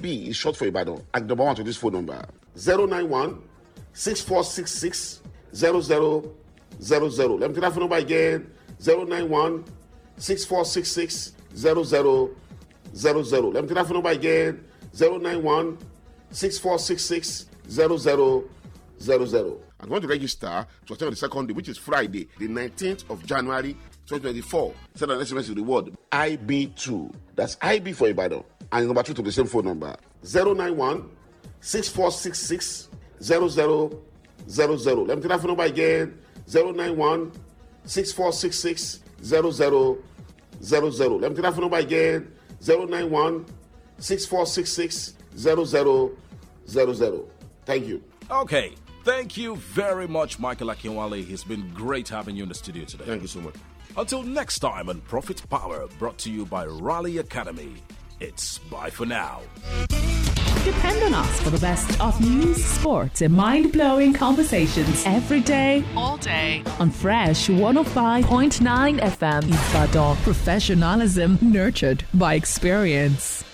IB is short for Ibadan. At number one to this phone number 091 6466 0000. Let me tell that phone number again 091 6466 0000. Let me tell that phone number again 091 6466 0000. I'm going to register to attend the second day, which is Friday, the 19th of January 2024. Send an SMS to the word IB2. That's IB for Ibadan. and number two to the same phone number 091 6466 0000. Let me take that phone number again 091 6466 0000. Let me take that phone number again 091 6466 0000. Thank you. Okay. Thank you very much, Michael Akinwale. It's been great having you in the studio today. Thank you so much. Until next time on Profit Power, brought to you by Raleigh Academy. It's bye for now. Depend on us for the best of news, sports, and mind blowing conversations every day, all day on Fresh 105.9 FM. Ibadan. Professionalism nurtured by experience.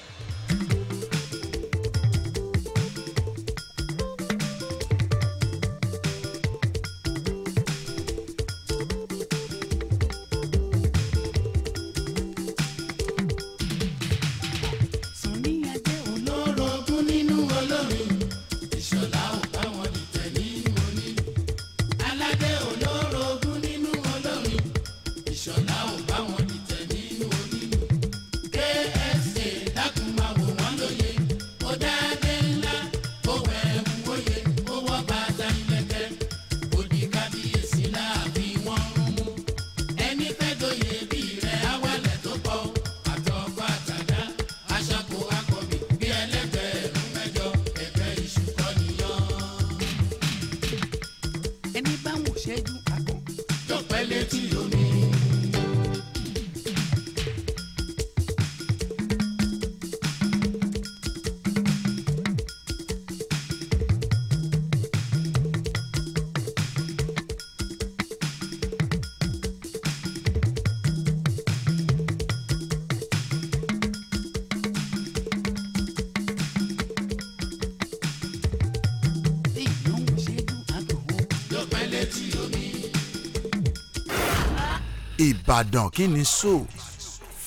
ìbàdàn kí ni so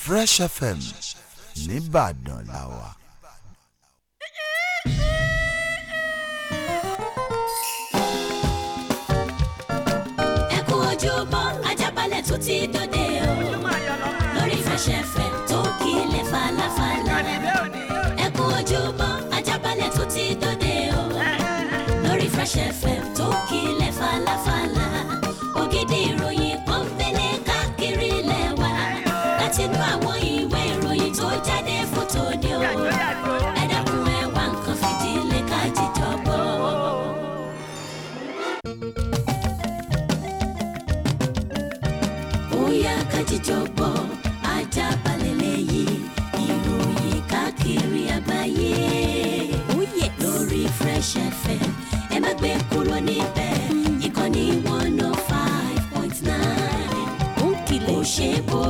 fresh fm nìbàdàn la wà. ẹ kú ojúbọ ajábalẹ̀ ti dòde o lórí fresh fm tó kílẹ̀ falafala ẹ kú ojúbọ ti dòde o lórí fresh fm.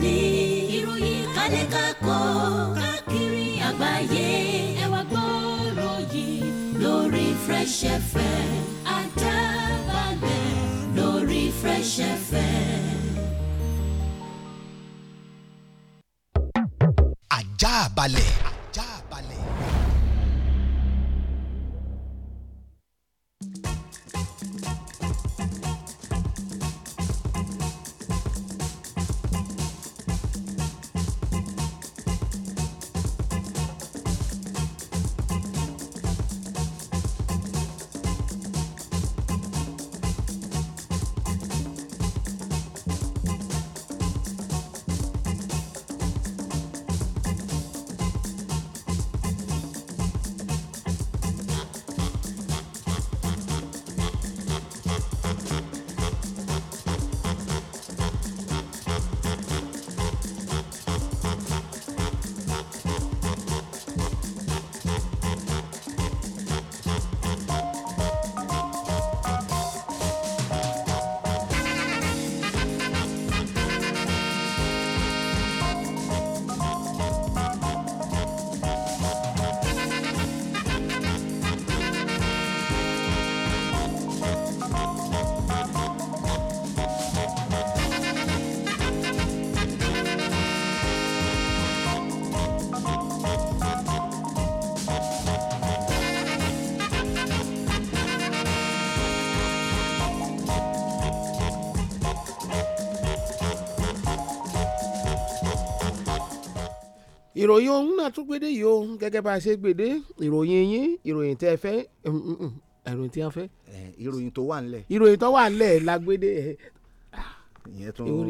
òní ìròyìn kálẹ̀ kakọ́ káàkiri àgbáyé ẹ wá gbọ́rọ̀ yìí lórí Fresh FM Àdábàgbẹ̀ lórí Fresh FM. ìròyìn ọ̀hún náà tún gbédè yìí o gẹ́gẹ́ bá a ṣe gbédè ìròyìn yín ìròyìn tẹ́ ẹ fẹ́ mm, mm, mm, ìròyìn tí a fẹ́. ìròyìn tó wà ńlẹ̀. ìròyìn tó wà ńlẹ̀ la gbédè ẹ̀. ìyẹn tó ìyẹn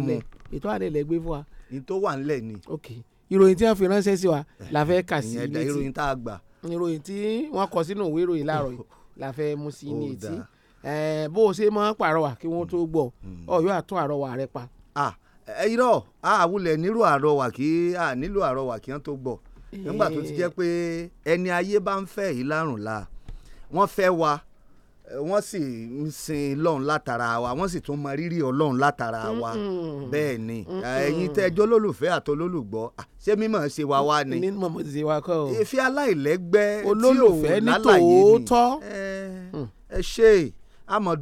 mú ìtọ́ àlẹ́ lẹ gbé fún wa. ìyẹn tó wà ńlẹ̀ ni. ok ìròyìn tí wọ́n fi ránṣẹ́ sí wa la fẹ́ kà sí létí. ìyẹn ìròyìn tá a gbà. ìròyìn tí wọ́n kọ sínú ìwé ìròyìn láàárọ̀ la fẹ́ mú sí ní etí. bó o ṣe máa ń pàrọwà kí wọ́n tó gbọ́ ọ̀yọ́ àtún àrọwà rẹ pa. ah irọ́ àwulẹ̀ nílò àrọwà kí nílò àrọwà kí wọ́n tó gbọ́ nígbà tó ti jẹ́ pé ẹni ayé bá ń fẹ́ yìí lárùn la wọ́n fẹ́ wa wọ́n sì ń sin ọlọ́run látara wa wọ́n sì tún mọ rírì ọlọ́run látara wa bẹ́ẹ̀ ni ẹ̀yin tẹ́jọ́ lólùfẹ́ àtolólùgbọ́ ṣé mímọ̀ ṣe wa wá ni mímọ̀ ṣe wa kọ́ o ìfẹ́ aláìlẹ́gbẹ́ tí ò ni ẹ hmm. ṣe àmọ́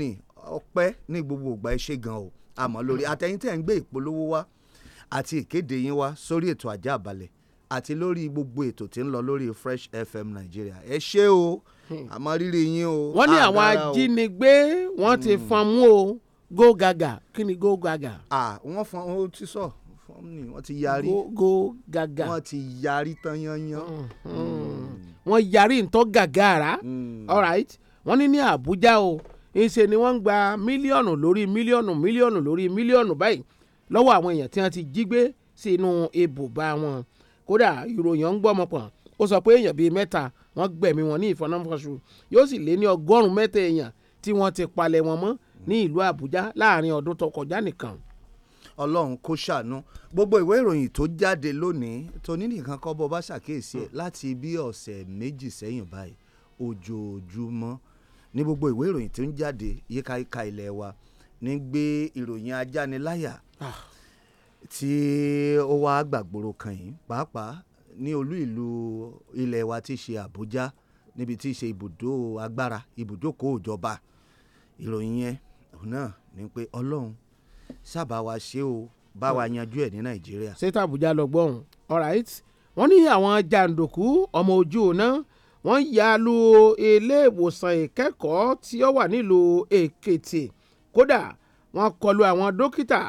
ni ọpẹ́ ní gbogbo ìgbà ẹ ṣe gan o àmọ́ lórí àtẹ̀yìn tẹ̀ ń gbé ìpolówó wá àti ìkéde yín wá sórí ètò ajá àbálẹ̀ àti lórí gbogbo ètò tí ń lọ lórí Fresh FM Nàìjíríà ẹ ṣé o àmọ́ rírì yín o. wọ́n ní àwọn ajínigbé wọ́n ti hmm. fọn mú o go gaga kí ni go gaga. ah wọ́n fọn o ti sọ fọn ni wọ́n ti yarí. go go gaga. wọ́n ti yarí tán yanyan. Hmm, hmm. wọ́n yarí ntọ́ gàgàrà all right wọ́n ní ní Àbújá o. Mm ńṣe ni wọ́n ń gba mílíọ̀nù lórí mílíọ̀nù mílíọ̀nù lórí mílíọ̀nù báyìí lọ́wọ́ àwọn èèyàn tí wọ́n ti jí gbé sínú ibùba wọn kódà ìròyìn ń gbọ́mọ pọ̀n ó sọ pé èèyàn bíi mẹ́ta wọ́n gbẹ̀mí wọn ní ìfọ̀nàfọ̀ṣù yóò sì lé ní ọgọ́rùn-ún mẹ́ta èèyàn tí wọ́n ti palẹ̀ wọn mọ́ ní ìlú Àbújá láàrin ọdún tó kọjá nìkan ọlọ́run kó ṣàánú gbogbo ìwé ìròyìn tó jáde lónìí tóní nìkan kọ́ bọ́ bá ṣàkíyèsí ẹ̀ láti bí ọ̀sẹ̀ méjì sẹ́yìn báyìí ojoojúmọ́ ní gbogbo ìwé ìròyìn tí ó ń jáde yíkáyíká ilẹ̀ wa ní gbé ìròyìn ajániláyà ah. tí ó wá gbàgbóró kan yìí pàápàá ní olú ìlú ilẹ̀ wa tí í ṣe Àbújá níbi tí í ṣe ibùdó agbára ibùdókòó ìjọba ìròyìn yẹn òun náà ni pé Ọlọ́run sábà wa ṣe o bá wa hmm. yanjú ẹ̀ ní Nàìjíríà. ṣé tàbújá lọ gbọ́n all right wọ́n ní àwọn jàǹdùkú ọmọ ojú ọ̀nà wọ́n ya lu iléèwòsàn ìkẹ́kọ̀ọ́ tí ó wà nílùú èkìtì kódà wọ́n kọlu àwọn dókítà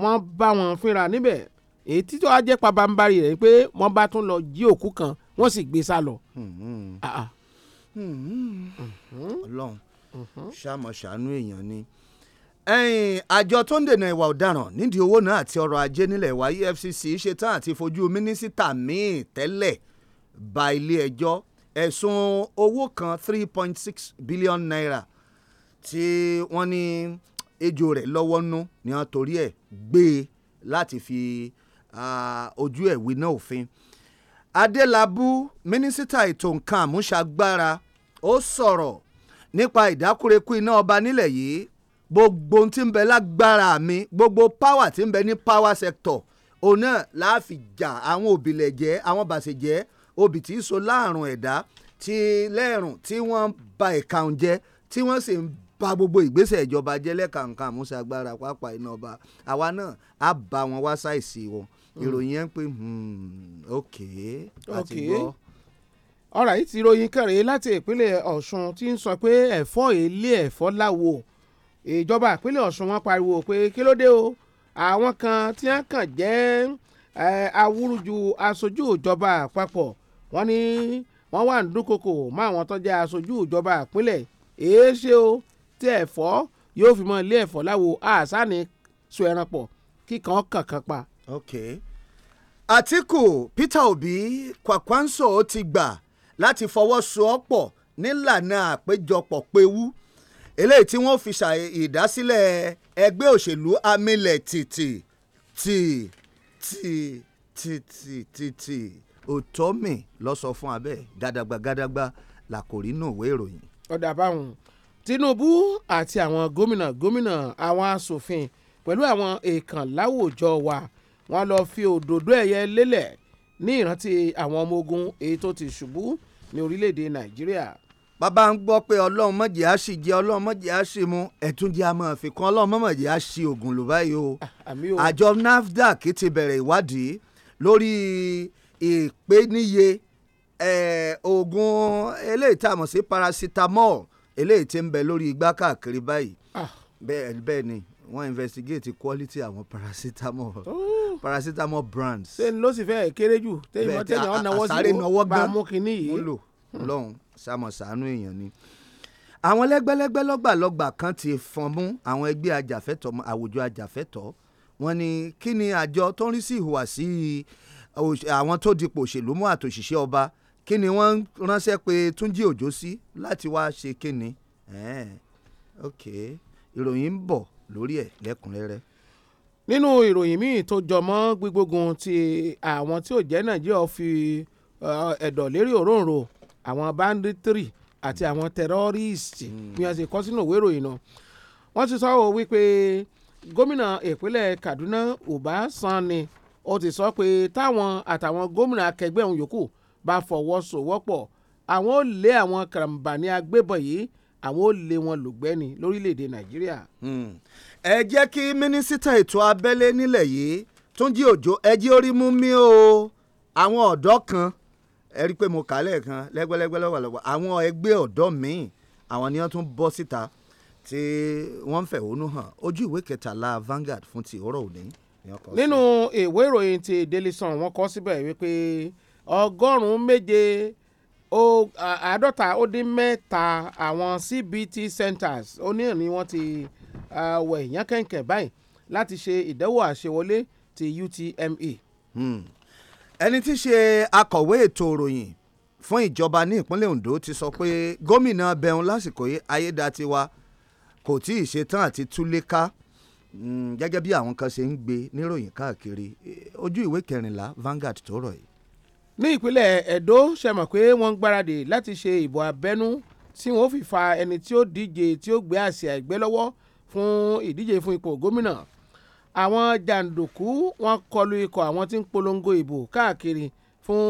wọ́n bá wọn fínra níbẹ̀ èyí tí tó wá jẹ́ pabambarì rẹ̀ pé wọ́n bá tún lọ jí òkú kan wọ́n sì gbé e sá lọ. Mm-hmm. ọlọ́run mm-hmm. ṣàmọ̀ ṣàánú èèyàn ni àjọ tó ń dènà ìwà ọ̀daràn nídìí owó náà àti ọrọ̀ ajé nílẹ̀ wa EFCC ṣetán àti fojú mínísítà míì tẹ́lẹ̀ ba ilé ẹjọ́ ẹ̀sùn owó kan three point six billion naira tí wọ́n ní ejò rẹ̀ lọ́wọ́ nú ni wọ́n torí ẹ̀ gbé e láti fi ojú ẹ̀ wí náà òfin. Adélabú mínísítà ètò nǹkan àmúṣagbára ó sọ̀rọ̀ nípa ìdákúrekú iná ọba nílẹ̀ yìí gbogbo tí ń bẹ lágbára mi gbogbo páwà tí ń bẹ ní power sector òun náà láàfin jà àwọn òbílẹ̀ jẹ́ àwọn bàṣẹ̀ jẹ́ obì tí í so láàrùn ẹ̀dá ti lẹ́rùn tí wọ́n ń ba ìkàùn jẹ́ tí wọ́n sì ń ba gbogbo ìgbésẹ̀ ìjọba jẹ́ lẹ́kàǹkà àmúṣagbára pápá iná ọba àwa náà á bá wọn wá ṣàìsí wọn hmm. ìròyìn yẹn ń pè hmm, ok àti gbọ́. ọ̀rọ̀ yìí ti ròyìn kẹrìí láti ìpínlẹ̀ Ọ̀ṣun tí ń sọ pé ẹ̀fọ́ ilé ẹ̀fọ́ láwo ìjọba ìpínlẹ̀ Ọ̀ṣun wọn pariwo pé kí ló dé o àwọn kan tí wọ́n kàn jẹ́ awúrúju aṣojú ìjọba àpapọ̀ wọ́n ní wọ́n wà ń dúnkokò mọ́ àwọn tó jẹ́ aṣojú ìjọba àpínlẹ̀ èé ṣe o tí ẹ̀fọ́ yóò fi mọ ilé ẹ̀fọ́ láwo àṣàní so ẹran pọ̀ kíkan kankan pa. okay. Àtíkù Peter Obi Kwakwanso ti gbà láti fọwọ́sowọ́pọ̀ nílànà àpéjọpọ̀ pewú eléyìí tí wọ́n fi ṣàì ìdásílẹ̀ ẹgbẹ́ òṣèlú amílẹ̀ tìtì tì tì tì òtọ́mì lọ sọ fún abẹ́ gàdàgbà gàdàgbà làkòrí nù ìwé ìròyìn. ọ̀dà báwọn Tinubu àti àwọn gómìnà gómìnà àwọn asòfin pẹ̀lú àwọn èèkàn láwùjọ wa wọ́n lọ fi òdòdó ẹ̀yẹ lélẹ̀ ní ìrántí àwọn ọmọ ogun èyí tó ti ṣubú ní orílẹ̀-èdè Nàìjíríà. bàbá ń gbọ́ pé ọlọ́run mọ̀jì á sì jẹ́ ọlọ́run mọ̀jì á sì mu ẹ̀túnjẹ àmọ́ àfikún ọlọ́run mọ̀jì á sì oògùn lò báyìí o ah, àjọ NAFDAC ti bẹ̀rẹ̀ ìwádìí lórí ìpèníye oògùn eléyìí tá a mọ̀ sí paracetamol eléyìí tí ń bẹ lórí igbá káàkiri báyìí ah. bẹ́ẹ̀ bẹ́ẹ̀ ni wọ́n investigate quality àwọn paracetamol oh. paracetamol brands. ṣé ló sì fẹ́ kéré jù téèyàn téèyàn ọ̀nà wọ́n sí o bá mú kínní yìí. ó lò hmm. lọ́hùn sàmọ̀sánú èèyàn ni àwọn lẹ́gbẹ́lẹ́gbẹ́ lọ́gbàlọ́gbà kan ti fọn mú àwọn ẹgbẹ́ àjàfẹ́tọ̀ àwùjọ àjàfẹ́tọ̀ wọ́n ní kí ni àjọ tó ń rí sí ìhùwàsí àwọn tó dipò òṣèlú mú àtòṣìṣẹ́ ọba kí ni wọ́n ránṣẹ́ pé Túnjí Òjó sí láti wá ṣe kí ni ok ìròyìn ń bọ̀ lórí ẹ̀ lẹ́kùnrẹ́rẹ́ nínú ìròyìn míì tó jọmọ́ gbígbógun ti àwọn tí ò jẹ́ nàìjíríà fi ẹ̀dọ̀ lérí òróǹro àwọn banditry àti àwọn terrorist bí hmm. wọ́n ṣe sínú òwe ìròyìn náà wọ́n ti sọ wípé gómìnà ìpínlẹ̀ Kaduna Uba Sani ó ti sọ pé táwọn àtàwọn gómìnà akẹgbẹ́ òun yòókù bá fọwọ́sowọ́pọ̀ àwọn ò lé àwọn karambani agbébọn yìí àwọn ò lé wọn lògbẹ́ni lórílẹ̀‐èdè nàìjíríà. Hmm. ẹ jẹ́ kí mínísítà ètò abẹ́lé nílẹ̀ yìí túnjí òjò ẹjí orí mú mi o àwọn ọ̀dọ́ kan ẹ rí i pé mo kà á lẹ́ẹ̀kan lẹ́gbẹ́lẹ́gbẹ́ lọ́wọ́lọ́wọ́ àwọn ẹgbẹ́ ọ̀dọ́ míì àwọn ni wọ́n tún bọ́ síta tí wọ́n ń fẹ̀hónú hàn ojú ìwé kẹtàlá Vanguard fún ti ọ̀rọ̀ òní nínú ìwé ìròyìn ti Daily Sun wọ́n kọ síbẹ̀ wípé ọgọ́rùn-ún méje àádọ́ta ó dín mẹ́ta àwọn CBT centers oníhàn ni wọ́n ti wẹ̀ yán kẹ̀kẹ́ báyìí láti ṣe ìdánwò àṣewọlé ti UTME. Hmm. ẹni tí í ṣe akọ̀wé ètò ìròyìn fún ìjọba ní ìpínlẹ̀ Ondo ti sọ pé gómìnà bẹ̀rùn lásìkò yìí Ayédatiwa kò tí ì ṣetán àti túlé ká Mm, gẹ́gẹ́ bí àwọn kan ṣe ń gbé níròyìn káàkiri e, ojú ìwé kẹrìnlá Vanguard tó rọ̀ yìí. ní ìpínlẹ̀ Edo ṣe mọ̀ pé wọ́n ń gbáradì láti ṣe ìbò abẹ́nú tí wọ́n fi fa ẹni tí ó díje tí ó gbé àsíá ẹgbẹ́ lọ́wọ́ fún ìdíje fún ipò gómìnà àwọn jàǹdùkú wọ́n kọlu ikọ̀ àwọn tí ń polongo ìbò káàkiri fún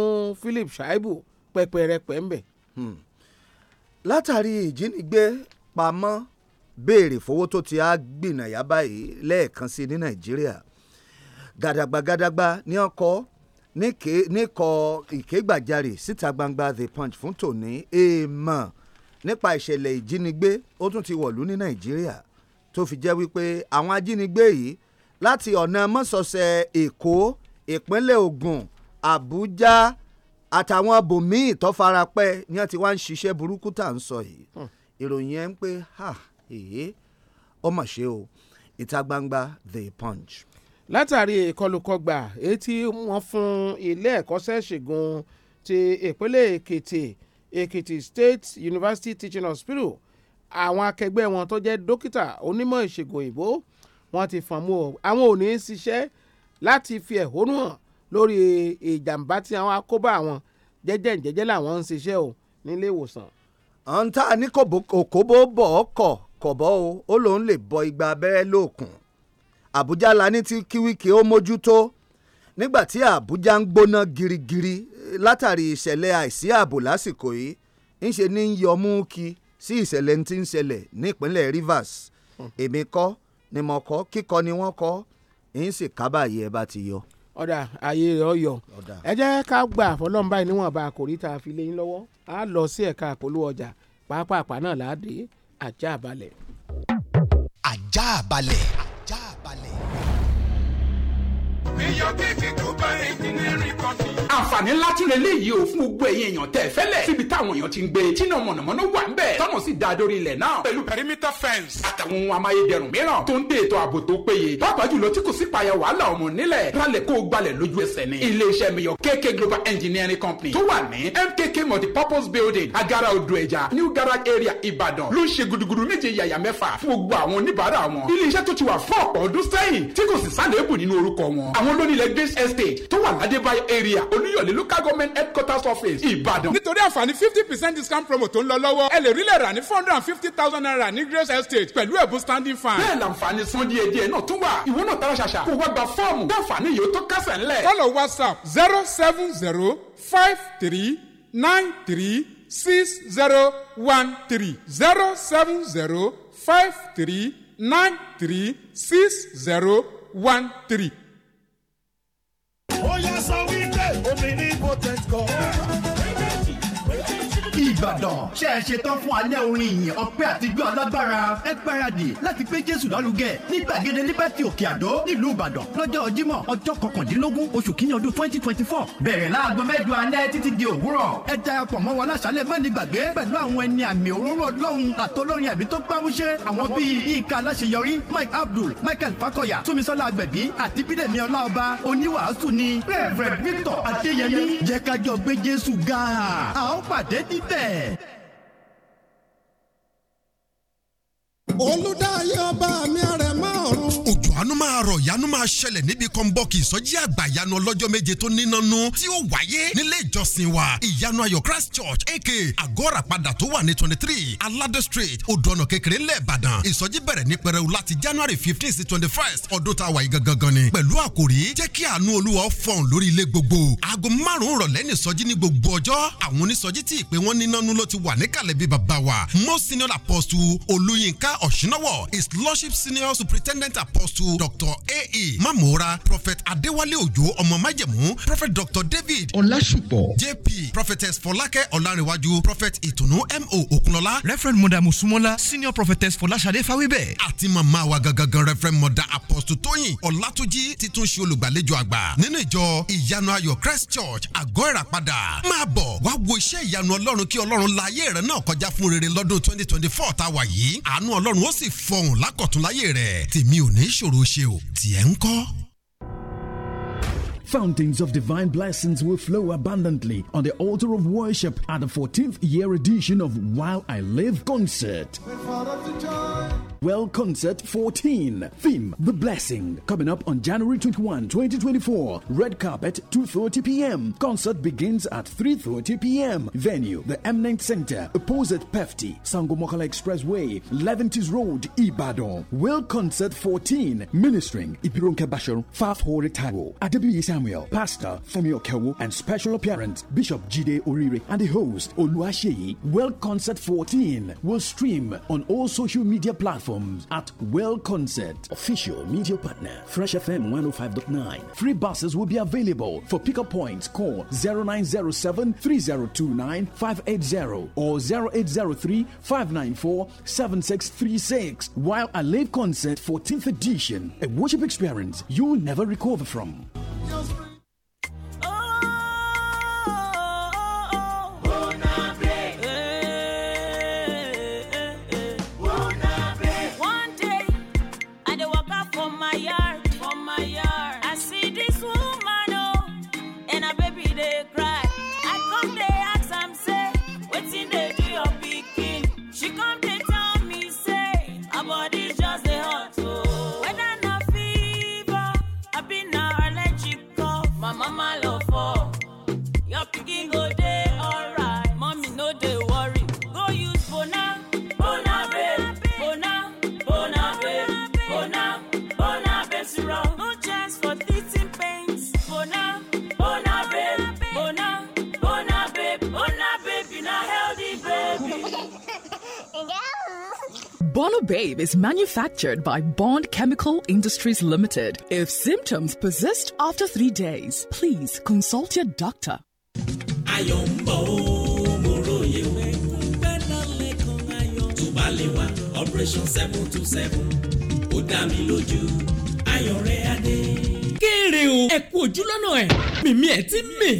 Philip Shaibu pẹpẹrẹ pẹ́ńbẹ̀. Hmm. látàrí ìjínigbé pamọ́ béèrè fowó tó ti á gbìnàyà báyìí lẹ́ẹ̀kan sí ní nàìjíríà gàdàgbà gàdàgbà ní ọkọ̀ níkọ̀ ìkégbàjarè síta gbangba the punch fún tòní èèmọ̀ nípa ìṣẹ̀lẹ̀ ìjínigbé ó tún ti wọ̀lú ní nàìjíríà tó fi jẹ́ wípé àwọn ajínigbé yìí láti ọ̀nà mọ́sọ̀ọ̀sẹ̀ èkó ìpínlẹ̀ ògùn àbújá àtàwọn bòmíì tó farapẹ́ ni wọ́n ti wá ń ṣiṣẹ́ burúkú tá à ń sọ yìí hmm. ìròyìn ẹ̀ ń pé ha èyí ó mà ṣe o ìta gbangba the punch. látàrí ìkọlùkọgbà èyí tí wọ́n fún ilé ẹ̀kọ́ṣẹ́ ṣègùn ti ìpínlẹ̀ èkìtì èkìtì state university teaching hospital àwọn akẹgbẹ́ wọn tó jẹ́ dókítà onímọ̀ ìṣègùn òyìnbó wọn ti fọ̀n mú o àwọn ò ní í ṣiṣẹ́ láti fi ẹ̀hónú hàn lórí ìjàmbá tí àwọn akóbá àwọn jẹ́jẹ́ jẹ́jẹ́ làwọn ń ṣiṣẹ́ o nílé ìwòsàn. ọ̀ǹtà ní kòkóbó bọ̀ ọ́ kọ̀ kọ̀bọ́ o ó lòun lè bọ igba abẹ́rẹ́ lóòkùn àbújá la ní tí kíwíkì ó mójútó nígbà tí àbújá ń gbóná girigiri látàrí ìṣẹ̀lẹ̀ àìsí ààbò lásìkò yìí ńṣe ní ń yọ mú kí sí ìṣẹ̀lẹ̀ tí ń ṣẹlẹ̀ nípínlẹ̀ Rivers hmm. èmi kọ́ ni mo kọ́ kíkọ́ ni wọ́n kọ́ ń sì kábàáyé ẹ bá ti yọ. ọ̀dà ayé rẹ̀ ọ yọ ẹ jẹ́ ká gba àfọlọ́mbà níwọ̀nba àkòrí tá a fi lé yín lọ́wọ́ a lọ sí ẹ̀ka àpolówó ọjà pàápàá náà láàdé Ajá, Ajá, àjàbalẹ̀ àǹfààní ńlá tí eléyìí ò fún gbogbo ẹ̀yin èèyàn tẹ̀ fẹ́lẹ̀ síbi táwọn èèyàn ti ń gbé tí náà mọ̀nàmọ́ná wà ń bẹ̀ tọ́nà sì da dórí ilẹ̀ náà pẹ̀lú pẹ̀rímítà fẹ́ǹsì àtàwọn ohun amáyédẹrùn mìíràn tó ń dé ètò ààbò tó péye pàápàá jùlọ tí kò sí payà wàhálà ọmọ nílẹ̀ rálẹ̀ kó gbalẹ̀ lójú ẹsẹ̀ ni iléeṣẹ́ miyàn KK Global Engineering Company tó wà ní MKK purpose Building Agara Odò Ẹja New Garage Area Ìbàdàn ló ń ṣe gudugudu méje yàyà mẹ́fà fún gbogbo àwọn oníbàárà wọn iléeṣẹ́ tó ti wà fún ọ̀pọ̀ ọdún sẹ́yìn tí kò sì sáà lébù nínú orúkọ wọn àwọn àwọn olónìlẹ̀ grace estate tó wà ládébáyọ̀ area olúyọ̀lé local government headquarters office ìbàdàn. nítorí àǹfààní fifty percent discount promo tó ń lọ lọ́wọ́ ẹ lè rí lẹ̀ rà ní four hundred and fifty thousand naira ní grace estate pẹ̀lú ẹ̀bùn standing fan. bẹ́ẹ̀ làǹfààní sún díẹ̀ díẹ̀ náà tún wà ìwọ náà tara ṣàṣà kó wá gba fọ́ọ̀mù dáǹfààní yìí ó tó kásẹ̀ ńlẹ̀. kọ́lọ̀ whatsapp zero seven zero five three nine three six zero one three zero seven zero five three nine three six zero one three. ó oh, yá sọ wípé ominipotent God. ìbàdàn ṣe é ṣetán fún alẹ́ orin ìyìn ọpẹ́ àtijọ́ alágbára ẹ gbáradì láti gbé jésù lálùgẹ ní gbàgede liberty òkè àdó nílùú ìbàdàn lọ́jọ́ jímọ̀ ọjọ́ kọkàndínlógún oṣù kìíní ọdún twenty twenty four bẹ̀rẹ̀ láago mẹ́jọ alẹ́ títí di òwúrọ̀ ẹ darapọ̀ mọ́ wa láṣálẹ̀ mẹ́ni gbàgbé pẹ̀lú àwọn ẹni àmì òróró ọlọ́run àtọlọ́rin àbí tó gbámúṣé àwọn mike abdul michael fakoya túnmisọ́lá agbẹ̀bí àti bídẹ̀mí ọláọba oníwàásù ni reverend victor adéyẹmí jẹ́ kájọ gbé jésù ga a ó Yeah. olùdáyé ọba mi rẹ̀ máa rún. òjò àánú máa rọ̀ ìyanu máa ṣẹlẹ̀ níbi kọ́ńbọ́ọ̀kì ìsọjí àgbà ìyanu ọlọ́jọ́ méje tó níná nú tí ó wáyé nílé ìjọsìn wa ìyanu ayọ̀ christ church aka Agora padà tó wà ní twenty three alado street odò ọ̀nà kékeré ńlẹ̀ ìbàdàn ìsọjí bẹ̀rẹ̀ ní pẹrẹu láti january fifteen sí twenty first ọdún tá a wà yìí gangan ni pẹ̀lú àkòrí jẹ́ kí àánú olúwa fọ̀n lórí ilé gbogbo aago márùn-ún rọ̀lẹ́ ní ìsọjí ní gbogbo ọjọ́ àwọn onísọjí ti wà níkàlẹ̀ bíi bàbá wa most senior apostle olúyinka Bọ́lá Ọ̀ṣínáwọ̀ His Lordship Senior Superintendent Apostle Dr. A.E. Mamora Prophet Adewale Ojo, Omo Majemu, Prophet Dr. David Ọláṣùpọ̀ J.P. Prophetess Folake, Ọlárẹ̀wájú Prophet Ìtùnú M.O. Okunola, Reverend Mother Musumola, Senior Prophetess Folashade Fawibe, Ati Mama wa Reverend Mother Apostle Tóyìn Olatuji, títún ṣe olùgbàlejò àgbà nínú ìjọ Ìyanu Christ Church Agora Pada. máa bọ̀ wá wo iṣẹ́ ìyanu Ọlọ́run ki Ọlọ́run la ayé rẹ̀ náà kọjá fún rere lọ́dún twenty twenty four tá a wà àánú Ọlọ́run ọlọ́run ó sì fọhùn lákọ̀tún láyé rẹ̀ tèmi ò ní ṣòro ṣe o tiẹ̀ ń o ko Fountains of divine blessings will flow abundantly on the altar of worship at the 14th year edition of While I Live concert. Well Concert 14. Theme The Blessing. Coming up on January 21, 2024. Red Carpet 2:30 p.m. Concert begins at 3:30 p.m. Venue The Eminent Center, opposite Pefti, Sangomokala Expressway, Leventis Road, Ibadan. Well Concert 14. Ministering Ipironke Bashir, Faf Hore Taiwo, Adebiyi Samuel, Pastor Femi Kewu, and special appearance Bishop Jide Orire and the host Oluwaseyi. Well Concert 14 will stream on all social media platforms platforms at Well Concert, official media partner. Fresh FM 105.9. Free buses will be available for pickup points. Call 0907 3029 or 0803 594 7636. While a live concert, 14th edition, a worship experience you'll never recover from. Bono Babe is manufactured by Bond Chemical Industries Limited. If symptoms persist after three days, please consult your doctor. operation rere o ẹ kú ojúlọ́nà ẹ̀ mímí ẹ̀ ti mì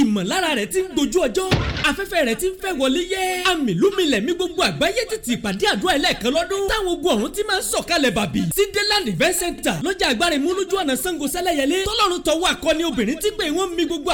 ìmọ̀lára rẹ̀ ti ń gbojú ọjọ́ afẹ́fẹ́ rẹ̀ ti ń fẹ́ wọlé yẹ́ amìlúmilẹ̀ mi gbogbo àgbáyé títí ìpàdé àdúrà ẹlẹ́ẹ̀kan lọ́dún táwọn ogun ọ̀run ti máa ń sọ̀kalẹ̀ bàbí sí deland event center lọ́jà agbára ìmúlójú ọ̀nà Ṣàngó Ṣẹlẹ́yẹlé tọ́lọ́run tọwọ́ akọni obìnrin tí pé wọ́n mi gbogbo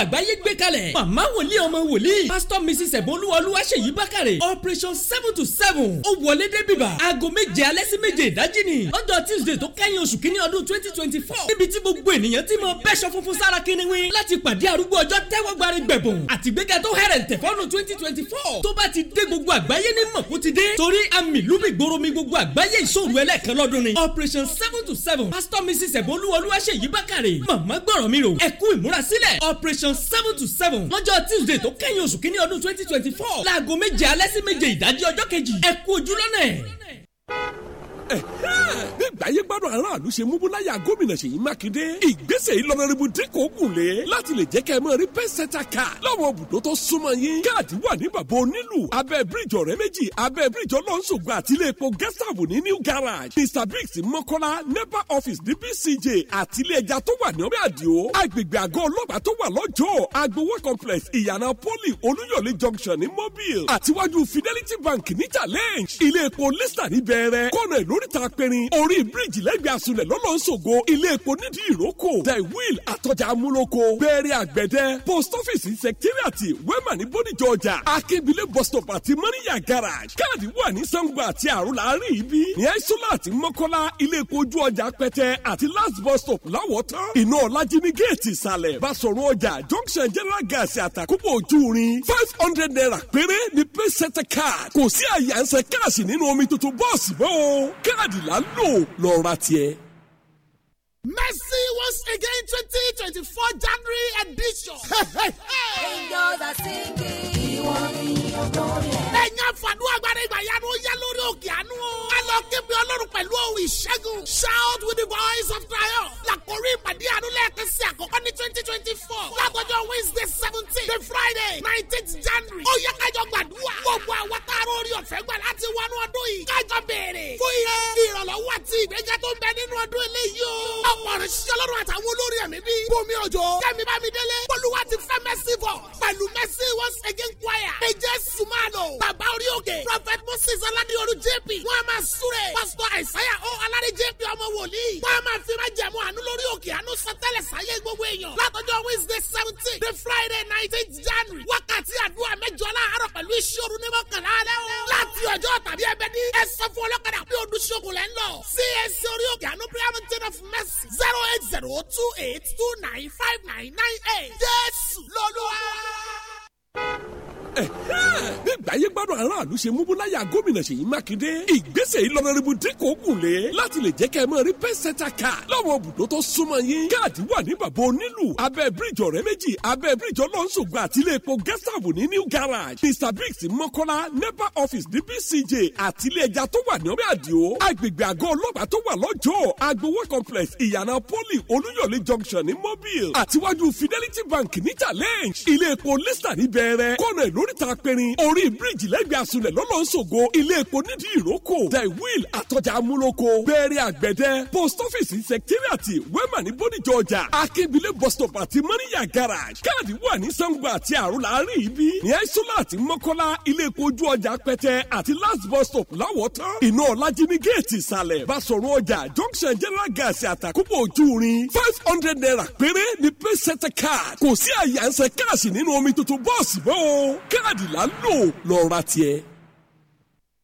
mrs ẹ̀bọ́nlúwa olúwaṣèyí bákàrẹ̀ operation seven to seven ó wọlé dé bíbà aago méje alẹ́ sí méje ìdájí ni lọ́jọ́ tuesday tó kẹ́yìn oṣù kínní ọdún mọ bẹ́sọ̀ funfun sára kiniwin láti pàdé arúgbó ọjọ́ tẹ́wọ́gbárí gbẹ̀bùn àtìgbéga tó hẹ̀rẹ̀ǹtẹ̀ fọ́nù twenty twenty four tó bá ti dé gbogbo àgbáyé ní mọ̀kú ti dé torí àmì lùmí gbòòrò mi gbogbo àgbáyé ìṣòro ẹlẹ́ẹ̀kan lọ́dún ni operation seven to seven pastor mrs ẹ̀bọ́lúwọlúwa ṣe yí bákàrẹ̀ màmá gbọ́rọ̀ mi rò ẹ̀kú ìmúrasílẹ̀ operation seven to seven lọ́jọ́ tuesday tó kẹ́yìn oṣù kínní twenty twenty four láago méje alẹ́ sí méje ìdájí ọjọ́ kejì bí gbàyé gbádùn aráàlú ṣe mú búláyà gómìnà Ṣèyí Mákindé ìgbésẹ̀ ìlọrẹ́rìbù dínkù ògùn lé láti lè jẹ́ kẹ́ ẹ mọ́ rí pẹ́sẹ́tà kà láwọn ibùdó tó súnmọ́ yín káàdì wà ní bàbá onílù abẹ́ bíríjì ọ̀rẹ́ méjì abẹ́ bíríjì ọlọ́nṣogbo àti ilé epo gẹ́sàbù ní new garage Mr Briggs Mọ́kọ́lá nepa office ní BCJ àti ilé ẹja tó wà ní ọmọ àdìo agbègbè àgọ́ ọlọ́pàá tó wà lọ́jọ́ complex ìyànà poli olúyọ̀lé junction ní mobile Fidelity Bank ní challenge ilé epo lista ní bẹ̀rẹ̀ lóríta pẹ̀rin orí bíríìjì lẹ́gbẹ̀ẹ́ àsùnlẹ̀ lọ́lọ́sọ̀gọ ilé epo nídìí ìrókò the wheel àtọjà amúlòkọ bẹ̀rẹ̀ àgbẹ̀dẹ post office secretariat wema ní bódìjọ ọjà akébílẹ̀ bus stop àti mọ́níyà garage káàdì wà ní sango àti àrùn láàrin ibi ní aisola àti mọ́kọ́lá ilé epo ojú ọjà pẹ́tẹ́ àti last bus stop láwọ̀tán iná ọ̀làjì ní géètì ìsàlẹ̀ basọ̀rọ̀ ọjà junction general gas àtàkùnbọ̀ ojú rin five hundred naira péré ní pẹ́sẹ́tẹ̀ card kò sí àyànṣe káàsì nínú omi tuntun bọ́ọ̀sì mọ́ káàdì là ń lò lọ́ọ́ ra tiẹ̀. Mercy once again 2024 January edition. Angels are singing. Ọlọ́run pẹ̀lú ìṣẹ́gun. Shout with the voice of triumph. Làkórí ìpàdé sí àkọ́kọ́ ní twenty twenty four. Lágbọ́jọ́ Wednesday seventeen the Friday nineteenth January. Ó yẹ kájọ gbàdúrà. Gbogbo àwọn táàrà orí ọ̀fẹ́ gbà láti wọnú ọdún yìí. Kájọ béèrè fún iye ìrànlọ́wọ́ àti ìgbéga tó ń bẹ nínú ọdún eléyìí o ye kajo gbadura gbogbo awon ori ofe gba lati wonu odun yii kajo beere fun iye iranlowo ati igbega to n be ninu odun eleyii ọ̀pọ̀ ọ̀rẹ́ ṣiṣẹ́ lọ́rùn àtàwọn olórí ẹ̀mí bíi Bùnmi Òjó Kẹ́mi Bámidélé Bolúwa ti fẹ́ mẹ́sì bọ̀ pẹ̀lú mẹ́sì once again choir Deje Sumalo Bàbá Orí Òkè Prophet Moses Aládéoru JP wọ́n a máa súre Pásítọ̀ Àìsáyà O Aládé JP ọmọ wòlíì wọ́n a máa fi máa jẹ̀mú àánú lórí òkè àánú sọtẹ́lẹ̀ sáyé gbogbo èèyàn látọjọ́ Wednesday seventeen the Friday nineteen January wákàtí àdúrà mẹ́jọ láàárọ̀ pẹ̀lú ìṣòro ní mọ́kànlá alẹ́ o láti ọjọ́ tàbí ẹbẹ ní ẹ sọ fún ọlọ́kadà pé odùsókòlẹ́ ń lọ CAC orí òkè àánú pírámì of mercy zero eight zero two eight two nine five nine nine eight jésù lọ́lọ́wọ́. ìgbáyé gbádùn aráàlú ṣe múbúláyà gómìnà Ṣèyí Mákindé ìgbésẹ̀ ìlọrẹ́rìbù dínkù ògùnlé láti lè jẹ́ kẹ́ ẹ mọ́ rí pẹ́sẹ́tà kà lọ́wọ́ bùdó tó súnmọ́ yín káàdì wà ní bàbá onílù abẹ́ bíríjì ọ̀rẹ́ méjì abẹ́ bíríjì ọlọ́nṣogbo àti ilé epo gẹ́sàbù ní new garage Mr Briggs mọ́kọ́lá nepa office ní BCJ àti ilé ẹja tó wà ní ọbẹ̀ àdìo agbègbè àgọ́ ọlọ́pàá tó wà lọ́jọ́ agbowo complex ìyànà junction ní mobile àtiwájú fidelity bank ní challenge ilé epo lista ní bẹ̀rẹ̀ kọ́nà ìlóríta pẹ̀rin orí bíríìjì lẹ́gbẹ̀ẹ́ asunlẹ̀ lọ́lọ́sọ̀gọ ilé epo nídìí ìrókò the wheel àtọ́jà amúlòkọ bẹ́ẹ̀rẹ̀ àgbẹ̀dẹ post office secretariat wema ní bódìjọ ọjà akébílẹ̀ bus stop àti mọ́níyà garage káàdì wà ní sango àti àrùn láàrin ibi ní aisola àti mọ́kọ́lá ilé epo ojú ọjà pẹ́tẹ́ àti last bus stop láwọ̀tán iná ọ̀làjì ní géètì ìsàlẹ̀ basọ̀rọ̀ ọjà junction general gas àtàkùbọ̀ ojú rin five hundred naira péré ní pẹ́sẹ́tẹ̀ káàdì kò sí àyànṣe káàsì nínú omi tuntun bọ́ọ̀sì bọ́ọ̀ káàdì là ń lò lọ lọ tiẹ̀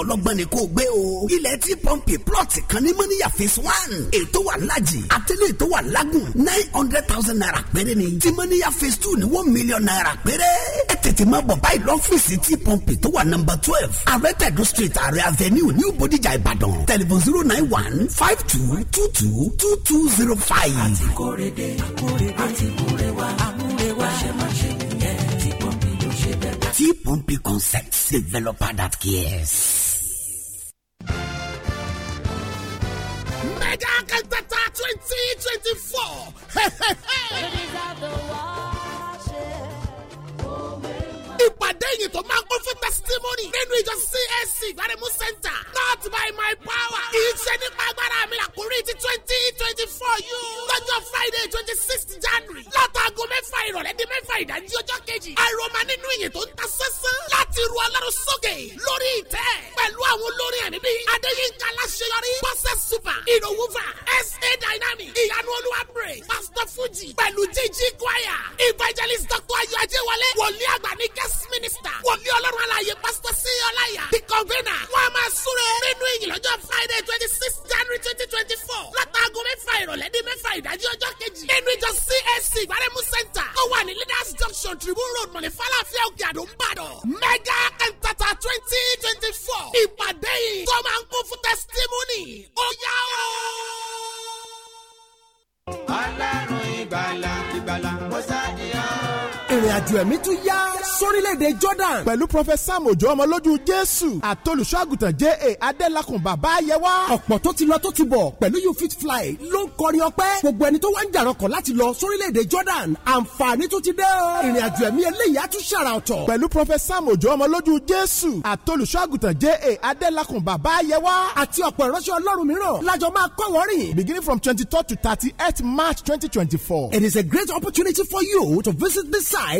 ọlọ́gbọ́n ni kò gbé o. ilẹ̀ tí pọ́ǹpì plọ̀tì kan ní mọ́níyà phase one ètò wà lájì àtẹlẹ́ ètò wà lágùn nine hundred thousand naira péré ni tí mọ́níyà phase two ni one million naira péré. ẹ tètè máa bọ̀ báyìí lọ́fíìsì tí pọ́ǹpì tó wà nọ́mbà twelve arẹ́tẹ̀dù street àrẹ avenue new bodijà ìbàdàn tẹlifon zero nine one five two two two two two zero five. àti kórede àti kórewa àmúrewa ṣe máa ṣe on Pumpy concept developer that cares. Mega Calcutta 2024! Hey, hey, hey. ìpàdé ìyìn tó máa kún fún testimony nínú ìjọ CAC ìgbàremú center not by my power kì í ṣe nípa agbára mi àkórí ti twenty twenty four yìí lọ́jọ́ Friday twenty sixth January látàgọ́ mẹ́fà ìrọ̀lẹ́ di mẹ́fà ìdájí ọjọ́ kejì àròmọ nínú ìyìn tó ń ta sẹ́sẹ́ láti ru ọlọ́run sókè lórí ìtẹ́ pẹ̀lú àwọn olórin ẹ̀mí bíi Adéyínká Aláṣeyọrí Bọ́sẹ̀ Super Ìròwúfà S.A. Dynamic Ìyanu Olúwa Praise Pastor Fuji pẹ̀lú jíjí choir evangelist Dr. Ayọ̀ Ajẹ́wọlé wòlíà ọlọ́run aláyè pásítọ̀ sí ọláyà the convener wọ́n a máa súre nínú ìyìn lọ́jọ́ friday twenty six january twenty twenty four látàgọ́ mẹ́fà ìrọ̀lẹ́ ní mẹ́fà ìdájí ọjọ́ kejì nínú ìjọ CAC gbaremu center tó wà ní leaders junction tribune road mọ̀lẹ́ falafel òkè àdó ńbàdàn mega Entata, twenty twenty four ìpàdé yìí tó máa ń kún fún testimony ó yá o. ọlọ́run ìgbàlà ìgbàlà mọ́sáàdì yá ìrìn àjò ẹ̀mí tún yá sórílẹ̀-èdè Jordan pẹ̀lú prọfẹsọ Mojo Òjó ọmọlójú Jésù àtolùṣọ́àgùtàn J.A. Adélakùn bàbá ayẹwà ọ̀pọ̀ tó ti lọ tó ti bọ̀ pẹ̀lú you fit fly ló ń kọrin ọpẹ́ gbogbo ẹni tó wá ń jàrọ̀kọ̀ láti lọ sórílẹ̀-èdè Jordan àǹfààní tó ti dé o ìrìn àjò ẹ̀mí eléyìí á tún ṣàrà ọ̀tọ̀ pẹ̀lú prọfẹsọ Sam Òjó ọmọlójú Jésù àtolùṣọ́àgùtàn J.A. Adélakùn bàbá ayẹwà àti ọ̀pọ̀ ìránṣẹ́ Ọlọ́run mìíràn lájọ beginning from twenty to thirty eight March twenty It is a great opportunity for you to visit this site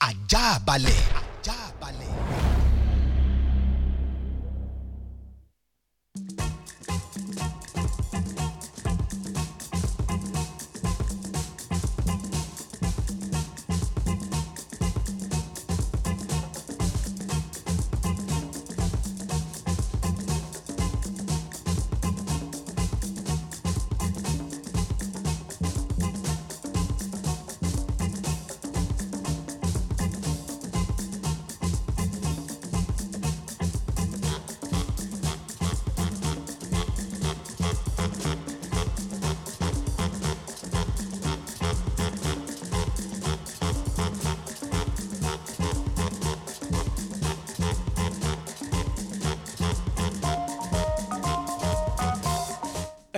ajá balẹ̀.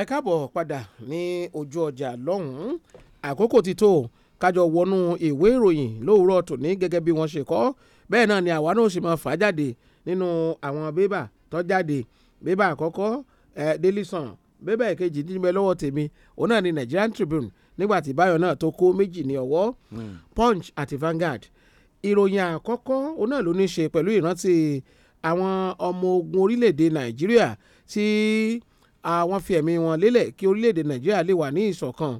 ẹ káàbọ̀ padà ní ojú ọjà lọ́hùn-ún àkókò ti tó kájọ wọnú ìwé ìròyìn lówùúrọ̀ tòní gẹ́gẹ́ bí wọ́n ṣe kọ bẹ́ẹ̀ náà ni àwa náà sì máa fà jáde nínú àwọn bébà tó jáde bébà àkọ́kọ́ ẹ̀ bébà ìkejì níbẹ̀ lọ́wọ́ tèmi òun náà ni Nigerian Tribune nígbàtí báyọ̀ náà tó kó méjì ní ọwọ́ hmm. Punch àti Vanguard ìròyìn àkọ́kọ́ òun náà ló ní í ṣe pẹ̀lú ìrántí àwọn ọmọ ogun orílẹ̀-èdè Nàìjíríà tí. Si, àwọn fi ẹ̀mí wọn lélẹ̀ kí orílẹ̀-èdè nàìjíríà lè wà ní ìṣọ̀kan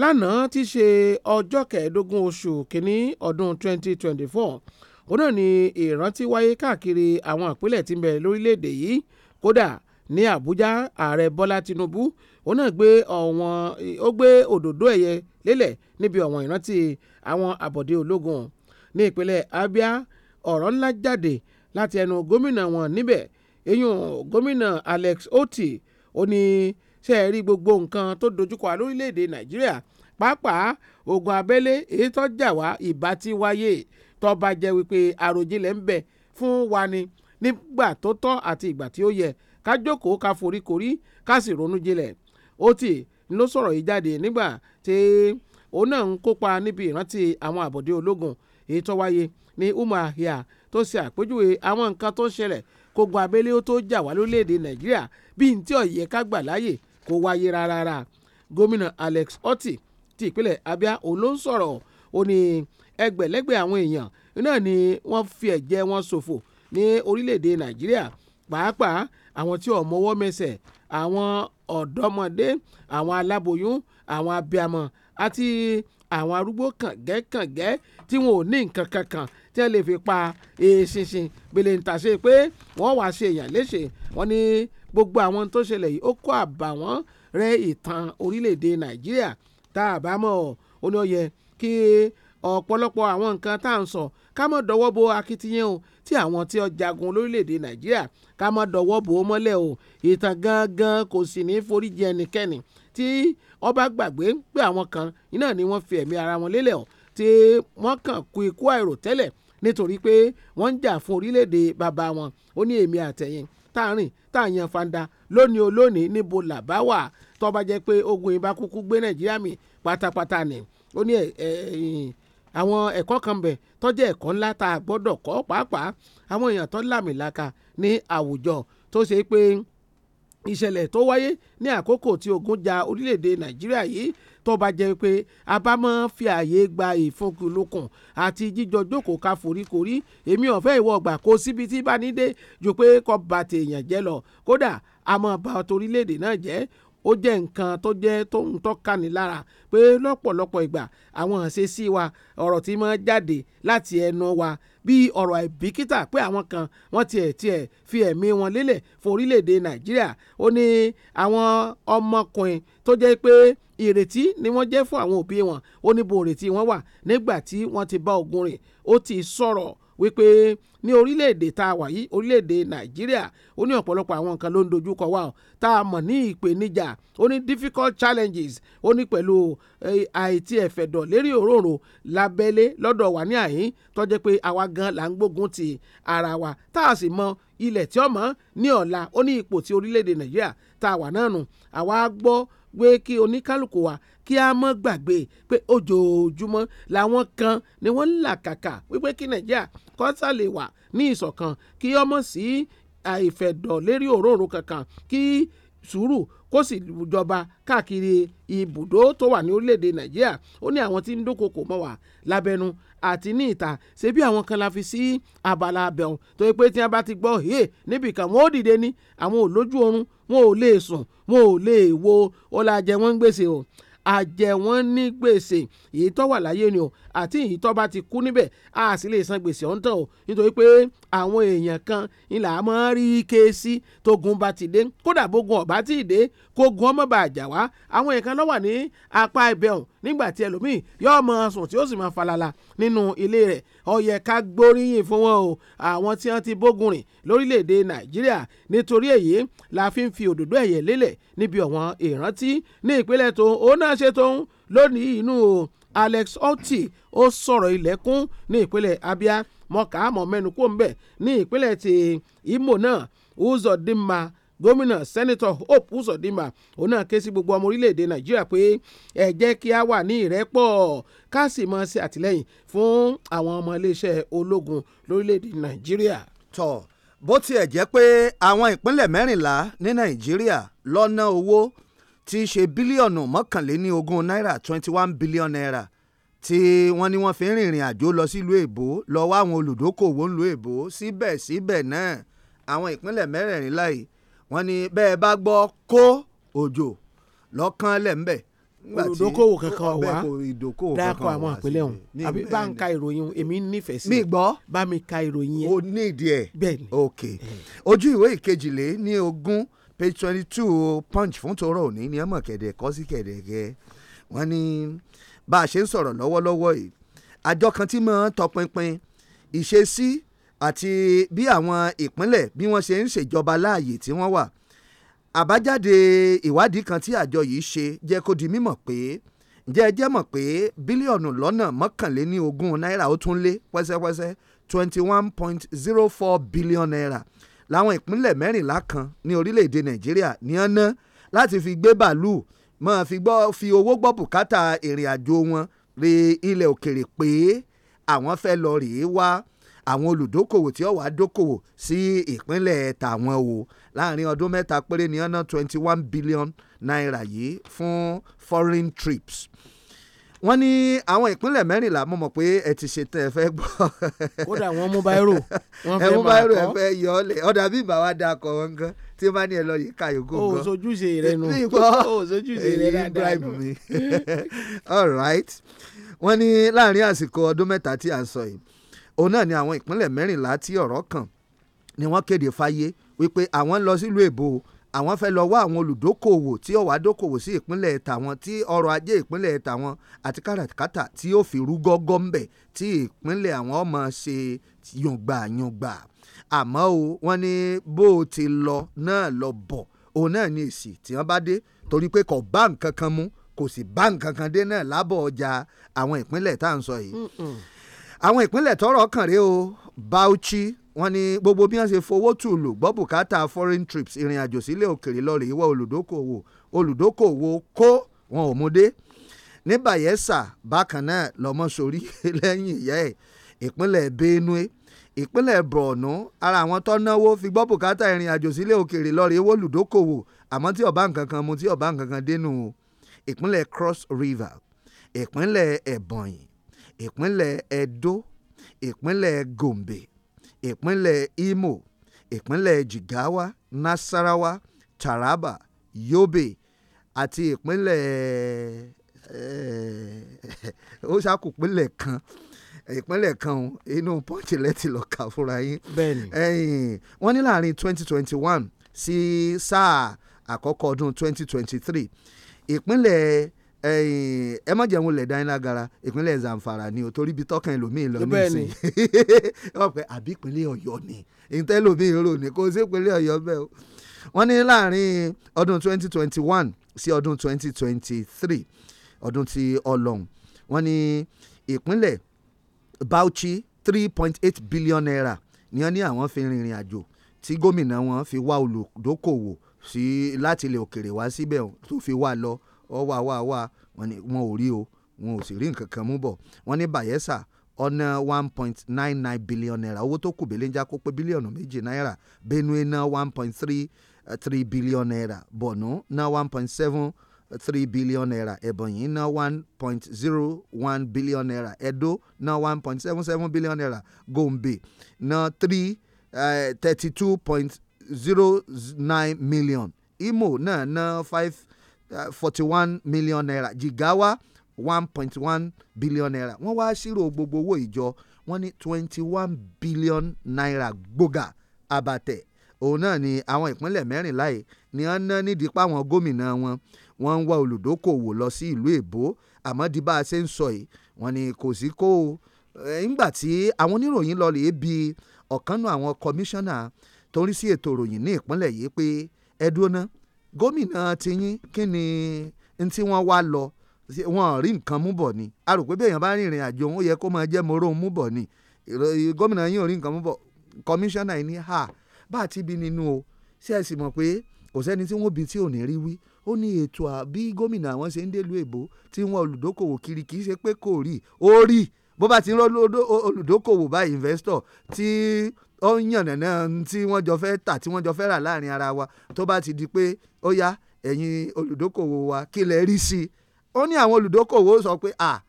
lánàá ti ṣe ọjọ́ kẹẹ̀ẹ́dógún oṣù kínní ọdún 2024 òun náà ni ìrántí wáyé káàkiri àwọn ìpínlẹ̀ tí ń bẹ lórílẹ̀‐èdè yìí kódà ní àbújá ààrẹ bọ́lá tinubu òun náà gbé ọ̀wọ́n ó gbé òdòdó ẹ̀yẹ lélẹ̀ níbi ọ̀wọ́n ìrántí àwọn àbọ̀dé ológun ní ìpínlẹ̀ abia ọ̀rọ̀ ńlá jáde láti ẹnu gómìnà wọn níbẹ̀ eyín gómìnà Alex Otti ó ní ṣe é rí gbogbo nǹkan tó dojúkọ wa lórílẹ̀‐èdè Nàìjíríà pàápàá ogun abẹ́lé èyí tó jà wá ìbá ti wáyé tó bá jẹ́ wípé àròjinlẹ̀ ń bẹ fún wa ni nígbà tó tọ́ àti ìgbà tí ó yẹ ká jókòó ká foríkorí ká sì ronú jinlẹ̀ Otti ló sọ̀rọ̀ yìí jáde nígbà tí òun náà ń kópa níbi ìrántí àwọn àbọ̀dé ológun èyí tó wáyé ní Umuahia tó ṣe àpèjúwe àwọn nǹkan tó ń ṣẹlẹ̀ kógun abẹ́lé ó tó jà wá lórílẹ̀‐èdè nàìjíríà bíi ntí ọ̀yẹ́ ká gbà láàyè kó wáyé rárá gómìnà Alex Otti ti ìpínlẹ̀ Abia òun ló ń sọ̀rọ̀ ó ní ẹgbẹ̀lẹ́gbẹ̀ àwọn èèyàn náà ni wọ́n fi ẹ̀jẹ̀ wọn ṣòfò ní orílẹ̀‐èdè nàìjíríà pàápàá àwọn tí ò mọwọ́ mẹsẹ̀ àwọn ọ̀dọ́mọdé àwọn aláboyún àwọn abiamọ àti àwọn arúgbó kàngẹ́kàngẹ́ tí wọn ò ní nǹkan kankan tí wọ́n lè fi pa eṣinṣin bèlè ń tàṣe pé wọ́n wàá ṣe èèyàn léṣe wọ́n ní gbogbo àwọn tó ṣẹlẹ̀ yìí ó kó àbàwọ́n rẹ ìtàn orílẹ̀-èdè nàìjíríà tá a bá mọ̀ ó ní ó yẹ kí ọ̀pọ̀lọpọ̀ àwọn nǹkan tá à ń sọ ká má dọwọ́ bo akitiyan o tí àwọn tí ó jagun lórílẹ̀‐èdè nàìjíríà ká má dọwọ́ bò ó mọ́lẹ̀ o ìtàn gangan kò sì ní foríjì ẹnikẹ́ni tí ó gbàgbé pé àwọn kan iná ni wọ́n fi ẹ̀mí ara wọn lélẹ̀ o tí wọ́n kàn kú ikú àìròtẹ́lẹ̀ nítorí pé wọ́n ń jà fún orílẹ̀-èdè bàbá wọn ó ní èmi àtẹ̀yìn táàrin táàyàn fanda lónìí olónìí níbo làbá wà tó bá jẹ́ pé ogun ìbá kúkú gbé nàìjíríà mì pátápátá ni ó ní àwọn ẹ̀kọ́ kan bẹ̀ tó jẹ́ ẹ̀kọ́ ńlá tá a gbọ́dọ̀ kọ́ pàápàá àwọn èèyàn tó lámìlaka ní àwùjọ tó ṣe pé ìṣẹ̀lẹ̀ tó wáyé ní àkókò tí ogun ja orílẹ̀-èdè nàìjíríà yìí tó bá jẹ́ pé a fi àyè gba ìfọkùnlukùn àti jíjọ jókòó ká foríkorí èmi ọ̀fẹ́ ìwọ ọgbà kó síbi tí bá ní dé ju pé kó ba tèèyàn jẹ́ lọ kódà a máa ba torílẹ̀-èdè náà jẹ́ ó jẹ́ nǹkan tó jẹ́ tó ń tọ́ka ní lára pé lọ́pọ̀lọpọ̀ ìgbà àwọn àṣesí wa ọ̀rọ̀ tí máa jáde láti ẹnu wa bíi ọ̀rọ̀ àìbìkítà pé àwọn kan wọ́n tiẹ̀ tiẹ̀ fi ẹ̀mí wọn lélẹ̀ fún orílẹ̀-èdè nàìjíríà ó ní àwọn ọmọkùnrin tó jẹ́ pé ìrètí ni wọ́n jẹ́ fún àwọn òbí wọn ó ní bo ìrètí wọn wà nígbà tí wọ́n ti bá ogun rìn ó ti sọ̀rọ̀ wípé ní orílẹ̀-èdè tá a wà yìí orílẹ̀-èdè nàìjíríà ó ní ọ̀pọ̀lọpọ̀ àwọn nǹkan ló ń dojúkọ wa ọ̀ tá a mọ̀ ní ìpèníjà ó ní difficult challenges ó ní pẹ̀lú àìtí ẹ̀fẹ̀dọ̀ lérí òróró lábẹ́lé lọ́dọ̀ wà ní àyín tó jẹ́ pé àwa gan là ń gbógun ti ara wa tá a sì mọ ilẹ̀ tí ọmọ ní ọ̀la ó ní ipò tí orílẹ̀-èdè nàìjíríà tá a wà náà nù àwa gbọ́ pé kí oníkálukú wa kí a mọ́ gbàgbé pé ojoojúmọ́ làwọn kan ni wọ́n ń làkàkà wípé kí nàìjíríà kó sàlè wà ní ìṣọ̀kan kí ọmọ sí àìfẹ̀dọ̀ lérí òróró kankan kí sùúrù kó sì jọba káàkiri ibùdó tó wà ní orílẹ̀-èdè nàìjíríà ó ní àwọn tí ń dúnkokò mọ́ wa lábẹ́nu àti ní ìta ṣe bí àwọn kan la fi sí abala abẹ́hùn tó yẹ pé tí wọ́n bá ti gbọ́ hey níbìkan wọn ò dìde ní àwọn ò lójú oorun wọn ò lè sùn wọn ò lè wo ó la jẹ ń gbèsè o àjẹ wọn ní gbèsè èyí tó wà láyé ni o àti èyí tó bá ti kú níbẹ̀ a sì lè san gbèsè ọ̀hún tán o nítorí pé àwọn èèyàn kan ńlá mọ́ rí ike sí tógun bá ti dé kódà bógun ọ̀bá ti dé kógun ọmọ bá jà wá àwọn èèyàn kan ló wà ní apá ibẹ̀ ọ̀hún nígbà tí ẹlòmíì yóò mọ sùn tí ó sì máa falala nínú ilé rẹ̀ ó ká gbóríyìn fún wọn o àwọn tí wọ́n ti bógun rìn lórílẹ̀‐èdè nàìjíríà nítorí èyí la fi ń fi òdòdó ẹ̀yẹ lélẹ̀ níbi ọ̀wọ́n ìrántí ní ìpínlẹ̀ tó òun náà ṣe tóun lónìí inú o Alex Otti ó sọ̀rọ̀ ilẹ̀kùn ní ìpínlẹ̀ Abia mọ̀kàámọ̀ mẹ́nu kó ń bẹ̀ ní ìpínlẹ̀ ti Imo náà Uzodinma gómìnà sẹ́nitọ̀ Hope Uzodinma òun náà ké sí gbogbo ọmọ orílẹ̀-èdè Nàìjíríà pé ẹ jẹ́ kí a wà ní ìrẹ́pọ̀ ká sì mọ̀ sí àtìlẹ́yìn fún àwọn ọmọ iléeṣẹ́ ológun lórílẹ̀-èdè Nàìjíríà. tọ́ bó tiẹ̀ jẹ́ pé àwọn ìpínlẹ̀ mẹ́rìnlá ní Nàìjíríà lọ́nà owó tí í ṣe bílíọ̀nù mọ́kànléní ogún náírà twenty one billion naira tí wọ́n ní wọ́n fi ń rìnrìn àjò lọ sílùú èbó lọ wá àwọn olùdókòwò ńlùú èbó síbẹ̀síbẹ̀ náà àwọn ìpínlẹ̀ mẹ́rẹ̀ẹ̀rin láyìí wọ́n ní bẹ́ẹ̀ bá gbọ́ kó òjò lọ́kàn lẹ́ńbẹ̀ olùdókòwò kankan wá dáko àwọn àpilẹ̀ ọ̀hún àbí bá ń ka ìròyìn èmi nífẹ̀ẹ́ sí mi gbọ́ bá mi ka ìròyìn yẹn o ní ìdí ẹ̀ bẹ́ẹ̀ ni ok ojú ìwé ìkejìlé page twenty two punch fún tòró òní ni ọmọ kẹ̀dẹ̀ kọ́ sí kẹ̀dẹ̀ gẹ́ wọ́n ní bá a ṣe ń sọ̀rọ̀ lọ́wọ́lọ́wọ́ yìí àjọ kan tí mo tọpinpin ìṣesí àti bí àwọn ìpínlẹ̀ bí wọ́n ṣe ń ṣèjọba láàyè tí wọ́n wà àbájáde ìwádìí kan tí àjọ yìí ṣe jẹ́ kó di mímọ̀ pé ǹjẹ́ ẹ jẹ́ mọ̀ pé bílíọ̀nù lọ́nà mọ́kànléní ogún náírà ó tún lé pẹ́sẹ́pẹ́sẹ́ twenty one point zero four billion naira láwọn ìpínlẹ̀ mẹ́rìnlá kan ní orílẹ̀-èdè nàìjíríà ní ọ́n ná láti fi gbé bàálù máa fi gbọ́ fi owó gbọ́ bùkátà ìrìn àjò wọn re ilẹ̀ òkèrè pé àwọn fẹ́ lọ rèé wá àwọn olùdókòwò tí ó wàá dókòwò sí ìpínlẹ̀ tàwọn o láàrin ọdún mẹ́ta péré ní ọ̀nà twenty one billion naira yìí fún foreign trips wọ́n ní àwọn ìpínlẹ̀ mẹ́rìnlá mo mọ̀ pé ẹ ti ṣe tán ẹ fẹ́ gbọ́. kódà wọ́n mú báírò wọ́n fẹ́ máa kọ́ ẹ mú báírò ẹ fẹ́ yọ ọ lẹ ọ̀dà bí ìbá wa da ọkọ̀ wọn gan tí ó bá ní ẹ lọ yìí ká yòókù gan. o sojúṣe rẹ nù o sojúṣe rẹ dáadáa nù. all right wọ́n ní láàrin àsìkò ọdún mẹ́ta tí a sọ yìí òun náà ni àwọn ìpínlẹ̀ mẹ́rìnlá tí ọ̀rọ̀ kàn ni wọ́n kéde fáyé wípé àwọn lọ sílùú èbó àwọn fẹ́ lọ wá àwọn olùdókòwò tí ó wá dókòwò sí ìpínlẹ̀ tàwọn tí ọrọ̀ ajé ìpínlẹ̀ tàwọn àti káràkátà tí ó fi rú gọ́gọ́ ń bẹ̀ tí ìpínlẹ̀ àwọn ọmọ ṣe yùngbàyùngbà àmọ́ o wọ́n ní bó o ti lọ náà lọ bọ̀ òun náà ní èsì tí wọ́n bá dé torí pé kò bá nǹkan kan mú kò sì bá nǹkan kan dé náà lábọ̀ ọjà àwọn ìpínlẹ̀ tá à ń sọ yìí àwọn ìpínlẹ̀ tọ́rọ̀ kàn rèé o Bauchi wọ́n ní gbogbo bí wọ́n ṣe fowó tùlù gbọ́ bùkátà foreign trips ìrìn àjò sílẹ̀ òkèèrè lọ́ọ̀rì ìwọ olùdókòwò olùdókòwò kó wọn ò mú dé ní Bayelsa bákan náà lọ́mọ sórí lẹ́yìn ìyá ẹ̀ ìpínlẹ̀ Benue ìpínlẹ̀ Borno ara àwọn tó náwó fi gbọ́ bùkátà ìrìn àjò sílẹ̀ òkèèrè lọ́ọ̀rì ìwọ olùdókòwò àmọ́ tí ọba nǹkan mu tí ọba nǹkan kan dénú ìpínlẹ̀ Cross River ìpínlẹ̀ Ebonyi ìpínlẹ̀ Edo ìpínlẹ̀ Gombe ìpínlẹ̀ Imo ìpínlẹ̀ Jigawa Nasarawa Taraba Yobe àti ìpínlẹ̀ eh, ó ṣàkó ìpínlẹ̀ kan ìpínlẹ̀ kan o inú pọ́ǹtì lẹ́tì lọ́ọ́ kà fúnra yín wọ́n ní láàrin twenty twenty one sí sáà àkọ́kọ́ ọdún twenty twenty three ìpínlẹ̀ ẹ má jẹun lẹ̀ dáná lágara ìpínlẹ̀ Zamfara ni o torí ibi tọkàn ẹlòmíì lọ ní ìsìn àbí ìpínlẹ̀ Ọ̀yọ́ ni ìtẹ́ ẹlòmíì rò ní kò sí ìpínlẹ̀ Ọ̀yọ́ bẹ́ẹ̀ o wọ́n ní láàrin ọdún 2021 sí ọdún 2023 ọdún tí ọlọ́run wọ́n ní ìpínlẹ̀ Bauchi 3.8 billion naira ni wọ́n ní àwọn fi rìnrìn àjò tí gómìnà wọn fi wá olùdókòwò sí láti ilẹ̀ òkèrè wá síbẹ̀ tó fi wá lọ ọ wà wà wà wọ́n ní wọn ò rí o wọn ò sì rí nǹkan kan mú bọ̀ wọ́n ní Bayelsa ọ̀nà one point nine nine billion naira owó tó kù belenja kó pé bílíọ̀nù méjì náírà Benue ná one point three three billion naira Borno ná one point seven three billion naira Ebonyi ná one point zero one billion naira Edo ná one point seven seven billion naira Gombe ná three eh, thirty two point zero nine million Imo náà ná five Eh, forty one million naira Jigawa one point one billion naira wọ́n wá ṣírò gbogbo owó ìjọ wọ́n ní twenty one billion naira gbóga abatẹ òun náà ni àwọn ìpínlẹ̀ mẹ́rìnlá yìí ni wọ́n ná nídìí pa àwọn gómìnà wọn wọ́n ń wá olùdókòwò lọ sí ìlú èbó àmọ́ di bá a ṣe ń sọ yìí wọ́n ní kò sí kó o eh, ńgbà tí àwọn oníròyìn lọ lè bi ọ̀kanú àwọn kọmíṣánná torí sí ètò ìròyìn ní ìpínlẹ̀ yìí pé ẹdúró náà gómìnà tiyín kí ni n tí wọ́n wá lọ wọ́n rí nǹkan mú bọ̀ ni a rò pé bí èèyàn bá rìnrìn àjò ó yẹ kó máa jẹ́ mọ́rọ́ mú bọ̀ ni gómìnà yín ò rí nǹkan mú bọ̀ kọmíṣánná yìí ní ha bá a ti bi nínú o ṣé ẹ sì mọ̀ pé kò sẹ́ni tí wọ́n bi tí ò ní rí wí ó ní ètò àbí gómìnà àwọn ṣe ń délùú èbó tí wọ́n olùdókòwò kiri kì í ṣe pé kò rí ó rí bó bá ti ń rọ́ olùdókòwò bá investor tí ó ń yànnàná tí wọ́n jọ fẹ́ tà tí wọ́n jọ fẹ́ rà láàrin ara wa tó bá ti di pé ó yá ẹ̀yin olùdókòwò wa kí lẹ rí sí i ó ní àwọn olùdókòwò sọ pé à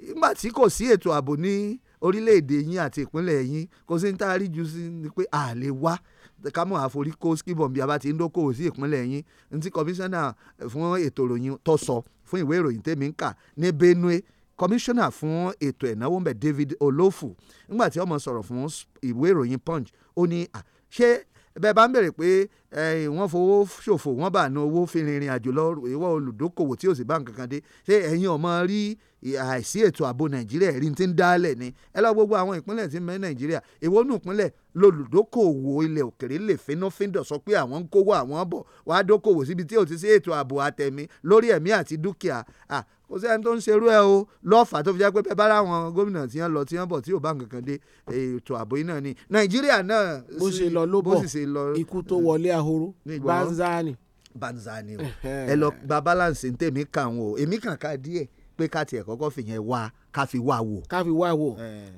nígbà tí kò sí ètò ààbò ní orílẹ̀-èdè yín àti ìpínlẹ̀ yín kò sí ní tá a rí ju sí ni pé à lè wá ká àforí kó skibon bí a bá ti ń dókòwò sí ìpínlẹ̀ yín ní ti kọmíṣánná fún ètò ìròyìn tó sọ fún ìwé ìròyìn tèmi ń kà ní Benue kọmíṣánná fún ètò ẹ̀náwó mbẹ̀ David Olofu nígbà tí ọmọ sọ̀rọ̀ fún ìwé ìròyìn Punch ó ní ṣé bẹ́ẹ̀ bá ń bèrè pé wọ́n fowó ṣòfò wọ́n bá nu owó fi rìnrìn àjò lọ ìwọ olùdókòwò tí ò sì bá nǹkan kan dé ṣé ẹ̀yin ọmọ rí àìsí ètò ààbò nàìjíríà ẹ̀rí ti ń dálẹ̀ ni ẹ lọ gbogbo àwọn ìpínlẹ̀ tí ń bẹ nàìjíríà èwo nù ìpínlẹ̀ lolùdókòwò ilẹ̀ òkèrè lè fínnáfíndọ̀ sọ pé àwọn ń kówó àwọn bọ̀ wàá dókòwò síbi tí ò ti sí ètò ààbò àtẹ̀mí lórí ẹ̀mí àti dúkìá kò sí ẹni tó ń ṣerú ẹ o lọ́ọ̀fà tó fi jẹ́ pé bẹ́ẹ̀ bá láwọn gómìnà tí wọ́n lọ tí wọ́n bọ̀ tí ò bá nǹkan kan dé ètò ààbò yìí ni nàìjíríà náà. bó ṣe lọ ló bọ̀ ikú tó wọlé ahoro banzani. banzani o ẹ lọ gba balance ntẹ̀mí kan o èmi kàn ká díẹ̀ pé ká tiẹ̀ kọ́kọ́ fìyẹn wá ká fi wá wò. ká fi wá wò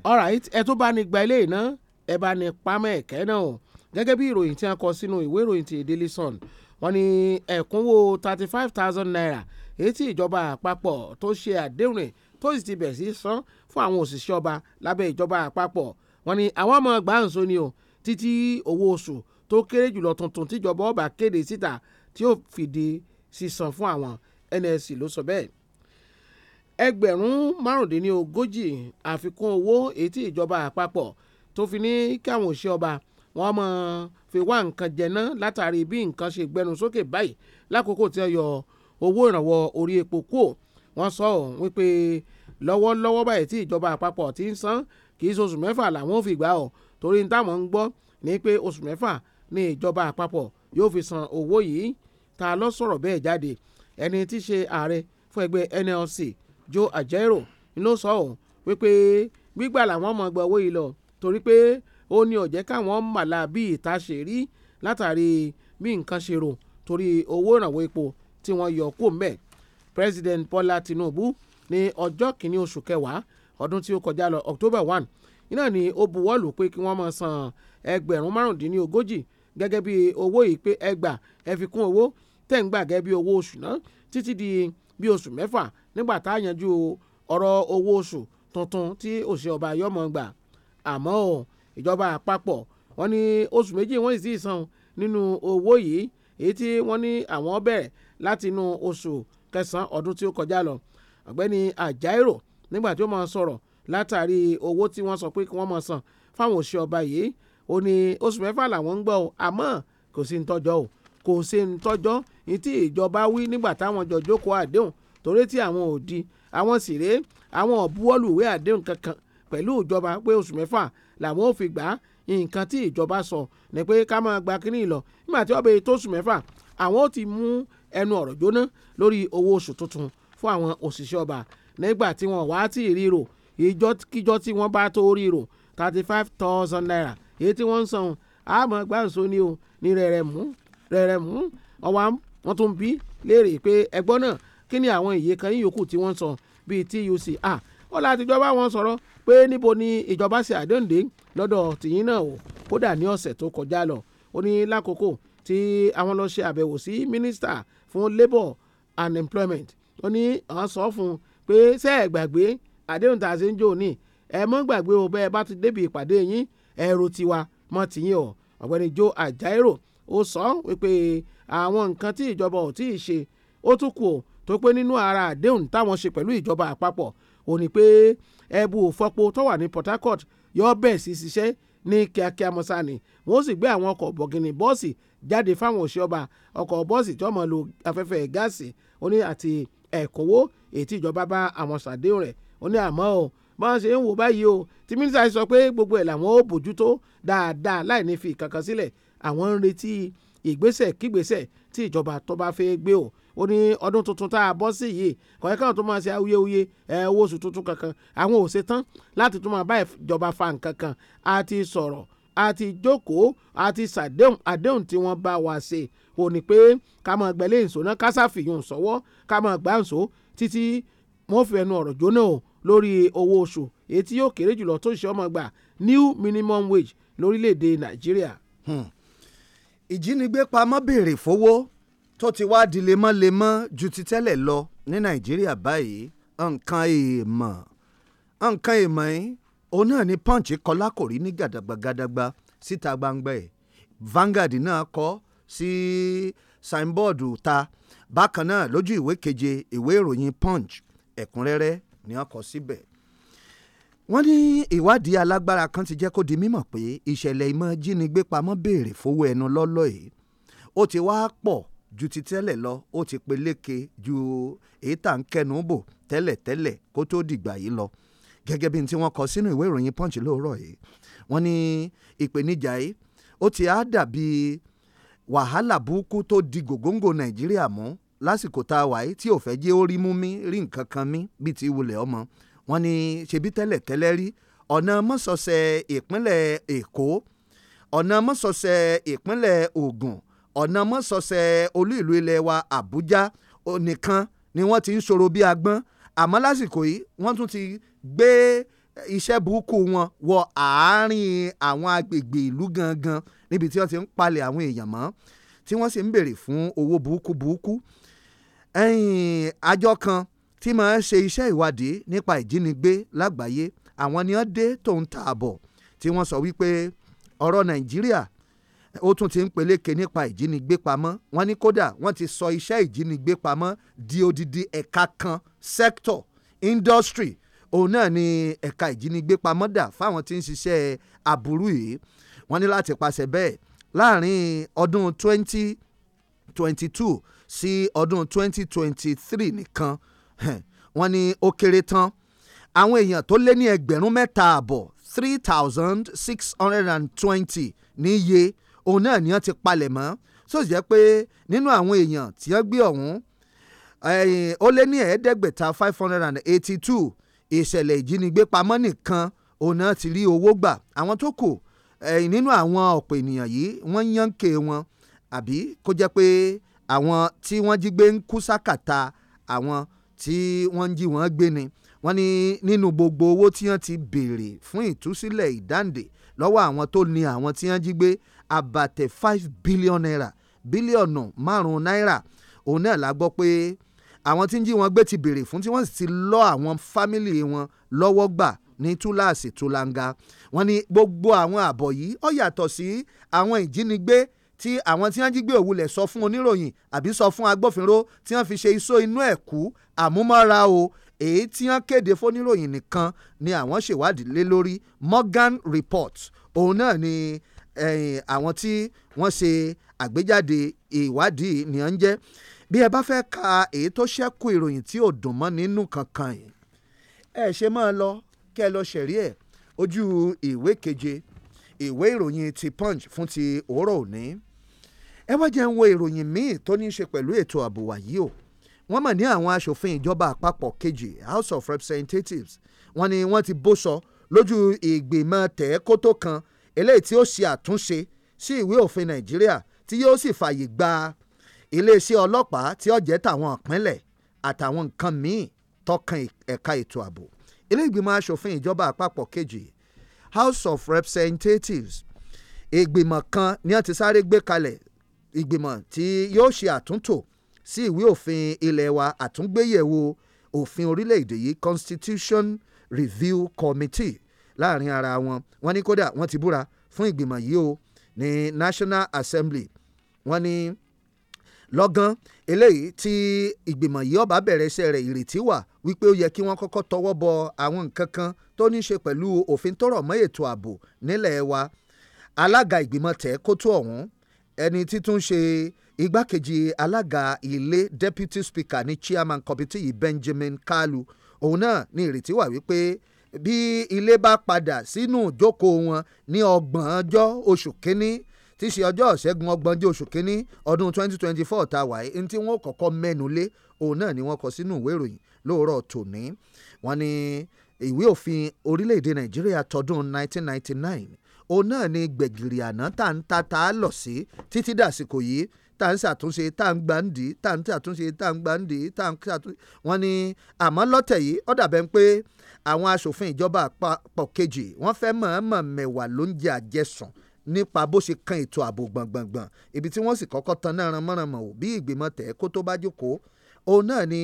all right ẹ tó bá ní gba ilé iná ẹ bá ní pamẹ́ ẹ̀kẹ́ náà gẹ́gẹ́ bí ìròyìn ti Daily Sun ẹ̀kúnwó thirty five thousand naira èyí tí ìjọba àpapọ̀ tó ṣe àdéhùn rẹ̀ tó sì ti bẹ̀ sí san fún àwọn òṣìṣẹ́ ọba lábẹ́ ìjọba àpapọ̀ wọ́n ní àwọn ọmọ gbàǹso ni o títí owó oṣù tó kéré jùlọ tuntun tíjọba ọba kéde síta tí ó fìdí sísan fún àwọn NSC ló sọ bẹ́ẹ̀ ẹgbẹ̀rún márùndínlógójì àfikún owó èyí tí ìjọba àpapọ̀ tó fi ní káwọn òṣìṣẹ́ ọba wọ́n mọ̀ fi wá nǹkan jẹ ná látàrí bí nǹkan ṣe gbẹnu sókè báyìí lákòókò tí ó yọ owó ìrànwọ́ orí epo kúò wọ́n sọ wípé lọ́wọ́lọ́wọ́ báyìí tí ìjọba àpapọ̀ ti ń san kì ṣe oṣù mẹ́fà làwọn ò fi gbà ọ́ torí táwọn ń gbọ́ ni pé oṣù mẹ́fà ni ìjọba àpapọ̀ yóò fi san owó yìí ta ló sọ̀rọ̀ bẹ́ẹ̀ jáde ẹni tí ṣe ààrẹ fún ẹgbẹ́ NLC Joe Ajaero ló sọ wípé gbígbà làwọn ọmọ gba owó yìí lọ torí pé ó ní ó káwọn màlà bí ìta ṣe rí látàrí bí nǹkan ṣe rò torí owó ìrànwọ́ epo tí wọ́n yọ kó mbẹ́ president Bọ́lá Tinubu ní ọjọ́ kìíní oṣù kẹwàá ọdún tí ó kọjá lọ October one iná ni ó buwọ́lù pé kí wọ́n máa san ẹgbẹ̀rún márùndínlógójì gẹ́gẹ́ bí owó yìí pé ẹgbà ẹ fi kún owó tẹ̀ ń gbà gẹ́gẹ́ bí owó oṣù náà títí di bí oṣù mẹ́fà nígbà tá a yanjú ọ̀rọ̀ owó oṣù tuntun tí òṣìṣẹ́ ọba yọmọ gbà àmọ́ ò ìjọba àpapọ̀ wọ́n ní oṣù méjì wọ́n sì san nínú owó yìí èyí tí wọ́n ní àwọn bẹ̀rẹ̀ láti inú oṣù kẹsàn-án ọdún tí ó kọjá lọ ọ̀gbẹ́ni Ajaero nígbà tí ó máa sọ̀rọ̀ látàrí owó tí wọ́n sọ pé kí wọ́n máa san fáwọn òṣìṣẹ́ ọba yìí ó ní oṣù mẹ́fà làwọn ń gbọ́ ọ àmọ́ kò sí ń tọ́jọ́ o kò sí ń tọ́jọ́ ní tí ìjọba wí nígbà táwọn jọ jókòó àdéhùn torí tí àwọn ò di àwọn sì rèé àwọn ọ̀búwọ́lùwé àdéhùn kankan pẹ̀lú ìjọba pé oṣù mẹ́fà làwọn ò fi gbà á nǹkan tí ìjọba sọ ni pé ká máa gba kínní lọ nígbà tí ọbẹ̀ tó oṣù mẹ́fà àwọn ò ti mú ẹnu ọ̀rọ̀ jóná lórí owó oṣù tuntun fún àwọn òṣìṣẹ́ ọba nígbà tí wọ́n wá tí ì ríro ìjọ́kíjọ́ tí wọ́n bá tó ríro thirty five thousand naira èyí tí wọ́n ń san àmọ́ gbàǹso ni o ní rẹ̀rẹ̀ mú rẹ̀rẹ̀ mú ọwọ́ wọn tún bí léèrè pé ẹgbọ́n náà kí ni àwọn ìyè kan yòókù tí wọ́n ń san bíi tuc ah ó láti jọba wọn sọ̀rọ̀ pé níbo ni ìjọba ṣe àdéhùndé lọ́dọ̀ tìyín náà o kódà ní ọ̀sẹ̀ tó kọjá lọ ó ní lákòókò tí àwọn lọ ṣe àbẹ̀wò sí mínísítà fún labour and employment ó ní àwọn sọ fún un pé ṣé ẹ gbàgbé àdéhùn tá a ṣe ń jò ní ẹ mọ́ gbàgbé o bẹ́ẹ̀ bá ti débi ìpàdé yín ẹ̀rù tiwa mọ́ tiyín o ọ̀gbẹ́ni Joe Ajaero ó sọ wípé àwọn nǹkan tí ìjọba ò tí ì ṣe ó tún kù o tó pé nínú ara àdéhùn táwọn ṣe pẹ̀lú ìjọba àpapọ̀ ò ní pé ẹbu òfọpo tó wà ní Port Harcourt yọ bẹ́ẹ̀ sí ṣiṣẹ́ ní kíákíá mọ́sá wọ́n sì gbé àwọn ọkọ̀ bọ̀gìnì bọ́ọ̀sì jáde fáwọn òṣìṣẹ́ ọba ọkọ̀ bọ́ọ̀sì tí wọ́n mọ̀ lo afẹ́fẹ́ gáàsì ó ní àti ẹ̀kọ́wó èyí tí ìjọba bá àwọn ṣàdéhùn rẹ̀ ó ní àmọ́ o bá ń ṣe ń wò báyìí o tí mínísítà sọ pé gbogbo ẹ̀ làwọn ó bójútó dáadáa láì ní fi kankan sílẹ̀ àwọn ń retí ìgbésẹ̀ kígbésẹ̀ tí ìjọba tó bá fẹ́ gbé o ó ní ọdún tuntun tá a bọ́ sí yìí kọ̀ọ̀kan káwọn tó máa ṣe awuyewuye ẹ owó oṣù tuntun kankan àwọn ò ṣe tán láti tún máa bá ìjọba fa nǹkan kan á sọ̀rọ̀ àti jókòó àti ṣàdéhùn àdéhùn tí wọ́n bá wa ṣe ò ní pé ká mọ̀ gbẹ́lẹ́ ìṣó náà ká ṣàfihàn sọ́wọ́ ká mọ̀ gbá ìṣó títí wọ́n fi ẹnu ọ̀rọ̀ jóná o lórí owó oṣù èyí tí yóò kéré jùlọ tó ṣe ọmọ gbà new minimum wage lórílẹ̀‐èdè nàìjíríà. Hmm. ìjínigbé pamọ́ béèrè fowó tó ti wá di lemọ́lemọ́ ju ti tẹ́lẹ̀ lọ ní nàìjíríà báyìí nǹkan èèmọ̀ nǹkan èèmọ̀ yìí òun náà ni punch kọ lákòrí ní gàdàgbàgàdàgbà síta gbangba ẹ̀ Vanguard náà kọ sí signboard ta bákan náà lójú ìwé keje ìwé ìròyìn punch ẹ̀kúnrẹ́rẹ́ ni wọ́n kọ síbẹ̀ wọ́n ní ìwádìí alágbára kan ti jẹ́ kó di mímọ̀ pé ìṣẹ̀lẹ̀ ìmọ̀ jínigbé pamọ́ béèrè fowó ẹnu lọ́lọ́ yìí ó ti wá pọ̀ ju ti tẹ́lẹ̀ lọ ó ti peléke ju èyí tà ń kẹnu bò tẹ́lẹ̀tẹ́lẹ̀ kó tó dìgbà yìí lọ gẹ́gẹ́ bí n tí wọ́n kọ sínú ìwé ìròyìn punch lóòrọ̀ yìí wọ́n ní ìpèníjà yìí ó ti á dàbí wàhálà burúkú tó di gògóńgò nàìjíríà mú lásìkò tá a wà yìí tí ò fẹ́ jẹ́ ó rí mú mi rí nǹkan kan mi bíi ti wulẹ̀ ọmọ wọ́n ní ṣebí tẹ́lẹ̀ rí ọ̀nà mọ́sọ̀ọ̀sẹ̀ ìpínlẹ̀ èkó ọ̀nà mọ́sọ̀ọ̀sẹ̀ ìpínlẹ̀ ògùn ọ̀nà mọ́sọ̀ọ̀sẹ̀ olú ìlú ilẹ̀ wa àbújá nìkan ni wọ́n ti ń ṣòro bí agbọ́n àmọ́ lásìkò yìí wọ́n tún ti gbé iṣẹ́ burúkú wọn wọ àárín àwọn agbègbè ìlú gangan níbi tí wọ́n ti ń palẹ̀ àwọn èèyàn mọ́ tí wọ́n sì ń béèrè fún owó burúkú burúkú àjọ kan tí máa ń ṣe iṣẹ́ ìwádìí nípa ìjínigbé lágbàáyé àwọn ni wọ́n dé tòun tààbọ̀ tí wọ́n sọ wípé ọ̀rọ̀ Nàìjíríà ó tún ti ń peléke nípa ìjínigbé pamọ́ wọ́n ní kódà wọ́n ti sọ iṣẹ́ ìjínigbé pamọ́ di odidi ẹ̀ka kan sector industry òun náà ni ẹ̀ka ìjínigbé pamọ́ dà fáwọn tí ń ṣiṣẹ́ aburú yìí wọ́n ní láti pàṣẹ bẹ́ẹ̀ láàrin ọdún 2022 sí ọdún 2023 nìkan wọ́n ní ó kéré tán àwọn èèyàn tó lé ní ẹgbẹ̀rún mẹ́ta àbọ̀ three thousand six hundred and twenty níye òun náà ni wọ́n ti palẹ̀ mọ́ sóòjẹ́ pé nínú àwọn èèyàn tí wọ́n gbé ọ̀hún ó lé ní ẹ̀ẹ́dẹ́gbẹ̀ta five hundred and eighty two ìṣẹ̀lẹ̀ ìjínigbé pamọ́ nìkan òun náà ti rí owó gbà àwọn tó kù nínú àwọn ọ̀pọ̀ ènìyàn yìí wọ́n yànké wọn àbí kó jẹ́ pé àwọn tí wọ́n jí gbé ń kú sákàtà àwọn tí wọ́n ń jí wọ́n gbé ni wọ́n ní nínú gbogbo owó tí wọ́n ti béèrè fún ìtúsílẹ̀ ìdáǹdè lọ́wọ́ àwọn tó ní àwọn tí wọ́n jí gbé àbàtẹ̀ five billion naira bílíọ̀nù márùn-ún náírà òun náà la gbọ́ pé àwọn tí ń jí wọn gbé ti béèrè fún tí wọ́n sì ti lọ́ àwọn fámìlì wọn lọ́wọ́ gbà ní túláàsì túláńgá wọ́n ní gbogbo àwọn àbọ̀ yìí ó yàtọ̀ sí àwọn ìjínigbé tí àwọn tí wọ́n jí gbé òwúlẹ̀ sọ fún oníròyìn àbí sọ fún agbófinró tí wọ́n fi ṣe iṣó inú ẹ̀ kú àmúmọ́ra o èyí tí wọ́n kéde fóníròyìn nìkan ni àwọn ṣèwádìí lé lórí Morgan report òun náà ni eh, àwọn tí wọ́n ṣe àgbéjáde ìwádìí ni à bí ẹ bá fẹ́ ka èyí tó ṣẹ́kù ìròyìn tí ò dùn mọ́ nínú kankan yìí ẹ ṣe máa lọ kẹ́ lọ ṣẹ̀rí ẹ̀ ojú ìwé keje ìwé ìròyìn ti punch fún ti òórọ̀ òní ẹ wá jẹ́ ń wo ìròyìn míì tó ní í ṣe pẹ̀lú ètò ààbò wàyí o wọ́n mọ̀ ní àwọn aṣòfin ìjọba àpapọ̀ kejì house of representatives wọ́n ní wọ́n ti bó sọ lójú ìgbìmọ̀ tẹ̀ẹ́kótó kan eléyìí tí ó ṣe àtúnṣe sí ìwé òfin nàìjíríà tí yóò sì fààyè gba iléeṣẹ́ ọlọ́pàá tí ó jẹ́ tàwọn ìpínlẹ̀ àtàwọn nǹkan míì tọkàn ẹ̀ka ètò ààbò ilé ìgbìmọ̀ asòfin ìjọba àpapọ̀ kejì House of Representatives ìgbìmọ̀ kan ni wọ́n ti sáré gbé kalẹ̀ ìgbìmọ̀ tí yóò ṣe àtúntò sí ìwé òfin ilé wa àtúngbéyẹ̀wò òfin orílẹ̀-èdè yìí Constitution Review Committee láàrin ara wọn wọ́n ní kódà wọ́n ti búra fún ìgbìmọ̀ yìí o ní National Assembly wọ́n ní. Ni lọ́gán eléyìí tí ìgbìmọ̀ yìí ọba bẹ̀rẹ̀ iṣẹ́ rẹ̀ ìrètí wà wípé ó yẹ kí wọ́n kọ́kọ́ tọwọ́ bọ àwọn nǹkan kan tó ní í ṣe pẹ̀lú òfin tó rọ̀ mọ́ ètò ààbò nílẹ̀ wa alága ìgbìmọ̀ tẹ̀ kótó ọ̀hún ẹni títún ṣe igbákejì alága ilé deputy speaker ní chairman committee yìí Benjamin Kalu òun náà ní ìrètí wà wípé bí ilé bá padà sínú ìjókòó wọn ní ọgbọ̀n ọjọ́ oṣù kínní tí í ṣe ọjọ́ ìṣẹ́gun ọgbọ̀njọ́ oṣù kínní ọdún 2024 tá a wà yìí tí wọ́n kọ́kọ́ mẹ́nu òun náà ni wọ́n kọ sínú ìwé ìròyìn lóòrọ̀ tòní wọ́n ní ìwé òfin orílẹ̀-èdè nàìjíríà tọdún 1999 òun náà ni gbẹ̀gìrì àná tá ń ta tá a lọ sí títí dàsìkò yìí tá ń ṣàtúnṣe tá ń gbàǹdì tá ń ṣàtúnṣe tá ń gbàǹdì tá ń ṣàtúnṣe wọ́n ní àmọ́ lọ́tẹ̀ yìí ó dàbẹ̀ ń pé àwọn aṣòfin ìjọba àpapọ̀ kejì wọ́n fẹ́ mọ̀ọ́mọ̀ mẹ́wàá ló ń nípa bó ṣe kan ètò ààbò gbọ̀ngbọ̀ngbọ̀n ibi tí wọ́n sì kọ́kọ́ tan náà ranmọ́ranmọ́ ò bí ìgbìmọ̀ tẹ̀ kó tó bá jókòó òun náà ni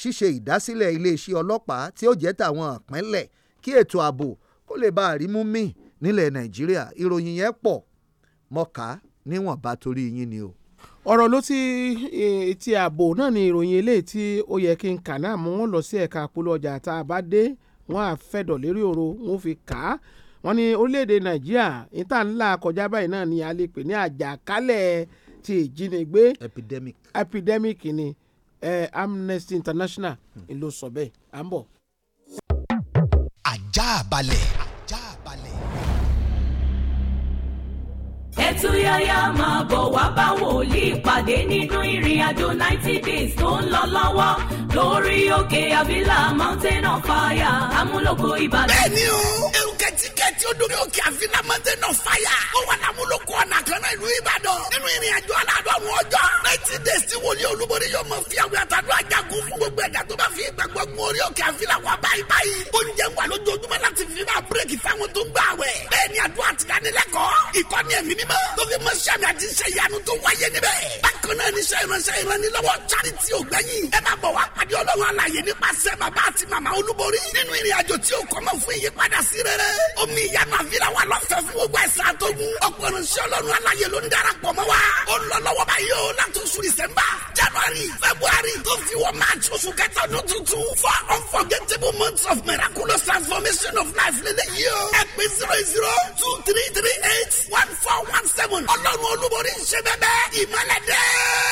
ṣíṣe ìdásílẹ̀ iléeṣẹ́ ọlọ́pàá tí ó jẹ́ tàwọn ìpínlẹ̀ kí ètò ààbò kó lè bá àrímú mì nílẹ̀ nàìjíríà ìròyìn yẹn pọ̀ mọ́ka níwọ̀nba torí yín ni o. ọ̀rọ̀ ló ti ti ààbò náà ni ìròyìn eléyìí tí ó yẹ kí n kà náà mú wọn lọ sí ẹ̀ka àpolọ ọjà tá a bá dé wọn á lérí ọ̀rọ̀ wọn fi kà á wọ́n ní orílẹ̀-èdè nàìjíríà níta ńlá kọjá báyìí náà ni a lè pè ní àjàkálẹ̀ ti ìjínigbé epidemic epidemic ni eh, Amnesty International hmm. ló sọ bẹ́ẹ̀ à ń bọ̀. ajá balẹ̀. ajá yáyá máa bọ̀ wá bá wòlíì pàdé nínú ìrìn àjò ninety days tó ń lọ lọ́wọ́ lórí òkè àbílà mountain of fire amúlòkọ ìbàdàn. bẹ́ẹ̀ o kẹ́tíkẹ́tí ó dórí òkè àfínà mountain of fire. ó wà lámúlòkọ ọ̀nà kan náà ìlú Ìbàdàn. nínú ìrìn àjò aládọ́run ọjọ́. ninety days tí wòlíì olúborí yóò mọ fi àwọn àtàdúrà jagun fún gbogbo ẹ̀dá tó bá fi ìgbàgbọ́ gun orí òkè àfínà wà báyìí báyìí. oúnjẹ wà lójoojúmọ́ láti fi máa bírèkì fáwọn tó ń gbà wẹ̀. bẹ́ẹ̀ ni àdúrà ti dánilẹ́kọ̀ọ́. ìkọ́ni ẹ̀mí mímọ́ tó fi mọ́ sàmì àti iṣẹ́ ìyanu tó wáyé níbẹ̀. bákan náà níṣẹ́ ìránṣẹ́ charity ògbẹ́yìn. ẹ máa bọ̀ wá pàdé ọlọ́run alàyè nípasẹ̀ bàbá àti màmá olúborí. nínú ìrìn àjò tí ó kọ́ mọ́ fún ìyípadà omi ìyanu àfihàn wa lọ́fẹ̀ẹ́ fún gbogbo ẹ̀sìn àtọ́gùn ọ̀pọ̀lọpọ̀ sí ọlọ́run ló ń darapọ̀ mọ́ wa ó lọ lọ́wọ́ báyìí o láti oṣù december january february tó fi wọ march oṣù kẹta ọdún tuntun for unforgettable months of miraculous transformation of life lélẹ̀ yìí o ẹ zero zero two three three eight one four one seven ọlọ́run olúborí ń ṣe bẹ́ẹ̀ bẹ́ẹ̀ ìmọ̀lẹ́dẹ́ẹ́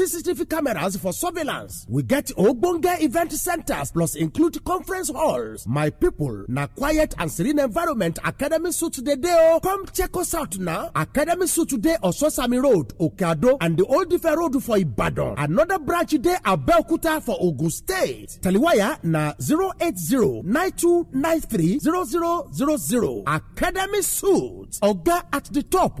CCTV cameras for surveillance. We get Ogbonge event centers plus include conference halls. My people, na quiet and serene environment Academy Suit today Oh, Come check us out now. Academy Suit today Sosami Road, Okeado and the Old Ife Road for Ibadan. Another branch at Belkuta for Ogun State. Taliwaya na 08092930000. Academy Suit. Oga at the top.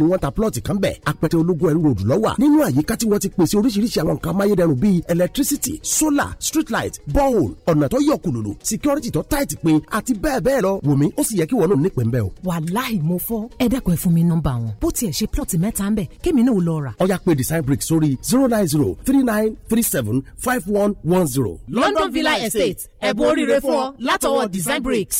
ni wọ́n ta plọ́ọ̀tì kan bẹ̀ apẹtẹ ológun ẹ̀rú ròdù lọ́wà nínú àyíká tí wọ́n ti pèsè oríṣiríṣi àwọn nǹkan amáyédẹrùn bíi electricity solar street light borehole ọ̀nà tó yọ kùlùlù security tó tight pin àti bẹ́ẹ̀ bẹ́ẹ̀ lọ wùmí ó sì yẹ kí wọ́n náà nípìn bẹ́ẹ̀ o. wàláì mo fọ ẹ dẹ́kun ẹ fún mi nọ́mbà wọn bó tiẹ̀ ṣe plọ́ọ̀tì mẹ́ta ń bẹ̀ kémi náà lọ rà. ọ̀yá pé design bricks sórí zero nine zero three nine three seven five one one zero. London Villa Estate ẹ̀bùn oríire fún ọ látọwọ́ design bricks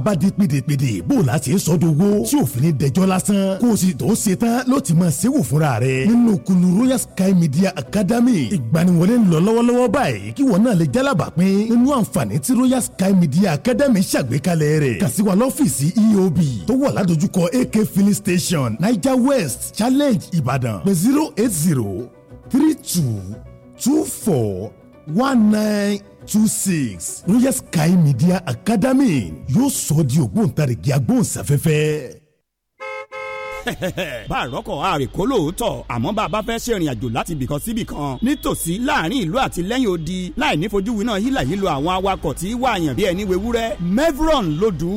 bá di pédèpédè bó o la ṣe sọ dogo tí o fini dẹjọ́ lásán kó o sì tó ṣe tán ló ti máa ṣẹ́wò fúnra rẹ̀ nínú kunu royal sky media academy ìgbaniwọlé ń lọ lọ́wọ́lọ́wọ́ báyìí kí wọ́n náà lè jálábà pín nínú àǹfààní tí royal sky media academy ṣàgbékalẹ̀ rẹ̀ kàn sí lọ́fíìsì eob tó wà ládojúkọ ak filling station niger west challenge ibadan. pé zero eight zero three two two four one nine two six royal sky media academy yóò sọ ọ́ di ògbóǹtarìgì agbóhùnsáfẹ́fẹ́ bá a rọ́kọ̀ àrèkó lóòótọ́ àmọ́ bá a bá fẹ́ ṣe ìrìn àjò láti ibìkan sí ibìkan nítòsí láàrin ìlú àti lẹ́yìn odi láì nífojúwi náà hílàhílo àwọn awakọ̀ tí wàá yàn bí ẹni wewúrẹ́ mevron Lodu.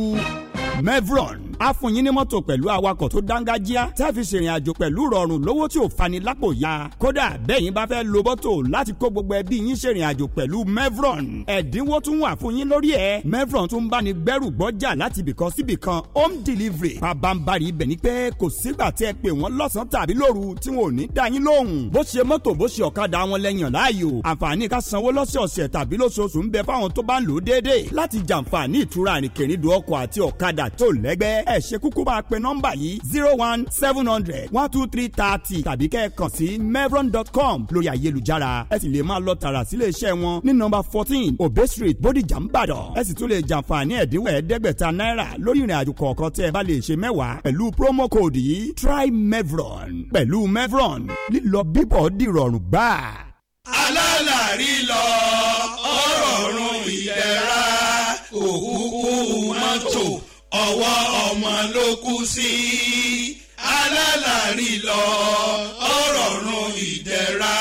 Mevron afunyin ní mọ́tò pẹ̀lú awakọ̀ tó dángájíá tá a fi ṣèrìn àjò pẹ̀lú rọrùn lówó tí ò fani lápò ya kódà bẹ́yìn bá fẹ́ lo bọ́tò láti kó gbogbo ẹbí yín ṣèrìn àjò pẹ̀lú Mevron ẹ̀dínwó tún wà fún yín lórí ẹ̀ Mevron tún bá ní gbẹ́rù gbọ́jà láti ibìkan síbìkan home delivery pàbàmbarì ibẹ̀ ni pé kò sígbà tẹ́ ẹ pè wọ́n lọ́sàn-án tàbí lóru tí wọn ò ní dá yín lóhùn bó ṣe mọ́tò bó ṣe ọ̀kadà wọn lẹ́yìn láàyò àǹfààní ká sanwó lọ́sọ̀ọ̀sẹ̀ tàbí lóṣooṣù ń bẹ fáwọn tó bá ń lò ó déédéé láti jàǹfààní ìtura àrìnkèrìndò ọkọ̀ àti ọ̀kadà ọjà tó lẹ́gbẹ́ ẹ ṣe kúkú bá a pe nọ́mbà yìí zero one seven hundred one two three thirty tàbí kẹ́ ẹ kàn sí mevron.com lórí ayélujára ẹ sì lè máa lọ tààrà sílé iṣẹ́ wọn ní nọ́mbà fourteen obe street bodijà ńbàdàn ẹ sì tún lè jàǹfààní ẹ̀dínwó ẹ̀ẹ́dẹ́gbẹ̀ta náírà lórí ìrìn àjò kọ̀ọ̀kan tẹ́ ẹ bá lè ṣe mẹ́wàá pẹ̀lú promo code yìí try mevron pẹ̀lú mevron lílọ bíbọ̀ dìrọ̀rùn gbáà. alálàrí lọ ọ̀rọ̀ ọ̀run ìdẹ̀ra òwú ọwọ́ ọmọ ló kú sí alálàrí lọ ọ̀rọ̀ run ìdẹ̀ra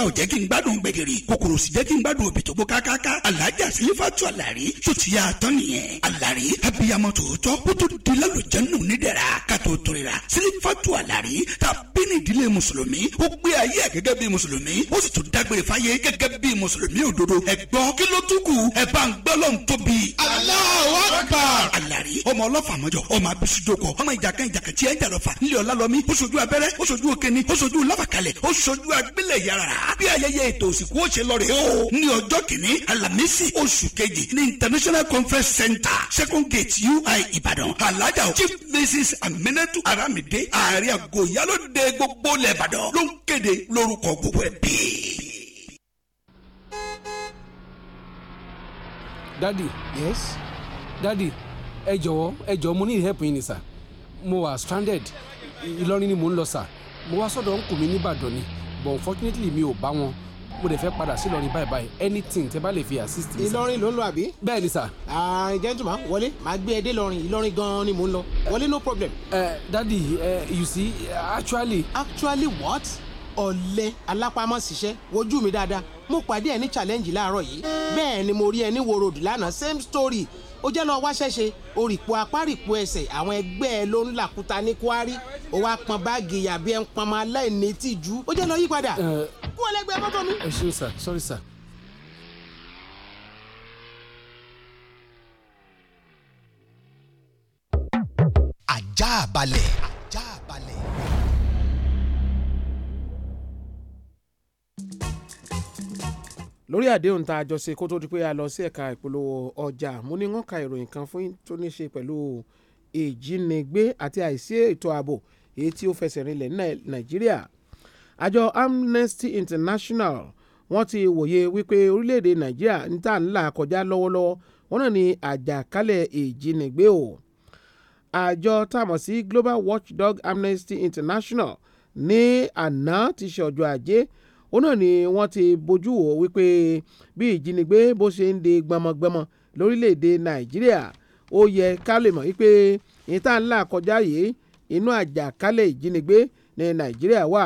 ata ò jẹ́ kí n gbádùn gbẹ̀gìrì kòkòrò sì jẹ́ kí n gbádùn òbí tó bó kákáká alájà sílífàtú àlàrí tó ti yá àtọ́ nìyẹn àlàrí abiyamọ tòótọ́ kó tó di lálùjẹ́nù nídẹ̀ra ká tó torira sílífàtú àlàrí ta bínú ìdílé mùsùlùmí ó gbé ayé ẹ̀ gẹ́gẹ́ bí mùsùlùmí ó sì tún dágbére fáyé gẹ́gẹ́ bí mùsùlùmí òdodo ẹ gbọ́ kí ló tún kù ẹ bá ń gbọ́ lọ́n tóbi. Allahu Akbar. àlàrí ọmọ bí ayẹyẹ ètò òsìnkú òṣè lọ rèé o ní ọjọ́ kìíní alamisi oṣù kejì ní international conference center second gate ui ìbàdàn alaja chief mrs aminatu aramide ààrẹ àgọ́ ìyálóde gbogbo lẹ́bàdàn ló ń kéde lórúkọ gbogbo ẹ̀ bíi. dadi. yes. dadi ẹ jọ̀wọ́ ẹ jọ̀wọ́ mo ní help yín ni sa. mo wa stranded ìlọrin ni mò ń lọ sà mo wa sọ́dọ̀ ń kù mí nìbàdàn ni but unfortunately mi ò bá wọn mo dẹ̀ fẹ́ padà sí Ìlọrin báyìí báyìí anything tẹ́ bá lè fi assist mi. Ìlọrin ló ń lọ àbí. bẹ́ẹ̀ ni sà. gentleman wọlé màá gbé ẹ dé Ìlọrin Ìlọrin gan-an ni mò ń lọ wọlé no problem. Uh, daddy uh, you see actually. actually what? ọ̀lẹ́ alápámọ́síṣẹ́ wojú mi dáadáa mo pàdé ẹ ní challenge láàárọ̀ yìí bẹ́ẹ̀ ni mo rí ẹ ní wo lánàá same story ó jẹ́ lọ wá ṣẹ́ṣe orìpọ̀ apárìpọ̀ ẹsẹ̀ àwọn ẹgbẹ́ ẹ ló ń làkúta ní kwari ó wá pọn báàgì yàbí ẹ ń pọn ọmọ aláìní tìjú ó jẹ́ lọ yí padà kú ọlẹ́gbẹ́ mọ́tò mi. ẹ ṣeun sir sorry sir. ajá balẹ̀. lórí àdéhùn tá a jọ ṣe kó tó di pé a lọ sí ẹ̀ka ìpolówó ọjà mo ní wọ́n ka ìròyìn kan fún tó ní ṣe pẹ̀lú ìjínigbé àti àìsí ètò ààbò èyí tí ó fẹsẹ̀ rinlẹ̀ ní nàìjíríà àjọ Amnesty International wọ́n ti wòye wípé orílẹ̀-èdè nàìjíríà ń tà ń là kọjá lọ́wọ́lọ́wọ́ wọn náà ni àjàkálẹ̀ ìjínigbé o àjọ tàmọ̀ sí Global Watchdog Amnesty International ní àná ti ṣe ọjọ́ òun náà ni wọ́n ti bójú wò wípé bí ìjínigbé bó ṣe ń de gbọmọgbọmọ lórílẹ̀‐èdè nàìjíríà ó yẹ ká lè mọ̀ wípé ìta ńlá kọjá yìí inú àjàkálẹ̀ ìjínigbé ní nàìjíríà wà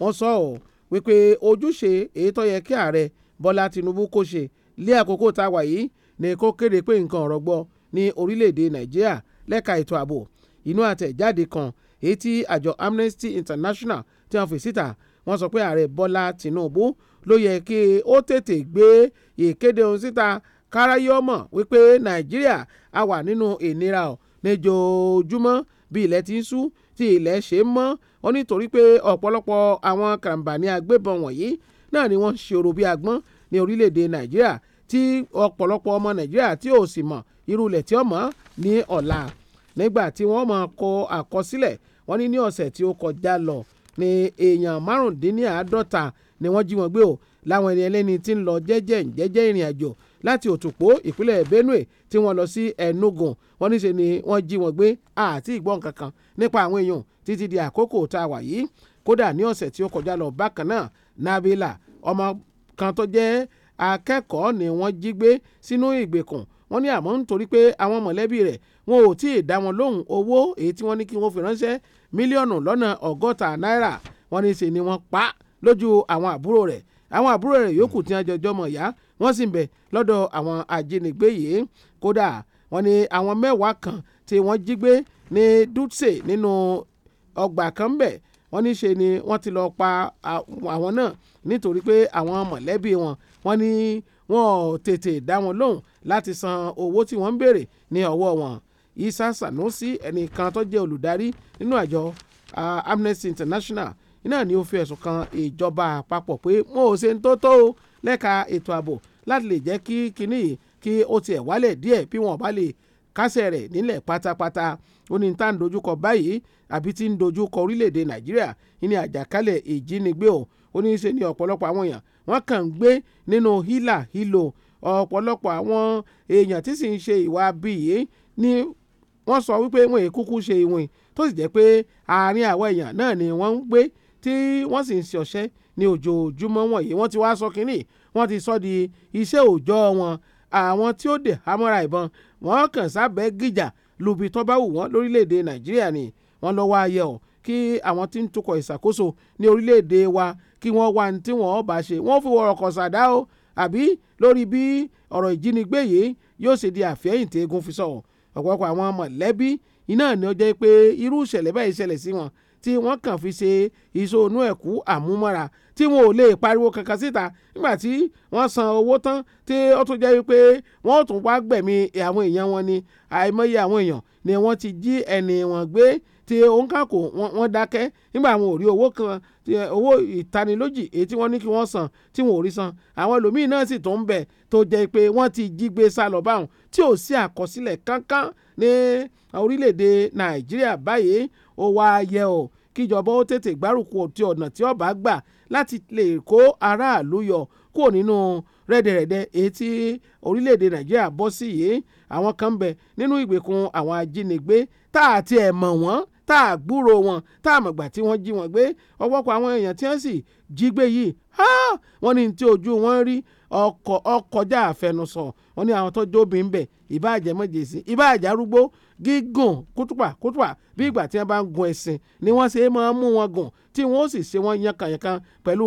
wọ́n sọ ọ́ wípé ojúṣe èyí tó yẹ kí ààrẹ bọ́lá tinubu kó ṣe lé àkókò tá a wà yìí ní kó kéde pé nǹkan ọ̀rọ̀ gbọ́ ní orílẹ̀‐èdè nàìjíríà lẹ́ka ètò ààbò inú àtẹ̀jáde kan èyí tí àjọ Amnesty International tí wọ́n fi wọ́n sọ pé ààrẹ Bọ́lá Tinubu ló yẹ kí ó tètè gbé ìkéde ohun síta káráyọ́mọ̀ wípé Nàìjíríà a wà nínú ìnira ọ̀ níjoojúmọ́ bí ilẹ̀ ti ń ṣú tí ilẹ̀ ṣe ń mọ́ ó nítorí pé ọ̀pọ̀lọpọ̀ àwọn kàǹbàní agbébọn wọ̀nyí náà ni wọ́n ṣe orò bí agbọ́n ní orílẹ̀-èdè Nàìjíríà tí ọ̀pọ̀lọpọ̀ ọmọ Nàìjíríà tí ò sì mọ̀ irú ilẹ̀ tí ó mọ̀ ní ọ̀la nígbà tí wọ́n mọ̀ kọ àkọsílẹ̀ wọ́n ní ní ọ̀sẹ̀ tí ó kọjá lọ ni èèyàn márùndínláàádọ́ta ni wọ́n jí wọn gbé o láwọn ẹni ẹlẹ́ni tí ń lọ jẹ́jẹ́ jẹ́jẹ́ ìrìn àjò láti òtùpó ìpínlẹ̀ Benue tí wọ́n lọ sí Enugu wọ́n níṣe ni wọ́n jí wọn gbé àti ìgbọ́n kankan nípa àwọn èèyàn títí di àkókò tá a wà yìí kódà ní ọ̀sẹ̀ tí ó kọjá lọ bákan náà Nabila ọmọ kan tó jẹ́ akẹ́kọ̀ọ́ ni wọ́n jí gbé sínú ìgbèkùn wọ́n ní àmọ́ nítorí pé àwọn mọ̀lẹ́bí rẹ̀ wọn ò tí ì dá wọn lóhùn owó èyí tí wọ́n ní kí wọ́n fi ránṣẹ́ mílíọ̀nù lọ́nà ọgọ́ta náírà wọ́n ní ṣe ni wọ́n pa lójú àwọn àbúrò rẹ̀ àwọn àbúrò rẹ̀ yòókù tí wọ́n jọjọ́ mọ̀ yá wọ́n sì ń bẹ lọ́dọ̀ àwọn ajínigbé yìí kódà wọ́n ní àwọn mẹ́wàá kan tí wọ́n jí gbé ní Dutse nínú ọgbà kan ń bẹ wọ́n ní ṣe ni wọ́n ti lọ pa àwọn náà nítorí pé àwọn mọ̀lẹ́bí wọn wọ́n ní wọn ò tètè dá wọn lóhùn láti san owó tí wọ́n ń béèrè ní ọwọ́ wọn Isa Sanusi ẹnìkan tó jẹ́ olùdarí nínú àjọ Amnesty International iná ni ó fi ẹ̀sùn kan ìjọba àpapọ̀ pé wọn ò ṣe ń tó tó o lẹ́ka ètò ààbò láti lè jẹ́ kí kinní yìí kí ó tiẹ̀ wálẹ̀ díẹ̀ bí wọn bá lè kásẹ̀ rẹ̀ nílẹ̀ pátápátá ó ní tá à ń dojúkọ báyìí àbí tí ń dojúkọ orílẹ̀-èdè Nàìjíríà ní àjàkálẹ̀ ìjínigbé o ó ní í ṣe ní ọ̀pọ̀lọpọ̀ àwọn èèyàn wọ́n kàn ń gbé nínú hílà hílo ọ̀pọ̀lọpọ̀ àwọn èèyàn tí sì ń ṣe ìwà bíi ní wọ́n sọ wípé wọn èyí kúkú ṣe ìwọ̀n tó sì jẹ́ pé àárín àwọn èèyàn náà ni wọ́n ń gbé tí wọ́n sì ń ṣe ọ̀ṣẹ́ ní ojoojúmọ́ wọ̀nyí wọ́n ti wá sọ kínní wọ́n ti sọ di iṣẹ́ òòjọ́ wọn àwọn tí ó dè hámọ́ra ìbọn wọ́n kàn sábẹ́ gíjà lubi tó bá wù wọ́n lórílẹ̀‐èdè nàìjíríà ni wọ́n lọ́wọ́ ayẹ ọ̀ kí àwọn tí ń tukọ̀ ìṣàkóso ní orílẹ̀‐èdè wa kí wọ́n wá ní tí wọ́n bá ṣe wọ́n fi wọ̀rọ̀ kọ̀ sàdá o àbí lórí bí ọ̀rọ̀ ìjínigbé yìí yóò ṣe di àfẹ́yìntì egun fi sọ̀rọ̀ ọ̀pọ̀lọpọ̀ àwọn mọ̀lẹ́bí iná ni ó jẹ́ pé irú ìṣẹ̀lẹ̀ báyìí ṣẹlẹ̀ sí wọn tí wọ́n kàn fi ṣe ìṣonú ẹ̀kú àmúmọ́ra tí wọn ò lè pariwo kankan síta nígbà tí wọ́n san owó tán tí ó tún jẹ́ wípé wọ́n tún wá gbẹ̀mí àwọn èèyàn wọn ni àìmọye àwọn èèyàn ni wọ́n ti jí ẹni wọn gbé tí òǹkàkò wọ́n dákẹ́ nígbà àwọn ò rí owó kan owó ìtanilójì èyí tí wọ́n ní kí wọ́n san tí wọ́n ò rí san àwọn ẹlòmíín náà sì tó ń bẹ̀ tó jẹ́ pé wọ́n ti jí gbé sá lọ báwọn tí ò sí àkọsílẹ̀ kankan ní orílẹ̀-èdè nàìjíríà báyìí ó wá yẹ ọ́ kíjọba ó tètè gbárùkù ti ọ̀nà tí ọba gbà láti lè kó aráàlú yọ kúrò nínú rẹ́dẹ̀rẹ́dẹ́ èyí tí orílẹ̀-èdè nàìjíríà bọ́ sí yìí àwọn kan ń bẹ nínú ìgbèkùn àwọn ajínigbé tá àti ẹ̀ mọ̀ wọ́n tá a gbúrò wọn tá a mọ̀gbà tí wọ́n jí wọn gbé ọwọ́ kọ àwọn èèyàn tí wọ́n sì jí gbé yìí wọ́n ní tí ojú wọn rí ọkọ̀ ọkọjá àfẹnusọ wọ́n ní àwọn tó jóbi ń bẹ̀ ìbáàjẹ́ mọ̀jẹ̀sí ìbáàjẹ́ arúgbó gígùn kútùpà kútùpà bí ìgbà tí wọ́n bá ń gun ẹṣin ni wọ́n ṣe máa ń mú wọn gùn tí wọ́n ó sì ṣe wọ́n yankanyankan pẹ̀lú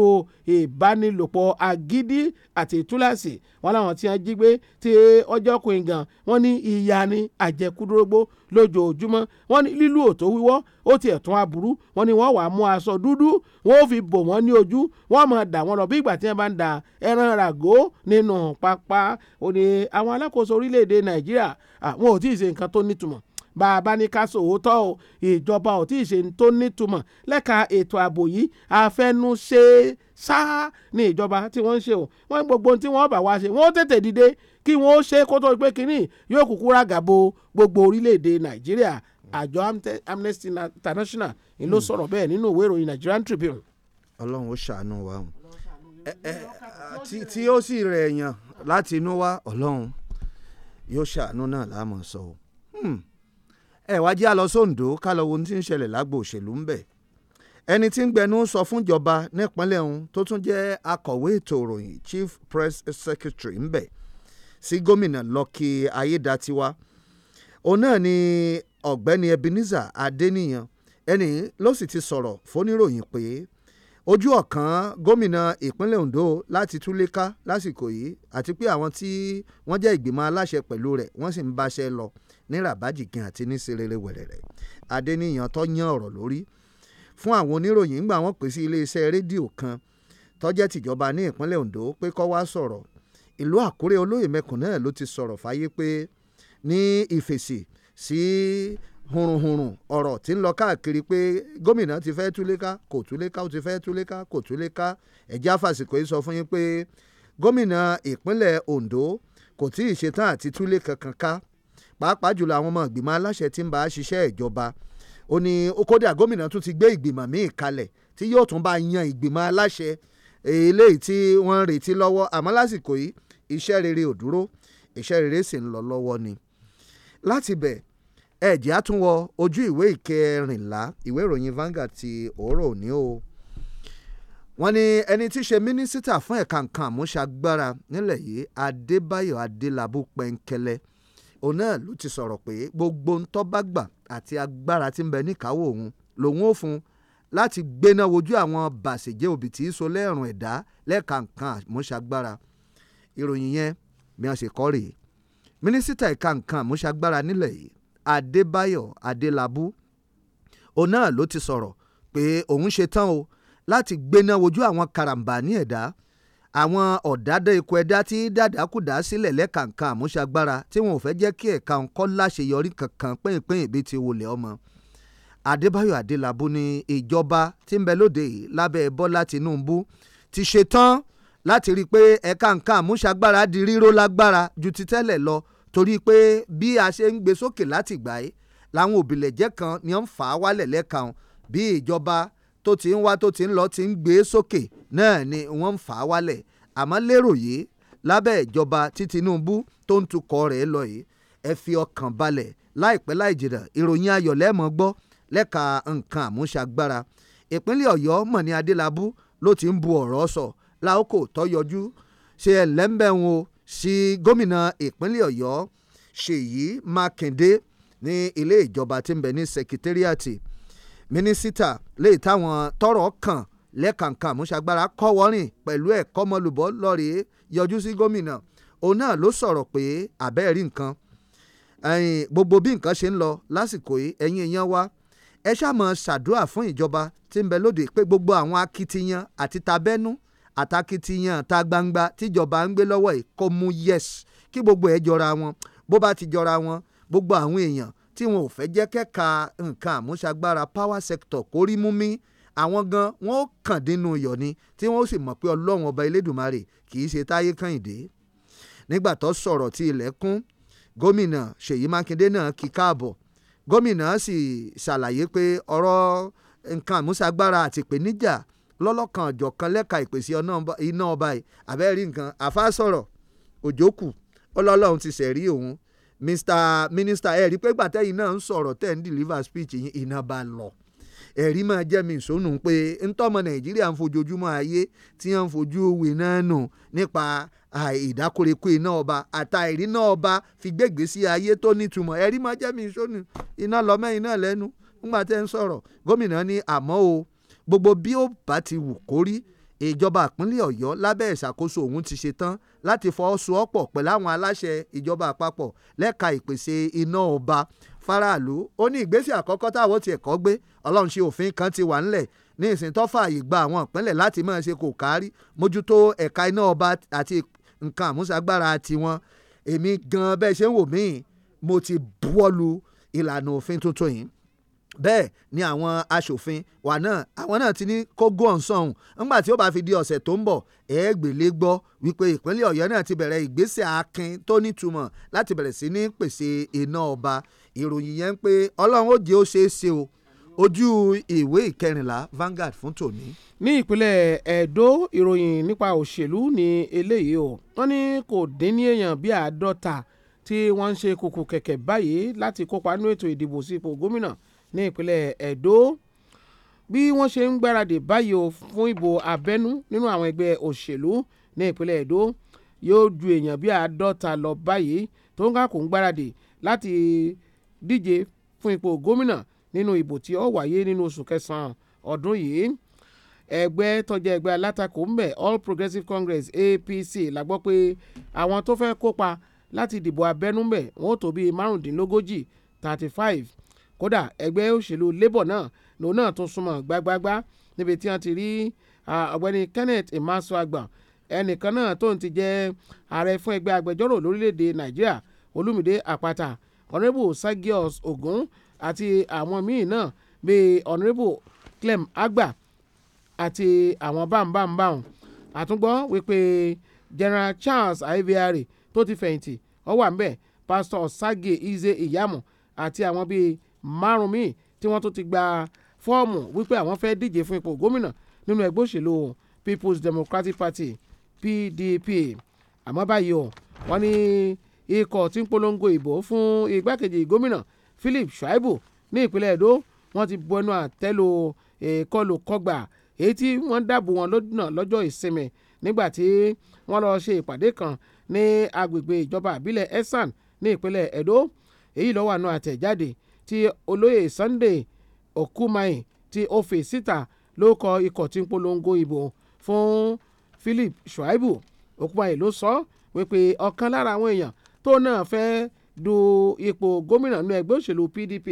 ìbánilòpọ̀ agídí àti túláàsì wọn làwọn tí wọ́n jí gbé tí ọjọ́ kùn gan wọ́n ní ìyà ni àjẹkúdórógbó lójoojúmọ́ wọ́n ní lílù òtó wíwọ́ ó tiẹ̀ tún aburú wọ́n ní wọ́n wàá mú aṣọ dúdú wọ́n ó fi bò wọ́n ní ojú wọ́n máa dà wọ́n lọ bí ìgbà tí wọ́n bá ń da ẹran ràgó nínú pápá ó ní àwọn alákòóso orílẹ̀-èdè Nàìjíríà àwọn ò tí ì ṣe nǹkan tó nítumọ̀ bá a bá ní ká sòótọ́ o ìjọba ò tí ì ṣe tó nítumọ̀ lẹ́ka ètò ààbò yìí àfẹnuṣe sáá ní ìjọba tí wọ́n ń ṣe o wọ́n ní gbogbo ohun tí wọ́n bá wá ṣe wọ́n tètè dìde kí wọ́n ṣe kó tó pé kínní yóò kúkú ràgàbo gbogbo orílẹ̀-èdè nàìjíríà àjọ amnesty international ni ló hmm. sọ̀rọ̀ bẹ́ẹ̀ nínú ìwé ìròyìn nigerian tribune. ọlọ́run ó ṣàánú wa o tí ó sì rẹ̀ èèyàn láti inú wá ọlọ́run yóò ṣàánú náà láàmú sọ o. Hmm ẹ wá jẹ́ àlọ́ sóńdó ká lọ wo ohun tí ń ṣẹlẹ̀ lágbo òṣèlú ń bẹ̀ ẹni tí ń gbẹnu sọ fúnjọba nípínlẹ̀ ọ̀hún tó tún jẹ́ akọ̀wé ètò ìròyìn chief press secretary ń bẹ̀ sí gómìnà Lucky Ayédatiwa òun náà ni ọ̀gbẹ́ni Ebenezer Adéníyàn ẹni ló sì ti sọ̀rọ̀ fóníròyìn pé ojú ọ̀kan gómìnà ìpínlẹ̀ Ondo láti túlé ká lásìkò yìí àti pé àwọn tí wọ́n jẹ́ ìgbìmọ̀ aláṣẹ pẹ̀lú rẹ̀ wọ́n sì ń báṣẹ́ lọ ní ràbájìkin àti ní serere wẹ̀rẹ̀rẹ̀ adéníyàn tó yan ọ̀rọ̀ lórí fún àwọn oníròyìn ńgbà wọ́n pè sí iléeṣẹ́ rédíò kan tọ́jẹ́ tìjọba ní ìpínlẹ̀ Ondo pé kó wá sọ̀rọ̀ ìlú Àkúrẹ́ olóyè mẹ́kùn náà ló ti sọ̀rọ̀ fáyé pé ní ìfèsì sí hurunhurun ọ̀rọ̀ tí ń lọ káàkiri pé gómìnà ti fẹ́ túléká kò túléká ó ti fẹ́ túléká kò túléká ẹ̀já fàsìkò yìí sọ fún yín pé gómìnà ìpínlẹ̀ Ondo kò tí ì ṣetán àti túlé kankan ká pàápàá jùlọ àwọn ọmọ ìgbìmọ̀ aláṣẹ tí ń bá a ṣiṣẹ́ ìjọba ó ní kódà gómìnà tún ti gbé ìgbìmọ̀ míì kalẹ̀ tí yóò tún bá yan ìgbìmọ̀ aláṣẹ eléyìí tí wọ́n ń retí lọ́wọ́ àmọ́ lásìkò yìí iṣẹ́ rere ò iṣẹ́ rere sì ń lọ lọ́wọ́ ni láti bẹ̀ ẹ̀jẹ̀ àtúnwọ̀ ojú ìwé ìkẹrìnlá ìwé ìròyìn Vanguard ti òórọ̀ òní o wọ́n ní ẹni tí í ṣe mínísítà fún ẹ̀ka nǹkan àmúṣagbára nílẹ̀ yìí Adébáyọ̀ Adélábù Pẹ̀ǹkẹ̀lẹ̀ òun náà ló ti sọ̀rọ̀ pé gbogbo ń tó bá gbà àti agbára tí ń bẹ níkàáwọ́ òun lòun ò fún un láti gbéná wojú àwọn bàṣẹ̀jẹ́ òbí tí í so lẹ́rùn ẹ̀dá lẹ́ka nǹkan àmúṣagbára ìròyìn yẹn bí wọ́n ṣe kọ́ rèé mínísítà ẹ̀ka nǹkan àmúṣagbára nílẹ̀ yìí Adébáyọ̀ Adélábù òun náà ló ti sọ̀rọ̀ pé òun ṣetán o láti gbéná wojú àwọn karambání ẹ̀dá àwọn ọ̀dádá ikọ̀ ẹ̀dá tí dàdákùdà sílẹ̀ lẹ́kàǹkà àmúṣagbára tí wọn ò fẹ́ jẹ́ kí ẹ̀ka ńkọ́ láṣeyọrí kankan pínpín ìbí ti wọlé ọmọ Adébáyọ̀ Adélábù ní ìjọba tí ń bẹ lóde yìí lábẹ́ Bọ́lá Tinúbú ti ṣetán láti rí i pé ẹ̀ka ńkà àmúṣagbára di ríró lágbára ju ti tẹ́lẹ̀ lọ torí pé bí a ṣe ń gbé sókè láti gbà é làwọn òbílẹ̀jẹ́ kan ni ó ń fà á wálẹ̀ lẹ́ẹ̀kan bí ìjọba tó ti ń wá tó ti ń lọ ti ń gbé sókè náà ni wọ́n ń fà á wálẹ̀ àmọ́ lérò yìí lábẹ́ ìjọba tí Tinubu tó ń tukọ̀ rẹ̀ lọ yìí ẹ fi ọkàn balẹ̀ láìpẹ́ láì jìnnà ìròyìn ayọ̀ lẹ́ẹ̀mọ́ gbọ́ lẹ́ka nǹkan àmúṣagbára ìpínlẹ̀ Ọ̀yọ́ Mọ̀ní Adélábù ló ti ń bu ọ̀rọ̀ sọ láòkò tó yọjú ṣe ẹ̀lẹ́ńbẹ̀hún o sí gómìnà ìpínlẹ̀ ọ̀yọ́ ṣèyí mákindé ní ilé ìjọba tí ń bẹ ní sekitariati mínísítà lè táwọn tọrọ kàn lẹ́kàǹkà àmúṣagbára kọ́wọ́rìn pẹ̀lú ẹ̀kọ́ mọ́lùbọ́ lọ́ọ̀rì yọjú sí gómìnà òun náà ló sọ̀rọ̀ pé àbẹ́ẹ̀rí nǹkan gbogbo bí nǹkan ṣe ń lọ lásìkò yìí ẹ̀yin èèyàn wa ẹ ṣáà mọ̀ ṣàdúrà fún ìjọba tí ń bẹ lóde pé gbogbo àwọn akitiyan àti tabẹ́nú àtàkìtìyàn ta gbangba tíjọba ń gbé lọ́wọ́ yìí kó mú yes kí gbogbo ẹ̀ jọra wọn bó bá ti jọra wọn gbogbo àwọn èèyàn tí wọn ò fẹ́ jẹ́ kẹ́ka nǹkan àmúṣagbára power sector kórí mú mí àwọn gan wọn ó kàn dínú iyọ̀ ni tí wọn ó sì mọ̀ pé ọlọ́run ọba elédùnmarè kì í ṣe táyé kàyìndé nígbà tó sọ̀rọ̀ tí ilẹ̀ gómìnà ṣèyí mákindé náà kí káàbọ̀ gómìnà sì ṣàlàyé pé ọ̀rọ̀ nǹkan àmúṣagbára àti ìpèníjà lọ́lọ́kan ọ̀jọ̀kan lẹ́ka ìpèsè iná ọba yìí àbẹ́rí nǹkan àfa sọ̀rọ̀ òjòkù ọlọ́lọ́run ti sẹ̀rí òun mr minister ẹ rí pé gbàtẹ́yìn náà ń sọ̀rọ̀ tẹ̀ ń deliver speech yín iná bá lọ ẹ̀rí máa jẹ́ mi ìsónù pé ntọ́mọ nàìjíríà ń fojoojúmọ́ ayé tí wọ́n ń fojú òwe náà nù nípa ìdákòrékò iná ọba àtàìrí náà ọba fi gbégbé sí ayé tó nítumọ̀ ẹ̀rí máa jẹ́ mi ìsónù iná lọ́mọ iná lẹ́nu ńgbà ń sọ̀rọ̀ gómìnà ní àmọ́ o gbogbo bí ó bá ti wù kó rí ìjọba ìpínlẹ̀ ọ̀yọ́ lábẹ́ ìṣàkóso òun ti ṣe tán láti fọwọ́sowọ́pọ̀ pẹ̀lú àwọn aláṣẹ ìjọba àpapọ̀ lẹ́ka ìpèsè iná ọba faraàlú ó ní ìgbésẹ̀ àkọ́kọ́ táwọn ti ẹ̀kọ́ gbé ọlọ́run ṣe òfin kan ti wà ńlẹ̀ ní ìsìn tó fààyè gba àwọn ìpínlẹ̀ láti máa ṣe kò kárí mójútó ẹ̀ka iná ọba àti nǹkan àmúṣagbára tiwọn èmi gan bẹ́ẹ̀ ṣe ń wò míì mo ti buwọ́lu ìlànà òfin tuntun yìí bẹ́ẹ̀ ni àwọn aṣòfin wa náà àwọn náà ti ní kó go ọ̀sán ọ̀hún nígbà tí ó bá fi di ọ̀sẹ̀ tó ń bọ̀ ẹ̀ẹ́gbẹ̀lẹ́ gbọ́ wípé ìpínlẹ̀ ọ̀yọ́ náà ti bẹ̀rẹ̀ ìgbésẹ̀ akin tó nítumọ̀ láti bẹ̀rẹ̀ sí ní pèsè iná ọba ìròyìn yẹn ń pé ọlọ́run ó jẹ́ ó ṣeé ṣe o ojú ìwé ìkẹrìnlá Vanguard fún tòní. ní ìpínlẹ̀ Ẹ̀dó ìròyìn nípa òṣèlú ni eléyìí o wọ́n ní kò dín ní èèyàn bíi àádọ́ta tí wọ́n ń ṣe kùkù kẹ̀kẹ́ báyìí láti kópa nínú ètò ìdìbò sípò gómìnà ní ìpínlẹ̀ Edo bí wọ́n ṣe ń gbáradì báyìí o fún ìbò abẹ́nú nínú àwọn ẹgbẹ́ òṣèlú ní ìpínlẹ̀ Edo yóò ju èèyàn bíi àádọ́ta lọ báyìí tó ń kà kó ń gbáradì láti díje fún ipò gómìnà nínú ìbò tí ó wáyé nínú oṣù kẹsàn-án ọdún yìí ẹgbẹ́ tọ́jà ẹgbẹ́ alátakò ńbẹ̀ All Progressives Congress APC la gbọ́ pé àwọn tó fẹ́ kópa láti dìbò abẹ́nú ńbẹ̀ wọ́n ó tó bíi márùndínlógójì thirty five kódà ẹgbẹ́ òṣèlú labour náà lòun náà tún súnmọ́ gbágbágbá níbi tí wọ́n ti rí ọ̀gbẹ́ni Kenneth Emeasuagba ẹnìkan náà tóun ti jẹ́ ààrẹ fún ẹgbẹ́ agbẹjọ́rò lórílẹ̀‐èdè Nàìjíríà Olúmídé Àpáta Honourable Sagios Ogun àti àwọn míì náà bíi Honourable Clem Agba àti àwọn bámbámbáhùn àtúngbọ́ wípé General Charles Aivari tó ti fẹ̀yìntì ó wà ńbẹ̀ Pastor Sage Ize Iyamu àti àwọn bíi márùn míì tí wọ́n tún ti gba fọ́ọ̀mù wípé àwọn fẹ́ díje fún ipò gómìnà nínú ẹgbẹ́ òṣèlú People's Democratic Party PDP àmọ́ báyìí o wọ́n ní ikọ̀ tí ń polongo ìbò fún igbákejì gómìnà Philip Shaibu ní ìpínlẹ̀ Edo wọ́n ti bu ẹnu àtẹ́lu ìkọlù kọgbà èyí tí wọ́n dáàbò wọn lọ́nà lọ́jọ́ ìsinmi nígbà tí wọ́n lọ ṣe ìpàdé kan ní agbègbè ìjọba àbílẹ̀ Esan ní ìpínlẹ̀ Edo èyí ló wà nínú àtẹ̀jáde tí olóyè Sunday Okumayi tí ó fè síta ló kọ ikọ̀ tí ń polongo ìbò fún Philip Shuaibu Okumayi ló sọ wípé ọ̀kan lára àwọn èèyàn tó náà fẹ́ du ipò gómìnà nínú ẹgbẹ́ òṣèlú PDP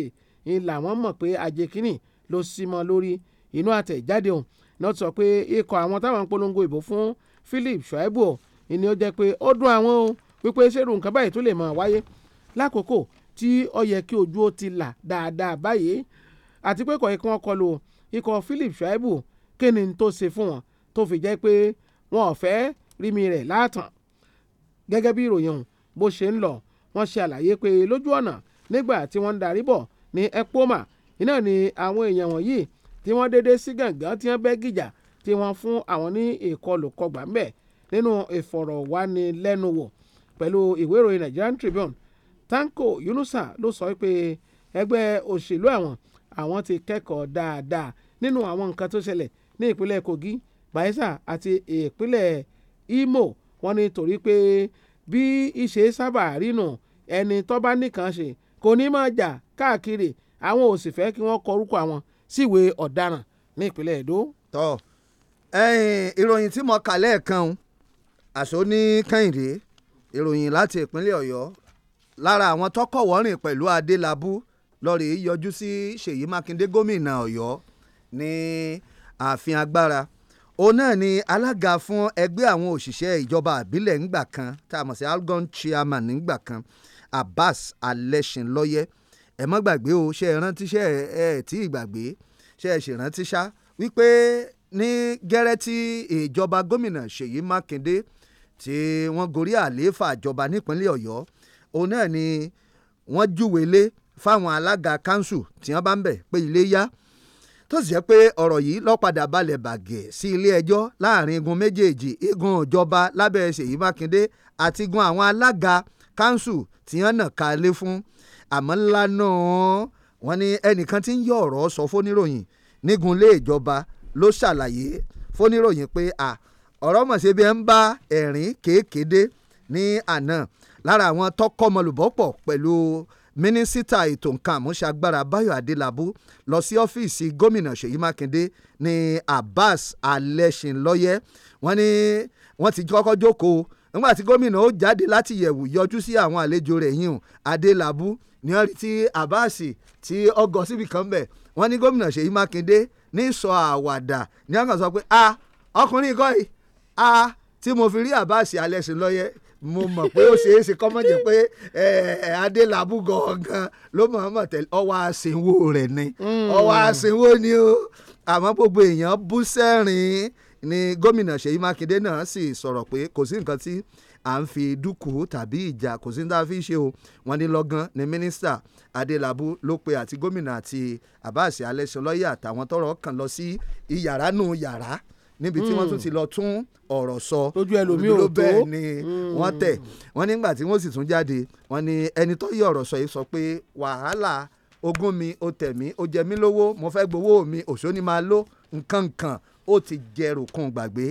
ń làwọn mọ̀ pé ajẹ́kínní ló sì mọ́ lórí inú àtẹ̀jáde ọ̀hún náà sọ pé ikọ̀ àwọn táwọn ń polongo ìbò fún Philip Shuaibu ni ó jẹ́ pé ó dùn àwọn o wípé ṣerú nǹkan báyìí tó lè máa wáyé lákòókò tí ó yẹ kí ojú ó ti là dáadáa báyìí àti pé kò yẹ kí ikọ̀ Philip Shaibu kí ni tó ṣe fún wọn tó fi jẹ́ pé wọn ò fẹ́ rími rẹ̀ látàn gẹ́gẹ́ bí ìròyìn bó ṣe ń lọ wọ́n ṣe àlàyé pé lójú ọ̀nà nígbà tí wọ́n ń darí bọ̀ ní Epoma iná ni àwọn èèyàn wọ̀nyí tí wọ́n déédéé sí gàngán tí wọ́n bẹ́ gìjà tí wọ́n fún àwọn ní ìkọlù kọgbà ńbẹ̀ nínú ìfọ̀rọ̀wánilẹ́nuwò pẹ̀lú ìwé Nigerian Tribune Tanko Yunusa ló sọ pé ẹgbẹ́ òṣèlú àwọn àwọn ti kẹ́kọ̀ọ́ dáadáa nínú àwọn nǹkan tó ṣẹlẹ̀ ní ìpínlẹ̀ Kogi, Bayelsa àti ìpínlẹ̀ Imo wọn ni torí pé bí í ṣe sábà rí nú ẹni tó bá nìkan ṣe kò ní máa jà káàkiri àwọn ò sì fẹ́ kí wọ́n kọ orúkọ àwọn síwèé ọ̀daràn ní ìpínlẹ̀ Edo. tọ́ ìròyìn tí mo kà lẹ́ẹ̀kan àṣọ ní Kẹ́hìndé ìròyìn láti ìpínlẹ̀ Ọ̀yọ́ lára àwọn tọkọ̀wọ́rìn pẹ̀lú adélábù lọ́ọ̀rì yọjú sí ṣèyí mákindé gómìnà ọ̀yọ́ ní ààfin agbára òun náà ni alága fún ẹgbẹ́ àwọn òṣìṣẹ́ ìjọba àbílẹ̀ ńgbà kan tá a mọ̀ sí algon chairman ńgbà kan abbas alẹ́sìnlọ́yẹ ẹ mọ́ gbàgbé o ṣe é rántí ṣe é tí ì gbàgbé ṣe é ṣèrántí ṣá wípé ní gẹ́rẹ́ tí ìjọba gómìnà ṣèyí mákindé tí wọ́n gorí àlééfà ìjọba nípínlẹ̀ ọ̀yọ́ òun náà ni wọ́n júwe lé fáwọn alága kanṣu tí wọ́n bá ń bẹ̀ pé ilé yá tó sì jẹ́ pé ọ̀rọ̀ yìí ló padà balẹ̀ bàgẹ́ sí ilé ẹjọ́ láàrin igun méjèèjì igun ìjọba lábẹ́ Ṣèyí Mákindé àti igun àwọn alága kanṣu tí wọ́n nà ká lé fún àmọ́ lánà wọ́n ní ẹnìkan tí ń yọ ọ̀rọ̀ sọ fóníròyìn nígun ilé ìjọba ló ṣàlàyé fóníròyìn pé ọ̀rọ̀ mọ̀ ṣe bí ẹ ń bá ẹ̀rín kéékèèdé ní àná lára àwọn tọkọ mọlùbọ́pọ̀ pẹ̀lú mínísítà ètò nǹkan àmúṣagbára Báyọ̀ Adélábù lọ sí ọ́fíìsì gómìnà Ṣèyí Mákindé ní Abbas Alẹ́ṣinlọ́yẹ́ wọ́n ní wọ́n ti kọ́kọ́ jókòó nígbà tí gómìnà ó jáde láti yẹ̀wù yọjú sí àwọn àlejò rẹ̀ yìí Adélábù ní wọ́n rí ti Abbas tí ọgọ́ síbi kan bẹ̀ wọ́n ní gómìnà Ṣèyí Mákindé ní sọ àwàdà ní wọ́n kàn sọ pé a ah, ọkùnrin kọ́ yìí a ah, tí mo fi rí Abbas Alẹ́ṣinlọ́yẹ́ mo mọ̀ pé ó ṣeé ṣe kọ́mọ̀ jẹ́ pé adélábù gangan ló mọ̀ mọ̀ tẹ́lẹ̀ ọwọ́ àṣewò rẹ̀ ni ọwọ́ àṣewò hmm. ni o àmọ́ gbogbo èèyàn bú sẹ́rìn ni gómìnà ṣèyí mákindé náà sì sọ̀rọ̀ pé kò sí nǹkan tí à ń fi dúkù tàbí ìjà kò sí ní tá a fi ṣe o wọ́n ní lọ́gán ni mínísítà adélábù ló pe àti gómìnà àti àbáàsì alẹ́sìn lọ́ọ̀yà àtàwọn tọ́rọ̀ kàn lọ sí iyàrá nù yàrá níbi tí wọ́n tún hmm. ti lọ tún ọ̀rọ̀ sọ lójú ẹlòmíì ò tó bẹ́ẹ̀ ni hmm. wọ́n tẹ̀ wọ́n nígbà tí wọ́n sì tún jáde wọ́n ní ẹni tó yí ọ̀rọ̀ sọ yìí sọ pé wàhálà ogún mi ó tẹ̀ mí ó jẹ mí lówó mo fẹ́ gbowó mi òṣó ni máa lò nǹkan ó ti jẹrù kun gbàgbé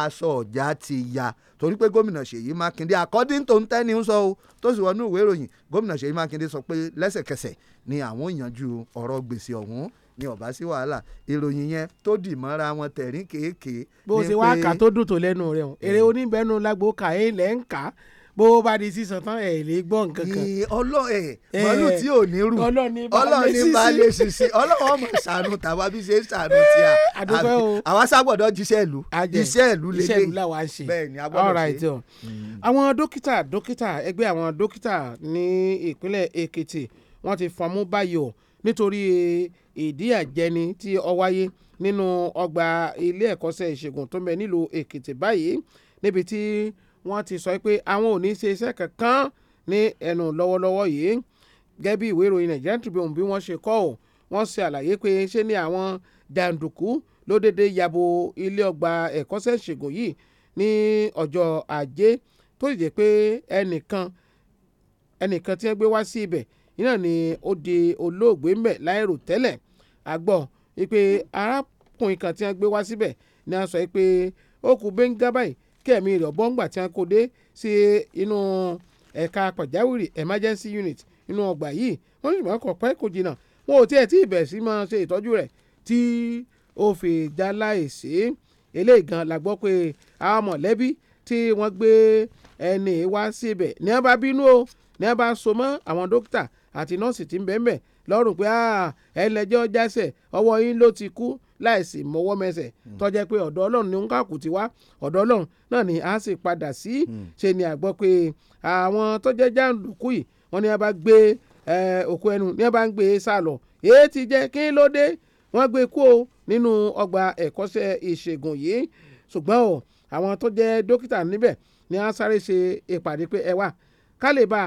aṣọ ọjà ti ya torí pé gómìnà Ṣèyí Mákindé according to ntẹ́ni ń sọ o tó sì wọnú ìwé ìròyìn gómìnà Ṣèyí Mákindé sọ pé lẹ́sẹ̀kẹsẹ̀ ni àwọn yanjú ọ̀rọ̀ gbèsè ọ̀hún ni ọba sí wàhálà ìròyìn yẹn tó dì mọ́ra wọn tẹ̀rín kéèké. bó o ṣe wá kà tó dùn tó lẹ́nu rẹ̀ o èrè oníbẹ̀nu lágbo kà é lẹ́ ń bó o bá di sísan tán ẹ̀ lè gbọ́ nǹkan kan. ọlọ́ ẹ̀ mọ́lù tí ò ní rù ọlọ́ọ̀ ní bá lè ṣìṣe ọlọ́wọ́ mọ̀ ṣàánú tàwa bí ṣe ń ṣàánú tí a àwa sábọ̀dọ̀ jíṣẹ́ ìlú iṣẹ́ ìlú lélẹ̀ iṣẹ́ bẹ́ẹ̀ ni agbọ́dọ̀ ṣe. Mm. àwọn dókítà dókítà ẹgbẹ́ àwọn dókítà ní ìpínlẹ̀ Èkìtì wọ́n ti fọnmú báyìí o nítorí ìdíàjẹni tí ó wáyé nínú ọgbà ilé ẹ̀kọ́ṣẹ́ ìṣègùn tó mẹ́ nílùú Èkìtì báyìí níbi tí wọ́n ti sọ pé àwọn ò ní ṣe iṣẹ́ kankan ní ẹnu lọ́wọ́lọ́wọ́ yìí gẹ́gẹ́ bí ìwé ìròyìn Nigerian Tribune bí wọ́n ṣe kọ ọ́ wọ́n ṣe àlàyé pé ṣe ni àwọn jàǹdùkú ló dédé yabo ilé ọgbà ẹ̀kọ́ṣẹ́ ìṣègùn yìí ní ọjọ́ ajé tó sì jẹ́ pé ẹnìkan ẹnìkan tí wọ́n gbé wá sí ibẹ̀ iná ni ó di olóògbé ńbẹ̀ láìrò tẹ́lẹ̀ a gbọ́ pé arákùnrin kan tí wọ́n gbé wá síbẹ̀ ni wọ́n sọ pé ó kú bẹ́ńgá báyìí kẹ́ẹ̀mí rẹ̀ bọ́ǹgbà tí wọ́n kó dé sí inú ẹ̀ka pàjáwìrì emergency unit inú ọgbà yìí wọ́n sì máa kọ̀ pẹ́ kò jìnnà wọn ò tiẹ̀ tí ìbẹ̀rẹ̀ sí máa ṣe ìtọ́jú rẹ̀ tí ó fi dá láìsí eléyìí gan la gbọ́ pé àwọn mọ̀lẹ́bí tí wọ́n gbé ẹni wá síbẹ̀ ní wọ́n bá bínú o ní wọ́n bá so mọ́ àwọn dókítà àti nọ́ọ̀sì tí ń bẹ́ẹ̀ bẹ́ẹ̀ lọ́rùn pé ẹlẹ́jọ́ jẹ́sẹ̀ ọwọ́ yín ló ti kú láìsí mọ́wọ́ mẹsẹ̀ hmm. tọ́jẹ́ pé ọ̀dọ̀ ọlọ́run ni ń kàkù ti wá ọ̀dọ̀ ọlọ́run náà ni a sì padà sí hmm. ṣe ni àgbọ́ pé àwọn tọ́jẹ́ jàǹdùkú yìí wọ́n ní a bá gbé òkú ẹnu ní a bá ń gbé e sá lọ èyí ti jẹ́ kí ló dé wọ́n gbé e kú o nínú ọgbà ẹ̀kọ́ṣẹ́ ìṣègùn yìí ṣùgbọ́n o àwọn tọ́jẹ́ dókítà níbẹ̀ ni a sáré ṣe ìpàdé pé ẹ wà ká lè bá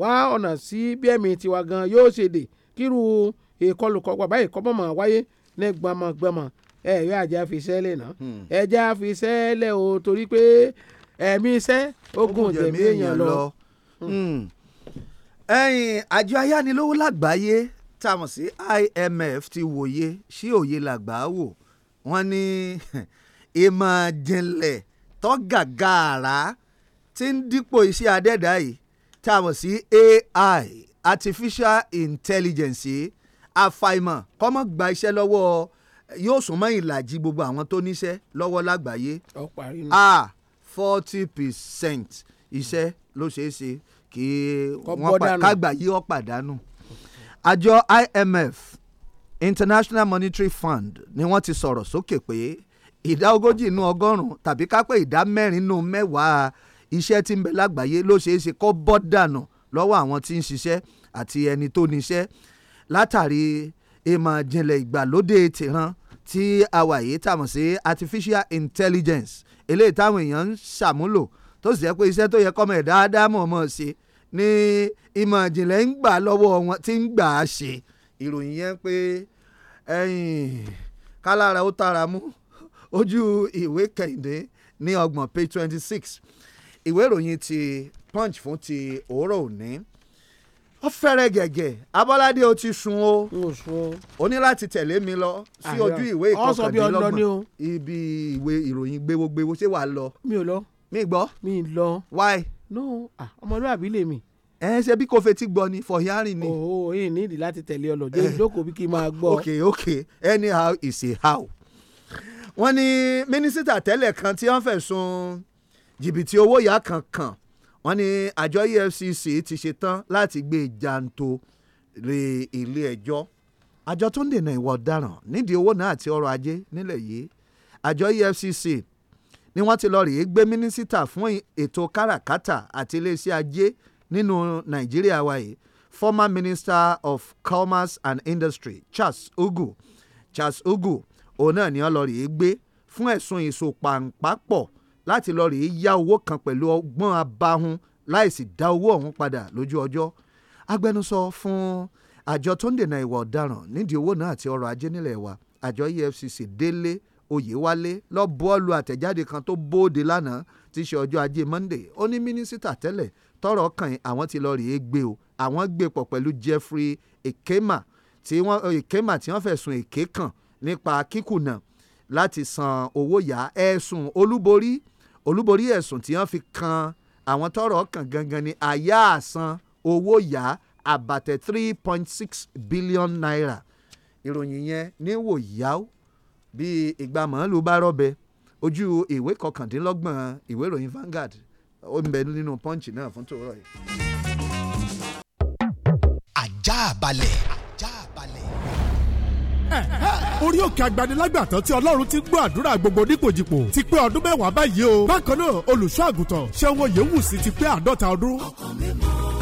wá ọ̀nà sí bí ẹ̀mí tiwa gan yóò ṣe dè kírú ìkọlù kọ bàbá ìkọ́mọ̀ mọ̀ wáyé ní gbọmọgbọmọ ẹ̀yọ́ àjẹ́ àfisẹ́lẹ̀ náà hmm. ẹ̀jẹ̀ àfisẹ́lẹ̀ o torí pé ẹ̀mí iṣẹ́ ogun jẹ̀mí èèyàn lọ. Hmm. Hmm. ẹ̀yin àjọ ayánilówó lágbàáyé tá a mọ̀ sí IMF ti wòye sí òye làgbà wò wọ́n ní ìmọ̀ jìnlẹ̀ tọ́gàgàrà ti ń dípò iṣẹ́ adẹ́dá yìí tá a mọ̀ sí AI artificial intelligence àfàìmọ̀ kọ́mọ́ gba iṣẹ́ lọ́wọ́ yóò súnmọ́ ìlàjì gbogbo àwọn tó níṣẹ́ lọ́wọ́ lágbàáyé a forty percent iṣẹ́ ló ṣeé ṣe kí wọ́n kágbàáyé ó pàdánù. àjọ IMF International Monetary Fund ni wọ́n ti sọ̀rọ̀ sókè pé ìdá ogójì inú ọgọ́rùn-ún tàbí kápẹ́ ìdá mẹ́rin inú mẹ́wàá iṣẹ́ tí ń bẹ lágbàáyé ló ṣeé ṣe kó bọ́ dànù lọ́wọ́ àwọn tí ń ṣiṣẹ́ àti ẹni tó níṣẹ́ látàrí ìmọ̀ ìjìnlẹ̀ ìgbàlódé tìran tí a wà yìí tàmọ̀ sí artificial intelligence eléyìí táwọn èèyàn ń ṣàmúlò tó sì jẹ́ pé iṣẹ́ tó yẹ kọ́mọ ẹ̀ dáadáa mọ̀ ọmọ ṣe ni ìmọ̀ ìjìnlẹ̀ ń gbà lọ́wọ́ wọn tí ń gbà á ṣe ìròyìn yẹn pé kálára ó tara mú ojú ìwé kẹ̀hìndé ní ọgbọ̀n page twenty six ìwé ìròyìn ti punch fún ti òórọ̀ òní ó fẹ́rẹ̀ gẹ̀gẹ̀ abọ́ládé o ti sun o o ní láti tẹ̀lé mi lọ sí ojú ìwé ìkọkàndínlọ́gbọ̀n ibi ìwé ìròyìn gbéwógbéwó ṣé wàá lọ. mi ò lọ. mi gbọ́. mi lọ. why. no ọmọlúwàbí lè mi. ẹ ṣe bí kò fetí gbọ́ ni for hearing ni. o ò yìn nídìí láti tẹ̀lé ọ lọ jẹ́ ìjókòó bí kí n máa gbọ́. ok ok anyhow is a how. wọ́n ní mínísítà tẹ́lẹ̀ kan tí wọ́n fẹ̀sùn jìbìtì owó ìyá kan wọ́n ní àjọ EFCC ti ṣe tán láti gbé janto re ilé ẹjọ́ àjọ tó ń dènà ìwà ọ̀daràn nídìí owó náà àti ọrọ̀ ajé nílẹ̀ yìí àjọ EFCC ni wọ́n ti lọ rèé gbé mínísítà fún ètò káràkátà àti iléeṣẹ́ ajé nínú Nàìjíríà wa yìí former minister of commerce and industry Charles Ugu Charles Ugu òun náà ni wọ́n lọ rèé gbé fún ẹ̀sùn ìsopàǹpàpọ̀ láti lọ rèé yá owó kan pẹ̀lú ọgbọ́n abahun láìsí dá owó ọ̀hún padà lójú ọjọ́ agbẹnusọ fún àjọ tó ń dènà ìwà ọ̀daràn nídìí owó náà àti ọrọ̀ ajé nílẹ̀ wa àjọ EFCC délé oyèwálé lọ bọ́ọ̀lù àtẹ̀jáde kan tó bóde lánàá tí í ṣe ọjọ́ ajé Monday ó ní mínísítà tẹ́lẹ̀ tọ́rọ̀ kàn àwọn ti lọ rèé gbé o àwọn gbé pọ̀ pẹ̀lú Jeffrey Ekema tí wọ́n Ekema tí wọ́n fẹ̀sùn èké kàn nípa kíkùnà láti san owó yá ẹ̀sùn olúborí olúborí ẹ̀sùn tí wọ́n fi kan àwọn tọ́rọ̀ kàn gangan ni àyà àsan owó yá àbàtẹ three point six billion naira ìròyìn yẹn ní wòyáwó bí ìgbà màálù bá rọ́bẹ ojú ìwé kọkàndínlọ́gbọ̀n ìwé ìròyìn Vanguard ó ń bẹ nínú punch náà fún tòórọ́ yìí. ajá balẹ̀ orí òkè agbanilágbàtàn tí ọlọ́run ti gbọ́ àdúrà gbogbo nípojìpò ti pé ọdún mẹ́wàá báyìí o bákan náà olùṣọ́ àgùntàn ṣẹ́wọ̀n yẹ̀wù sí ti pé àádọ́ta ọdún. ọkàn mi mọ́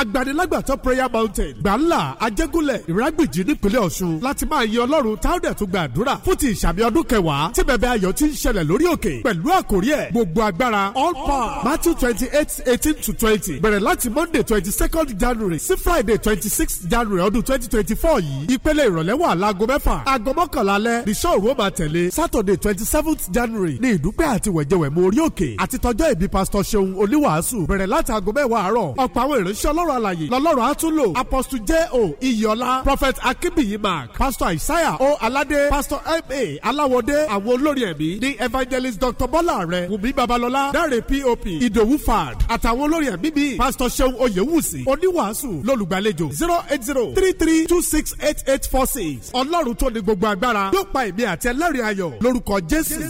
agbanilágbàtọ́ prayer mountain gbàlá ajégúnlẹ̀ ìrágbìjì nípínlẹ̀ ọ̀ṣun láti máa yin ọlọ́run táwọnẹ̀ tó gba àdúrà fún ti ìsàmì ọdún kẹwàá tí bẹ̀bẹ̀ ayọ̀ ti ń ṣẹlẹ̀ lórí òkè pẹ̀lú àkórí ẹ̀ gbogbo agbára all power matthew twenty eight eighteen to twenty bẹ̀rẹ̀ láti monday twenty second january sí friday twenty six january ọdún twenty twenty four yìí ìpele ìrọ̀lẹ́ wà láago mẹ́fà aago mọ́kànlá alẹ́ ní ṣọ́ọ̀rù ó máa tẹ̀lé saturday twenty seventh january ní ìdúpẹ́ àti wẹ̀jẹ̀wẹ̀mú orí òkè àti tọjọ́ ìbí pásítọ̀ ṣeun oníwàásù bẹ̀rẹ̀ láti aago mẹ́wàá àárọ̀ ọ̀pọ̀ àwọn ìránṣẹ́ ọlọ́ ọlọ́run àlàyé lọ́lọ́run àtúnlò apostle j o iyọlá prophet akínbíyì mark pastor isaiah o aládé pastor ma aláwọdé àwọn olórin ẹ̀mí ní evangelist dr bọ́lá rẹ̀ wùmí babalọ́lá dáre pop ìdòwú fad àtàwọn olórin ẹ̀mí bíi pastor seun oyewusi oníwàásù lólùgbàlejò zero eight zero three three two six eight eight four six ọlọ́run tó ní gbogbo agbára yóò pa èmi àti ẹlẹ́rìí ayọ̀ lórúkọ jésù.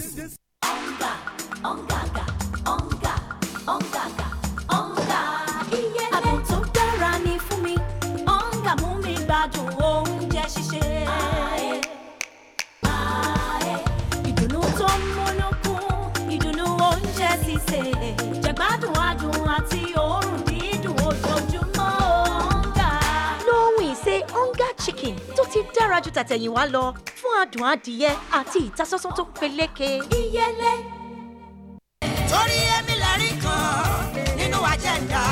ọ̀gá ọ̀gá àgbà. àti òórùn dídùn ojoojúmọ́ ọ̀ǹgà. lóhun ìṣe ọ̀ǹgà chicken tó ti dára ju tàtẹ̀yìnwá lọ fún adùn adìyẹ àti ìtasọ́sọ́ tó peléke. ìyẹlẹ. torí èmi lẹ́rìí kan nínú àjẹ́ńdà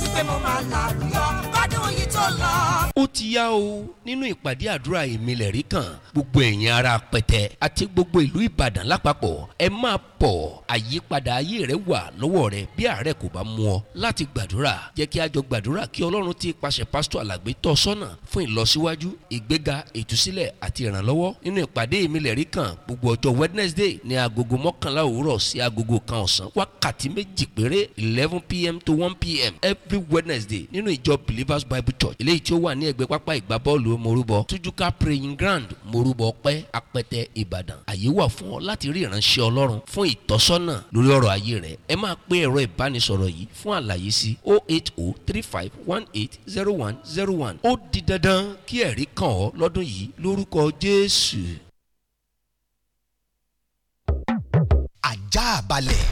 wípé mo máa làlùyọ kọ́dún yìí tó lọ ó ti yá o nínú ìpàdé àdúrà ìmìlẹ̀ rí kan gbogbo ẹ̀yin ara pẹ̀tẹ̀ àti gbogbo ìlú ìbàdàn lápapọ̀ ẹ máa pọ̀ àyípadà ayé rẹ wà lọ́wọ́ rẹ bí àárẹ̀ kò bá mú ọ láti gbàdúrà jẹ́ kí a jọ gbàdúrà kí ọlọ́run ti pàṣẹ pásítọ̀ alàgbé tọ́ sọ́nà fún ìlọsíwájú ìgbéga ìtúsílẹ̀ àti ìrànlọ́wọ́ nínú ìpàdé ìmìlẹ̀ rí kan gbogbo ọjọ́ wednesday ní agogo mọ́kànlá òwúrọ̀ sí agogo kan ọ̀sán wákàtí méjì péré eleven pm to one pm every wednesday nínú ìjọ believers bible church eléyìí tí ó wà ní ẹ̀gbẹ́ pápá ìgbà bọ́ọ̀lù morúbọ tujuka praying ground morúbọ ọpẹ́ apẹtẹ ìbàdàn àyè wà fún ọ láti rí ìránṣẹ́ ọlọ́run fún ìtọ́sọ́nà lórí ọ̀rọ̀ ayé rẹ ẹ máa pe ẹ̀rọ ìbánisọ̀rọ̀ yìí fún àlàyé sí 08035180101 ó di dandan kí ẹ̀rí kàn ọ́ lọ́dún yìí lórúkọ jésù. àjàbalẹ̀.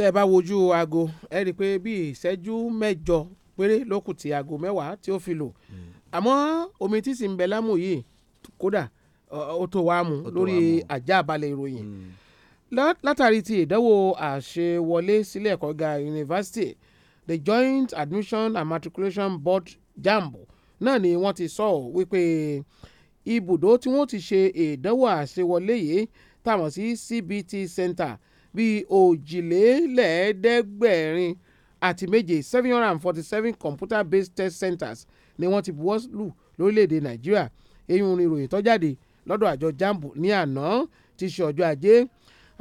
tẹ́ ẹ bá wojú aago ẹ rí i pé bíi ìṣẹ́jú mẹ́jọ péré ló kù ti aago mẹ́wàá tí ó fi lò àmọ́ omi tí sì ń bẹ lámù yìí kódà ó tó wàá mu lórí àjà àbálẹ̀ ìròyìn hmm. látàrí ti ìdánwò àṣewọlé sílé ẹ̀kọ́ ga yunifásitì the joint admission and matriculation board jamb náà ni wọ́n ti sọ ọ́ wípé ibùdó tí wọ́n ti ṣe ìdánwò àṣewọlé yìí táwọn sí cbt center bíi òjìlélẹ́ẹ̀ẹ́dẹ́gbẹ̀rin àti méje seven hundred and forty seven computer based test centers ni wọ́n ti buwọ́ lù lórílẹ̀‐èdè nàìjíríà èyí ń ròyìn tó jáde lọ́dọ̀ àjọ jambu ní àná ti ṣe ọjọ́ ajé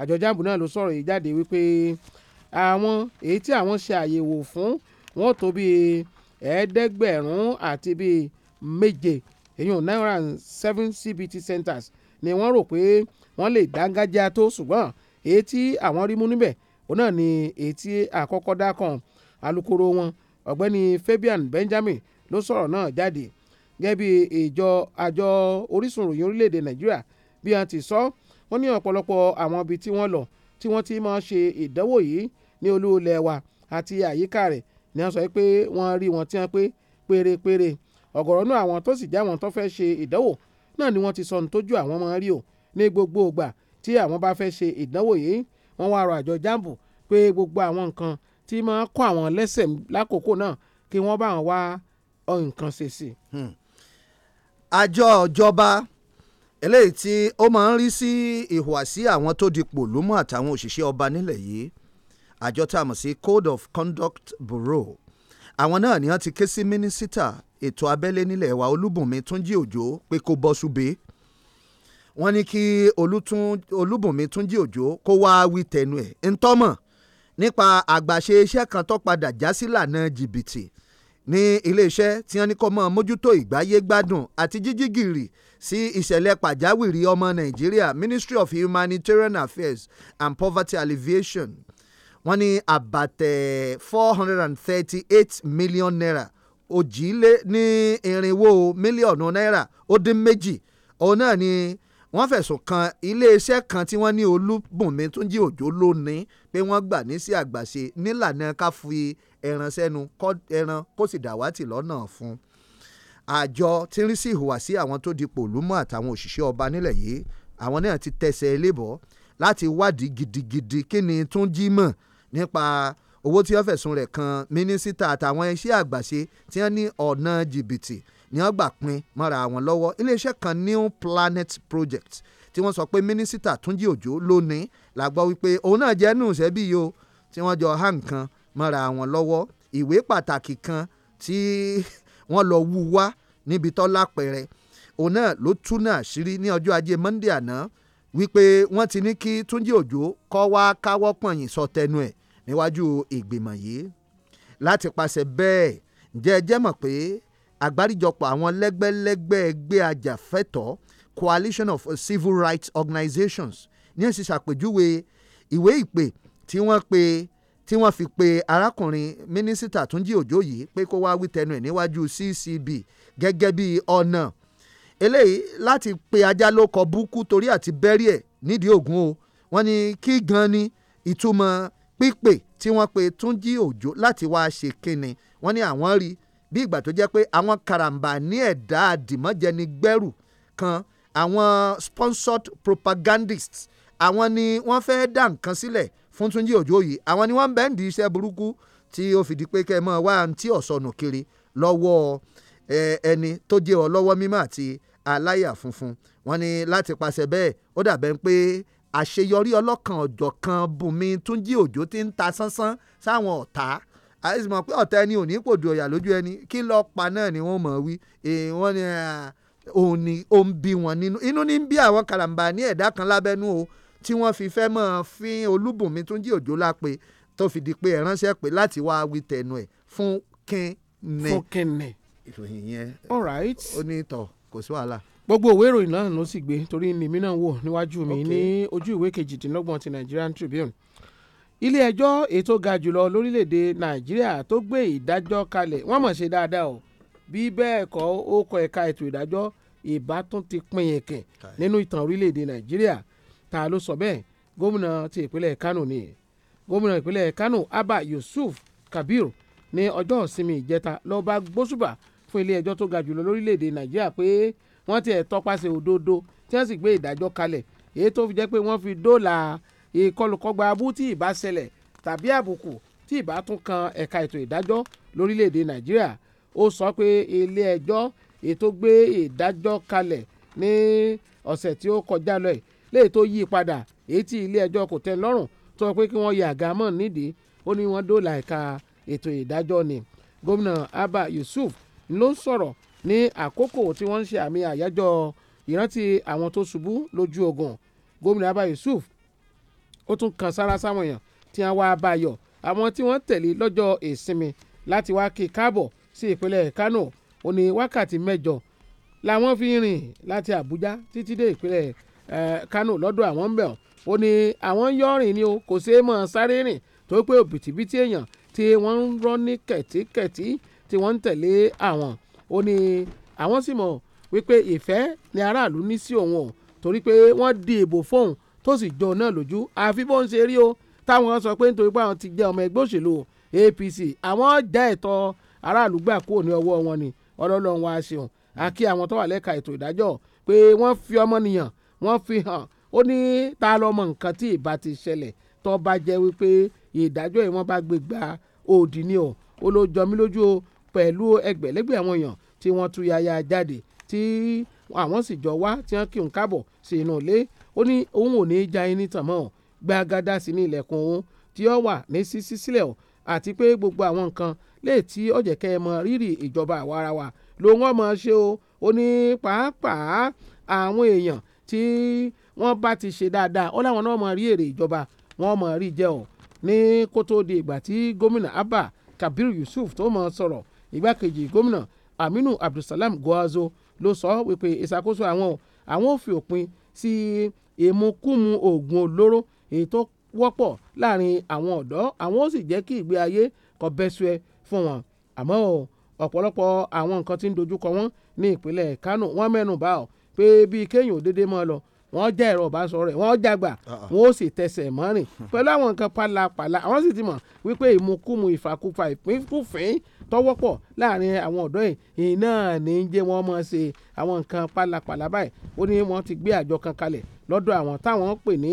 àjọ jambu náà ló sọ̀rọ̀ yìí jáde wípé àwọn èyí tí àwọn ṣe àyẹ̀wò fún wọn tó bíi ẹ̀ẹ́dẹ́gbẹ̀rún àti bíi méje èyí ń nine hundred and seven CBT centers ni wọ́n rò pé wọ́n lè dángájá tó ṣùgbọ́n èyí tí àwọn rí níbẹ̀ òun náà ni èyí tí àkọ́kọ́ dá kan alukoro wọn ọ̀gbẹ́ni Fabian Benjamin ló sọ̀rọ̀ náà jáde gẹ́gẹ́ bí ìjọ àjọ orísun ìròyìn orílẹ̀-èdè Nàìjíríà bí wọ́n ti sọ wọ́n ní ọ̀pọ̀lọpọ̀ àwọn ibi tí wọ́n lọ tí wọ́n ti máa ṣe ìdánwò yìí ní olú wa àti àyíká rẹ̀ ni wọ́n sọ pé wọ́n rí wọn tí wọ́n pé pérépéré ọ̀gọ̀rọ̀ náà àwọn tó sì já wọn tó fẹ́ ṣe ìdánwò náà ni wọ́n ti sọ ní tójú àwọn máa rí o ní gbogbo ìgbà tí àwọn bá fẹ́ ṣe ìdánwò yìí wọ́n wá rọ àjọ jambu pé gbogbo àwọn nǹkan tí máa kọ́ àwọn lẹ́sẹ̀ lákòókò náà kí wọ́n bá wọn wá nǹkan ṣe sí. Hmm. àjọ ìjọba eléyìí tí ó máa ń rí sí ìhùwàsí àwọn tó di pòlúmọ́ àtàwọn òṣìṣẹ́ ọba nílẹ̀ yìí àjọ tá a mọ̀ sí Code of Conduct Bureau àwọn náà ni wọ́n ti ké sí mínísítà ètò abẹ́lé nílẹ̀ wa Olúbùnmi Túnjí Òjó pé kó bọ́ súbẹ́ wọ́n ní kí olúbùnmi túnjí òjò kó wá wí tẹnu ẹ̀ ńtọ́mọ̀ nípa àgbàṣe iṣẹ́ kan tó padà já sí lànà jìbìtì ní iléeṣẹ́ tí wọ́n ní kó mọ́ mójútó ìgbáyégbádùn àti jíjí gìrì sí ìṣẹ̀lẹ̀ pàjáwìrì ọmọ nàìjíríà Ministry of Humanitarian Affairs and Poverty Alleviation wọ́n ní àbàtẹ̀ four hundred and thirty-eight million naira òjìlé ní irinwó mílíọ̀nù náírà ó dín méjì òun náà ni wọ́n fẹ̀sùn kan iléeṣẹ́ kan tí wọ́n ní Olúbùnmi Túnjí Òjó lónìí pé wọ́n gbà ní sí àgbàṣe nílànà ká fi ẹran sẹ́nu ẹran kó sì dàwátì lọ́nà fún un àjọ tí ń rí sí ìhùwàsí àwọn tó di pòlúmọ́ àtàwọn òṣìṣẹ́ ọba nílẹ̀ yìí àwọn náà ti tẹsẹ̀ ẹlẹ́bọ̀ láti wádìí gidigidi kí ni Túnjí mọ̀ nípa owó tí wọ́n fẹ̀sùn rẹ̀ kan mínísítà àtàwọn iṣẹ́ àgbàṣe tí wọ́n ní ọ̀nà jìbìtì ni wọ́n gbà pin mọ́ra wọn lọ́wọ́ iléeṣẹ́ kan New Planet Project tí wọ́n sọ pé mínísítà Túnjí Òjó lónìí la gbọ́ wípé òun náà jẹ́ nù sẹ́bí yìí o tí wọ́n jọ hàn kan mọ́ra wọn lọ́wọ́ ìwé pàtàkì kan tí wọ́n lọ wú wá níbi tó lápẹ̀rẹ̀ òun náà ló tú náà sírí ní ọjọ́ ajé Monday àná wípé wọ́n ti ní kí Túnjí Òjó kọ́ wá káwọ́ pọ̀nyìn sọ tẹnu ẹ̀ níwájú ìgbìmọ̀ yìí láti pàṣẹ bẹ́ẹ̀ ǹjẹ́ jẹ́ mọ̀ pé àgbáríjọpọ̀ àwọn lẹ́gbẹ́lẹ́gbẹ́ ẹgbẹ́ ajàfẹ́tọ̀ọ́ coalition of civil rights organizations ní èsì ṣàpèjúwe ìwé ìpè tí wọ́n pe tí wọ́n fi pe arákùnrin mínísítà Túnjí Òjó yìí pé kó wá wí ẹ̀ níwájú CCB gẹ́gẹ́ bí ọ̀nà eléyìí láti pe ajá ló kọ búkú torí àti bẹ́rí ẹ̀ nídìí ògùn o wọ́n ní kí gan ni ìtumọ̀ pípè tí wọ́n pe Túnjí Òjó láti wá ṣe kínni wọ́n ní àwọn rí bí ìgbà tó jẹ́ pé àwọn karambà ní ẹ̀dá àdìmọ́jẹni gbẹ́rù kan àwọn sponsored propagandists àwọn ni wọ́n fẹ́ dá nǹkan sílẹ̀ fún Túnjí Òjó yìí àwọn ni wọ́n ń bẹ́ẹ̀ ń di iṣẹ́ burúkú tí ó fìdí pé kẹ́ ẹ mọ̀ wá tí ọ̀sọ̀nù kiri lọ́wọ́ ẹni tó jẹ́ ọ lọ́wọ́ mímọ́ àti aláyà funfun wọ́n ní láti pàṣẹ bẹ́ẹ̀ ó dàbẹ̀ ń pé àṣeyọrí ọlọ́kan ọ̀jọ̀kan Bùnmi Túnjí Òjó ti ń ta sánsán sáwọn ọ̀tá àìsí mọ̀ pé ọ̀tá ẹni ò ní pòdù ọ̀yà lójú ẹni kí lọ́ọ́ pa náà ni wọ́n mọ̀ wí wọ́n ní òun ni ó bí wọn nínú inú ní bí àwọn kàràǹbà ní ẹ̀dá kan lábẹ́nú o tí wọ́n fi fẹ́ mọ́ fín Olúbùnmi Túnjí Òjó lápè tó fi di pé ẹ̀ránṣẹ́ pé láti wá wí tẹnu ẹ̀ fún kínní. fún kínní. ìròyìn yẹn all right ó ní ìtọ̀ kò sí wàhálà. gbogbo òwe ìròyìn náà ló sì gbé torí ni mí náà wò níwájú mi ní ojú ìwé kejìdínlọ́gbọ̀n ti Nigerian Tribune ilé-ẹjọ́ ètò ga jùlọ lórílẹ̀‐èdè nàìjíríà tó gbé ìdájọ́ kalẹ̀ wọ́n mọ̀ ṣe dáadáa o bí bẹ́ẹ̀ kọ́ ó kọ ẹ̀ka ètò ìdájọ́ ìbátan ti pín yẹ̀kẹ̀ nínú ìtàn orílẹ̀‐èdè nàìjíríà ta ló sọ bẹ́ẹ̀ gómìnà ti ìpínlẹ̀ kánò ni gómìnà ìpínlẹ̀ kánò abba yusuf kabir ní ọjọ́ ìsinmi ìjẹta ló bá gbósùbà fún ilé-ẹjọ́ tó ga jùlọ lórílẹ̀‐èdè nàìjíríà pé wọ́n ti ẹ̀ tọpasẹ̀ òdodo tí wọ́n sì gbé ìdájọ́ kalẹ̀ èyí tó fi jẹ́ pé wọ́n fi dóòlà ìkọlùkọgba abú tí ìbá ṣẹlẹ̀ tàbí àbùkù tí ìbá tún kan ẹ̀ka ètò ìdájọ́ lórílẹ̀‐èdè nàìjíríà ó sọ pé ilé ẹjọ́ ètò gbé ìdájọ́ kalẹ̀ ní ọ̀sẹ̀ tí ó kọjá lọ ẹ̀ léyìí tó yí padà èyí tí ilé ẹjọ́ kò tẹ́ lọ́rùn tó sọ pé kí wọ́n yà àgámọ̀ nídìí ó ní wọ́n dóòlà ẹ̀ka ètò ìdájọ́ ni gómìnà abba yusuf ló ń sọ̀rọ̀ ní àkókò tí wọ́n ń ṣe àmì àyájọ́ ìrántí àwọn tó ṣubú lójú ogun gómìnà abba yusuf ó tún kan sára sáwọn èèyàn tí wọ́n wá bá yọ àwọn tí wọ́n tẹ̀lé lọ́jọ́ ìsinmi láti wá kí káàbọ̀ sí ìpínlẹ̀ Kánò ó ní wákàtí mẹ́jọ làwọn fi rìn láti Àbújá títí dé ìpínlẹ̀ Kánò lọ́dọ̀ àwọn ń bẹ̀ ó ní àwọn yọ̀rìn ni o kò ṣeé mọ̀ sáré rìn tó pé òbítíbitì èèyàn tí wọ́n ń rọ́ ní kẹ̀tíkẹ̀tí tí wọ́n ń tẹ̀lé àwọn ó ní àwọn sì mọ̀ wípé ìfẹ́ ni aráàlú ní sí òun o torí pé wọ́n di ìbò fóun tó sì jọ náà lójú àfi bó ń ṣe rí o táwọn sọ pé nítorí pé àwọn ti jẹ́ ọmọ ẹgbẹ́ òṣèlú APC àwọn já ẹ̀tọ́ aráàlú gbà kúrò ní ọwọ́ wọn ni ọlọ́lọ́run wa ṣeun àkí àwọn tó wà lẹ́ka ètò ìdájọ́ pé wọ́n fi ọmọnìyàn wọ́n fi hàn ó ní ta lọ́mọ nǹkan tí ìbá ti ṣẹlẹ̀ tó bá jẹ́ wípé ìdájọ́ yìí wọ́n bá gbé gba òdì ni o ó ló jọ lójú o pẹ̀lú ẹgbẹ̀lẹ́gbẹ̀ àwọn èèyàn tí wọ́n tú yaya jáde tí àwọn sì jọ wá tí wọ́n kí n káàbọ̀ sí ilé ó ní òun ò ní í ja ẹni tàn mọ́ gbàgádà sí ní ilẹ̀kùn òun tí ó wà ní sísí sílẹ̀ o àti pé gbogbo àwọn nǹkan lè tí ọ̀jẹ̀kẹ́ mọ rírì ìjọba àwarawa lòun ọmọ ṣe o ó ní pàápàá àwọn èèyàn tí wọ́n bá ti ṣe dáadáa ó láwọn náà mọ rí èrè ìjọba wọ́n mọ rí jẹ́ o ní kó tó di ìgbà tí gómìnà abba kabir yusuf tó mọ sọ̀rọ̀ igbákejì gómìnà aminu abdulsalam Guazo ló sọ wípé ìṣàkóso àwọn àwọn ò fi òpin sí ìmukúmu oògùn olóró èyí tó wọ́pọ̀ láàrin àwọn ọ̀dọ́ àwọn ó sì jẹ́ kí ìgbé ayé kó bẹ́sùẹ́ fún wọn àmọ́ o ọ̀pọ̀lọpọ̀ àwọn nǹkan tí ń dojúkọ wọn ní ìpínlẹ̀ Kánò wọ́n mẹ́nu bà ọ́ pé bíi kéèyàn ò déédéé mọ́ ọ lọ wọ́n já ẹ̀rọ ìbánisọ̀rọ̀ rẹ̀ wọ́n jágbà uh-uh. wọ́n ó sì tẹsẹ̀ mọ́rin pẹ̀lú àwọn nǹkan pálapàla àwọn sì ti mọ̀ wípé ìmukúmu ìfàkúfà ìpínfùfín tọwọ́pọ̀ láàrin àwọn ọ̀dọ́ yìí náà ní í jẹ́ wọ́n máa ṣe àwọn nǹkan pálapàla báyìí ó ní wọ́n ti gbé àjọ kan kalẹ̀ lọ́dọ̀ àwọn táwọn ń pè ní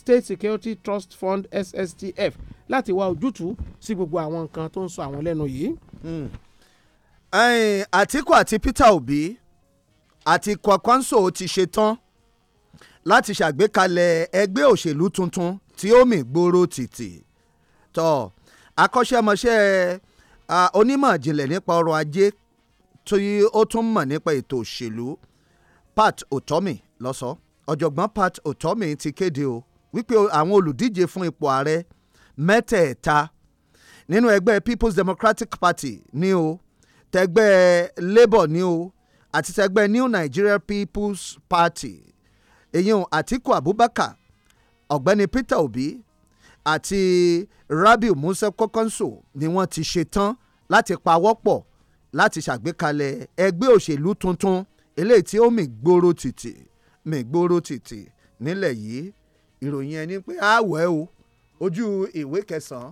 State Security Trust Fund SSTF láti wá ojútùú sí gbogbo àwọn nǹkan tó ń sọ àwọn lẹ́nu yìí. Hmm. Àtíkù àti Peter Obi àti Kwankwaso ti ṣe tán láti ṣàgbékalẹ̀ ẹgbẹ́ òṣèlú tuntun tí ó mì gbòòrò tìtì tọ́ akọ́ṣẹ́mọṣẹ́ onímọ̀ ìjìnlẹ̀ nípa ọrọ̀ ajé tí ó tún mọ̀ nípa ètò òṣèlú Pat Otomi ló sọ ọ̀jọ̀gbọ́n Pat Otomi ti kéde o wípé àwọn olùdíje fún ipò ààrẹ mẹ́tẹ̀ẹ̀ta nínú ẹgbẹ́ People's Democratic Party ní o tẹgbẹ́ Labour ní o àti tẹgbẹ́ New Nigeria People's Party èyàn Àtíkù Abubakar ọ̀gbẹ́ni Peter Obi àti Rabiu Musa kọ́kọ́nso ni wọ́n ti ṣetán láti pawọ́pọ̀ láti ṣàgbékalẹ̀ ẹgbẹ́ òṣèlú tuntun eléyìí tí ó mì gbòòrò tìtì mì gbòòrò tìtì nílẹ̀ yìí ìròyìn ẹni pé àwẹ̀ o ojú ìwé kẹsàn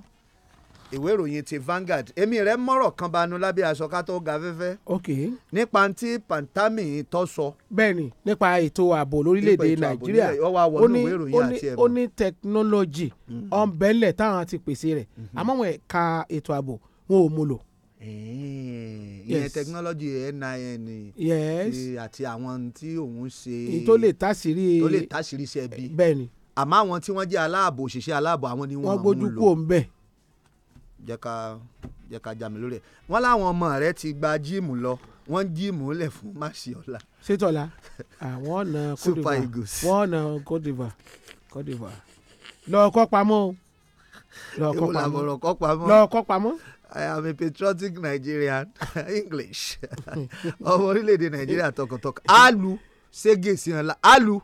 ìwé ìròyìn ti Vanguard èmi rẹ mọ̀rọ̀ kan banú lábẹ́ aṣọ ká tó ga fẹ́fẹ́. ok nípa tí pantami tó sọ. bẹ́ẹ̀ni nípa ètò ààbò lórílẹ̀-èdè Nàìjíríà ó ní ó ní ó ní tẹkinọ́lọ́jì mm-hmm. ọ̀nbẹ́lẹ̀ táwọn ti pèsè rẹ̀ mm-hmm. àmọ́ wọn ẹ̀ka ètò ààbò wọn ò mú lò ìyẹn technology nin àti àwọn tí òun ṣe tó lè tàṣírí tó lè tàṣírí ṣe bí bẹ́ẹ̀ni àmọ́ àwọn tí wọ́n jẹ́ aláàbò òṣìṣẹ́ aláàbò àwọn ni wọ́n ń lò wọ́n gbójú kúò ń bẹ̀ jẹ́ ká jẹ́ ká já mi lórí ẹ̀ wọ́n láwọn ọmọ rẹ ti gba jíìmù lọ wọ́n jíìmù lẹ̀ fún Máṣíọ̀lá. sétọ́lá àwọn ọ̀nà Super Eagles wọ́n ọ̀nà Côte d'Ivoire Côte d'Ivoire lọ kọ́ pamọ́ o lọ kọ́ pamọ́ lọ kọ́ pamọ́ lọ kọ́ pamọ́. I am a patriotic Nigerian English ọmọ orílẹ̀-èdè Nàìjíríà tọkàntọkàn alu sege ségesìnlá alu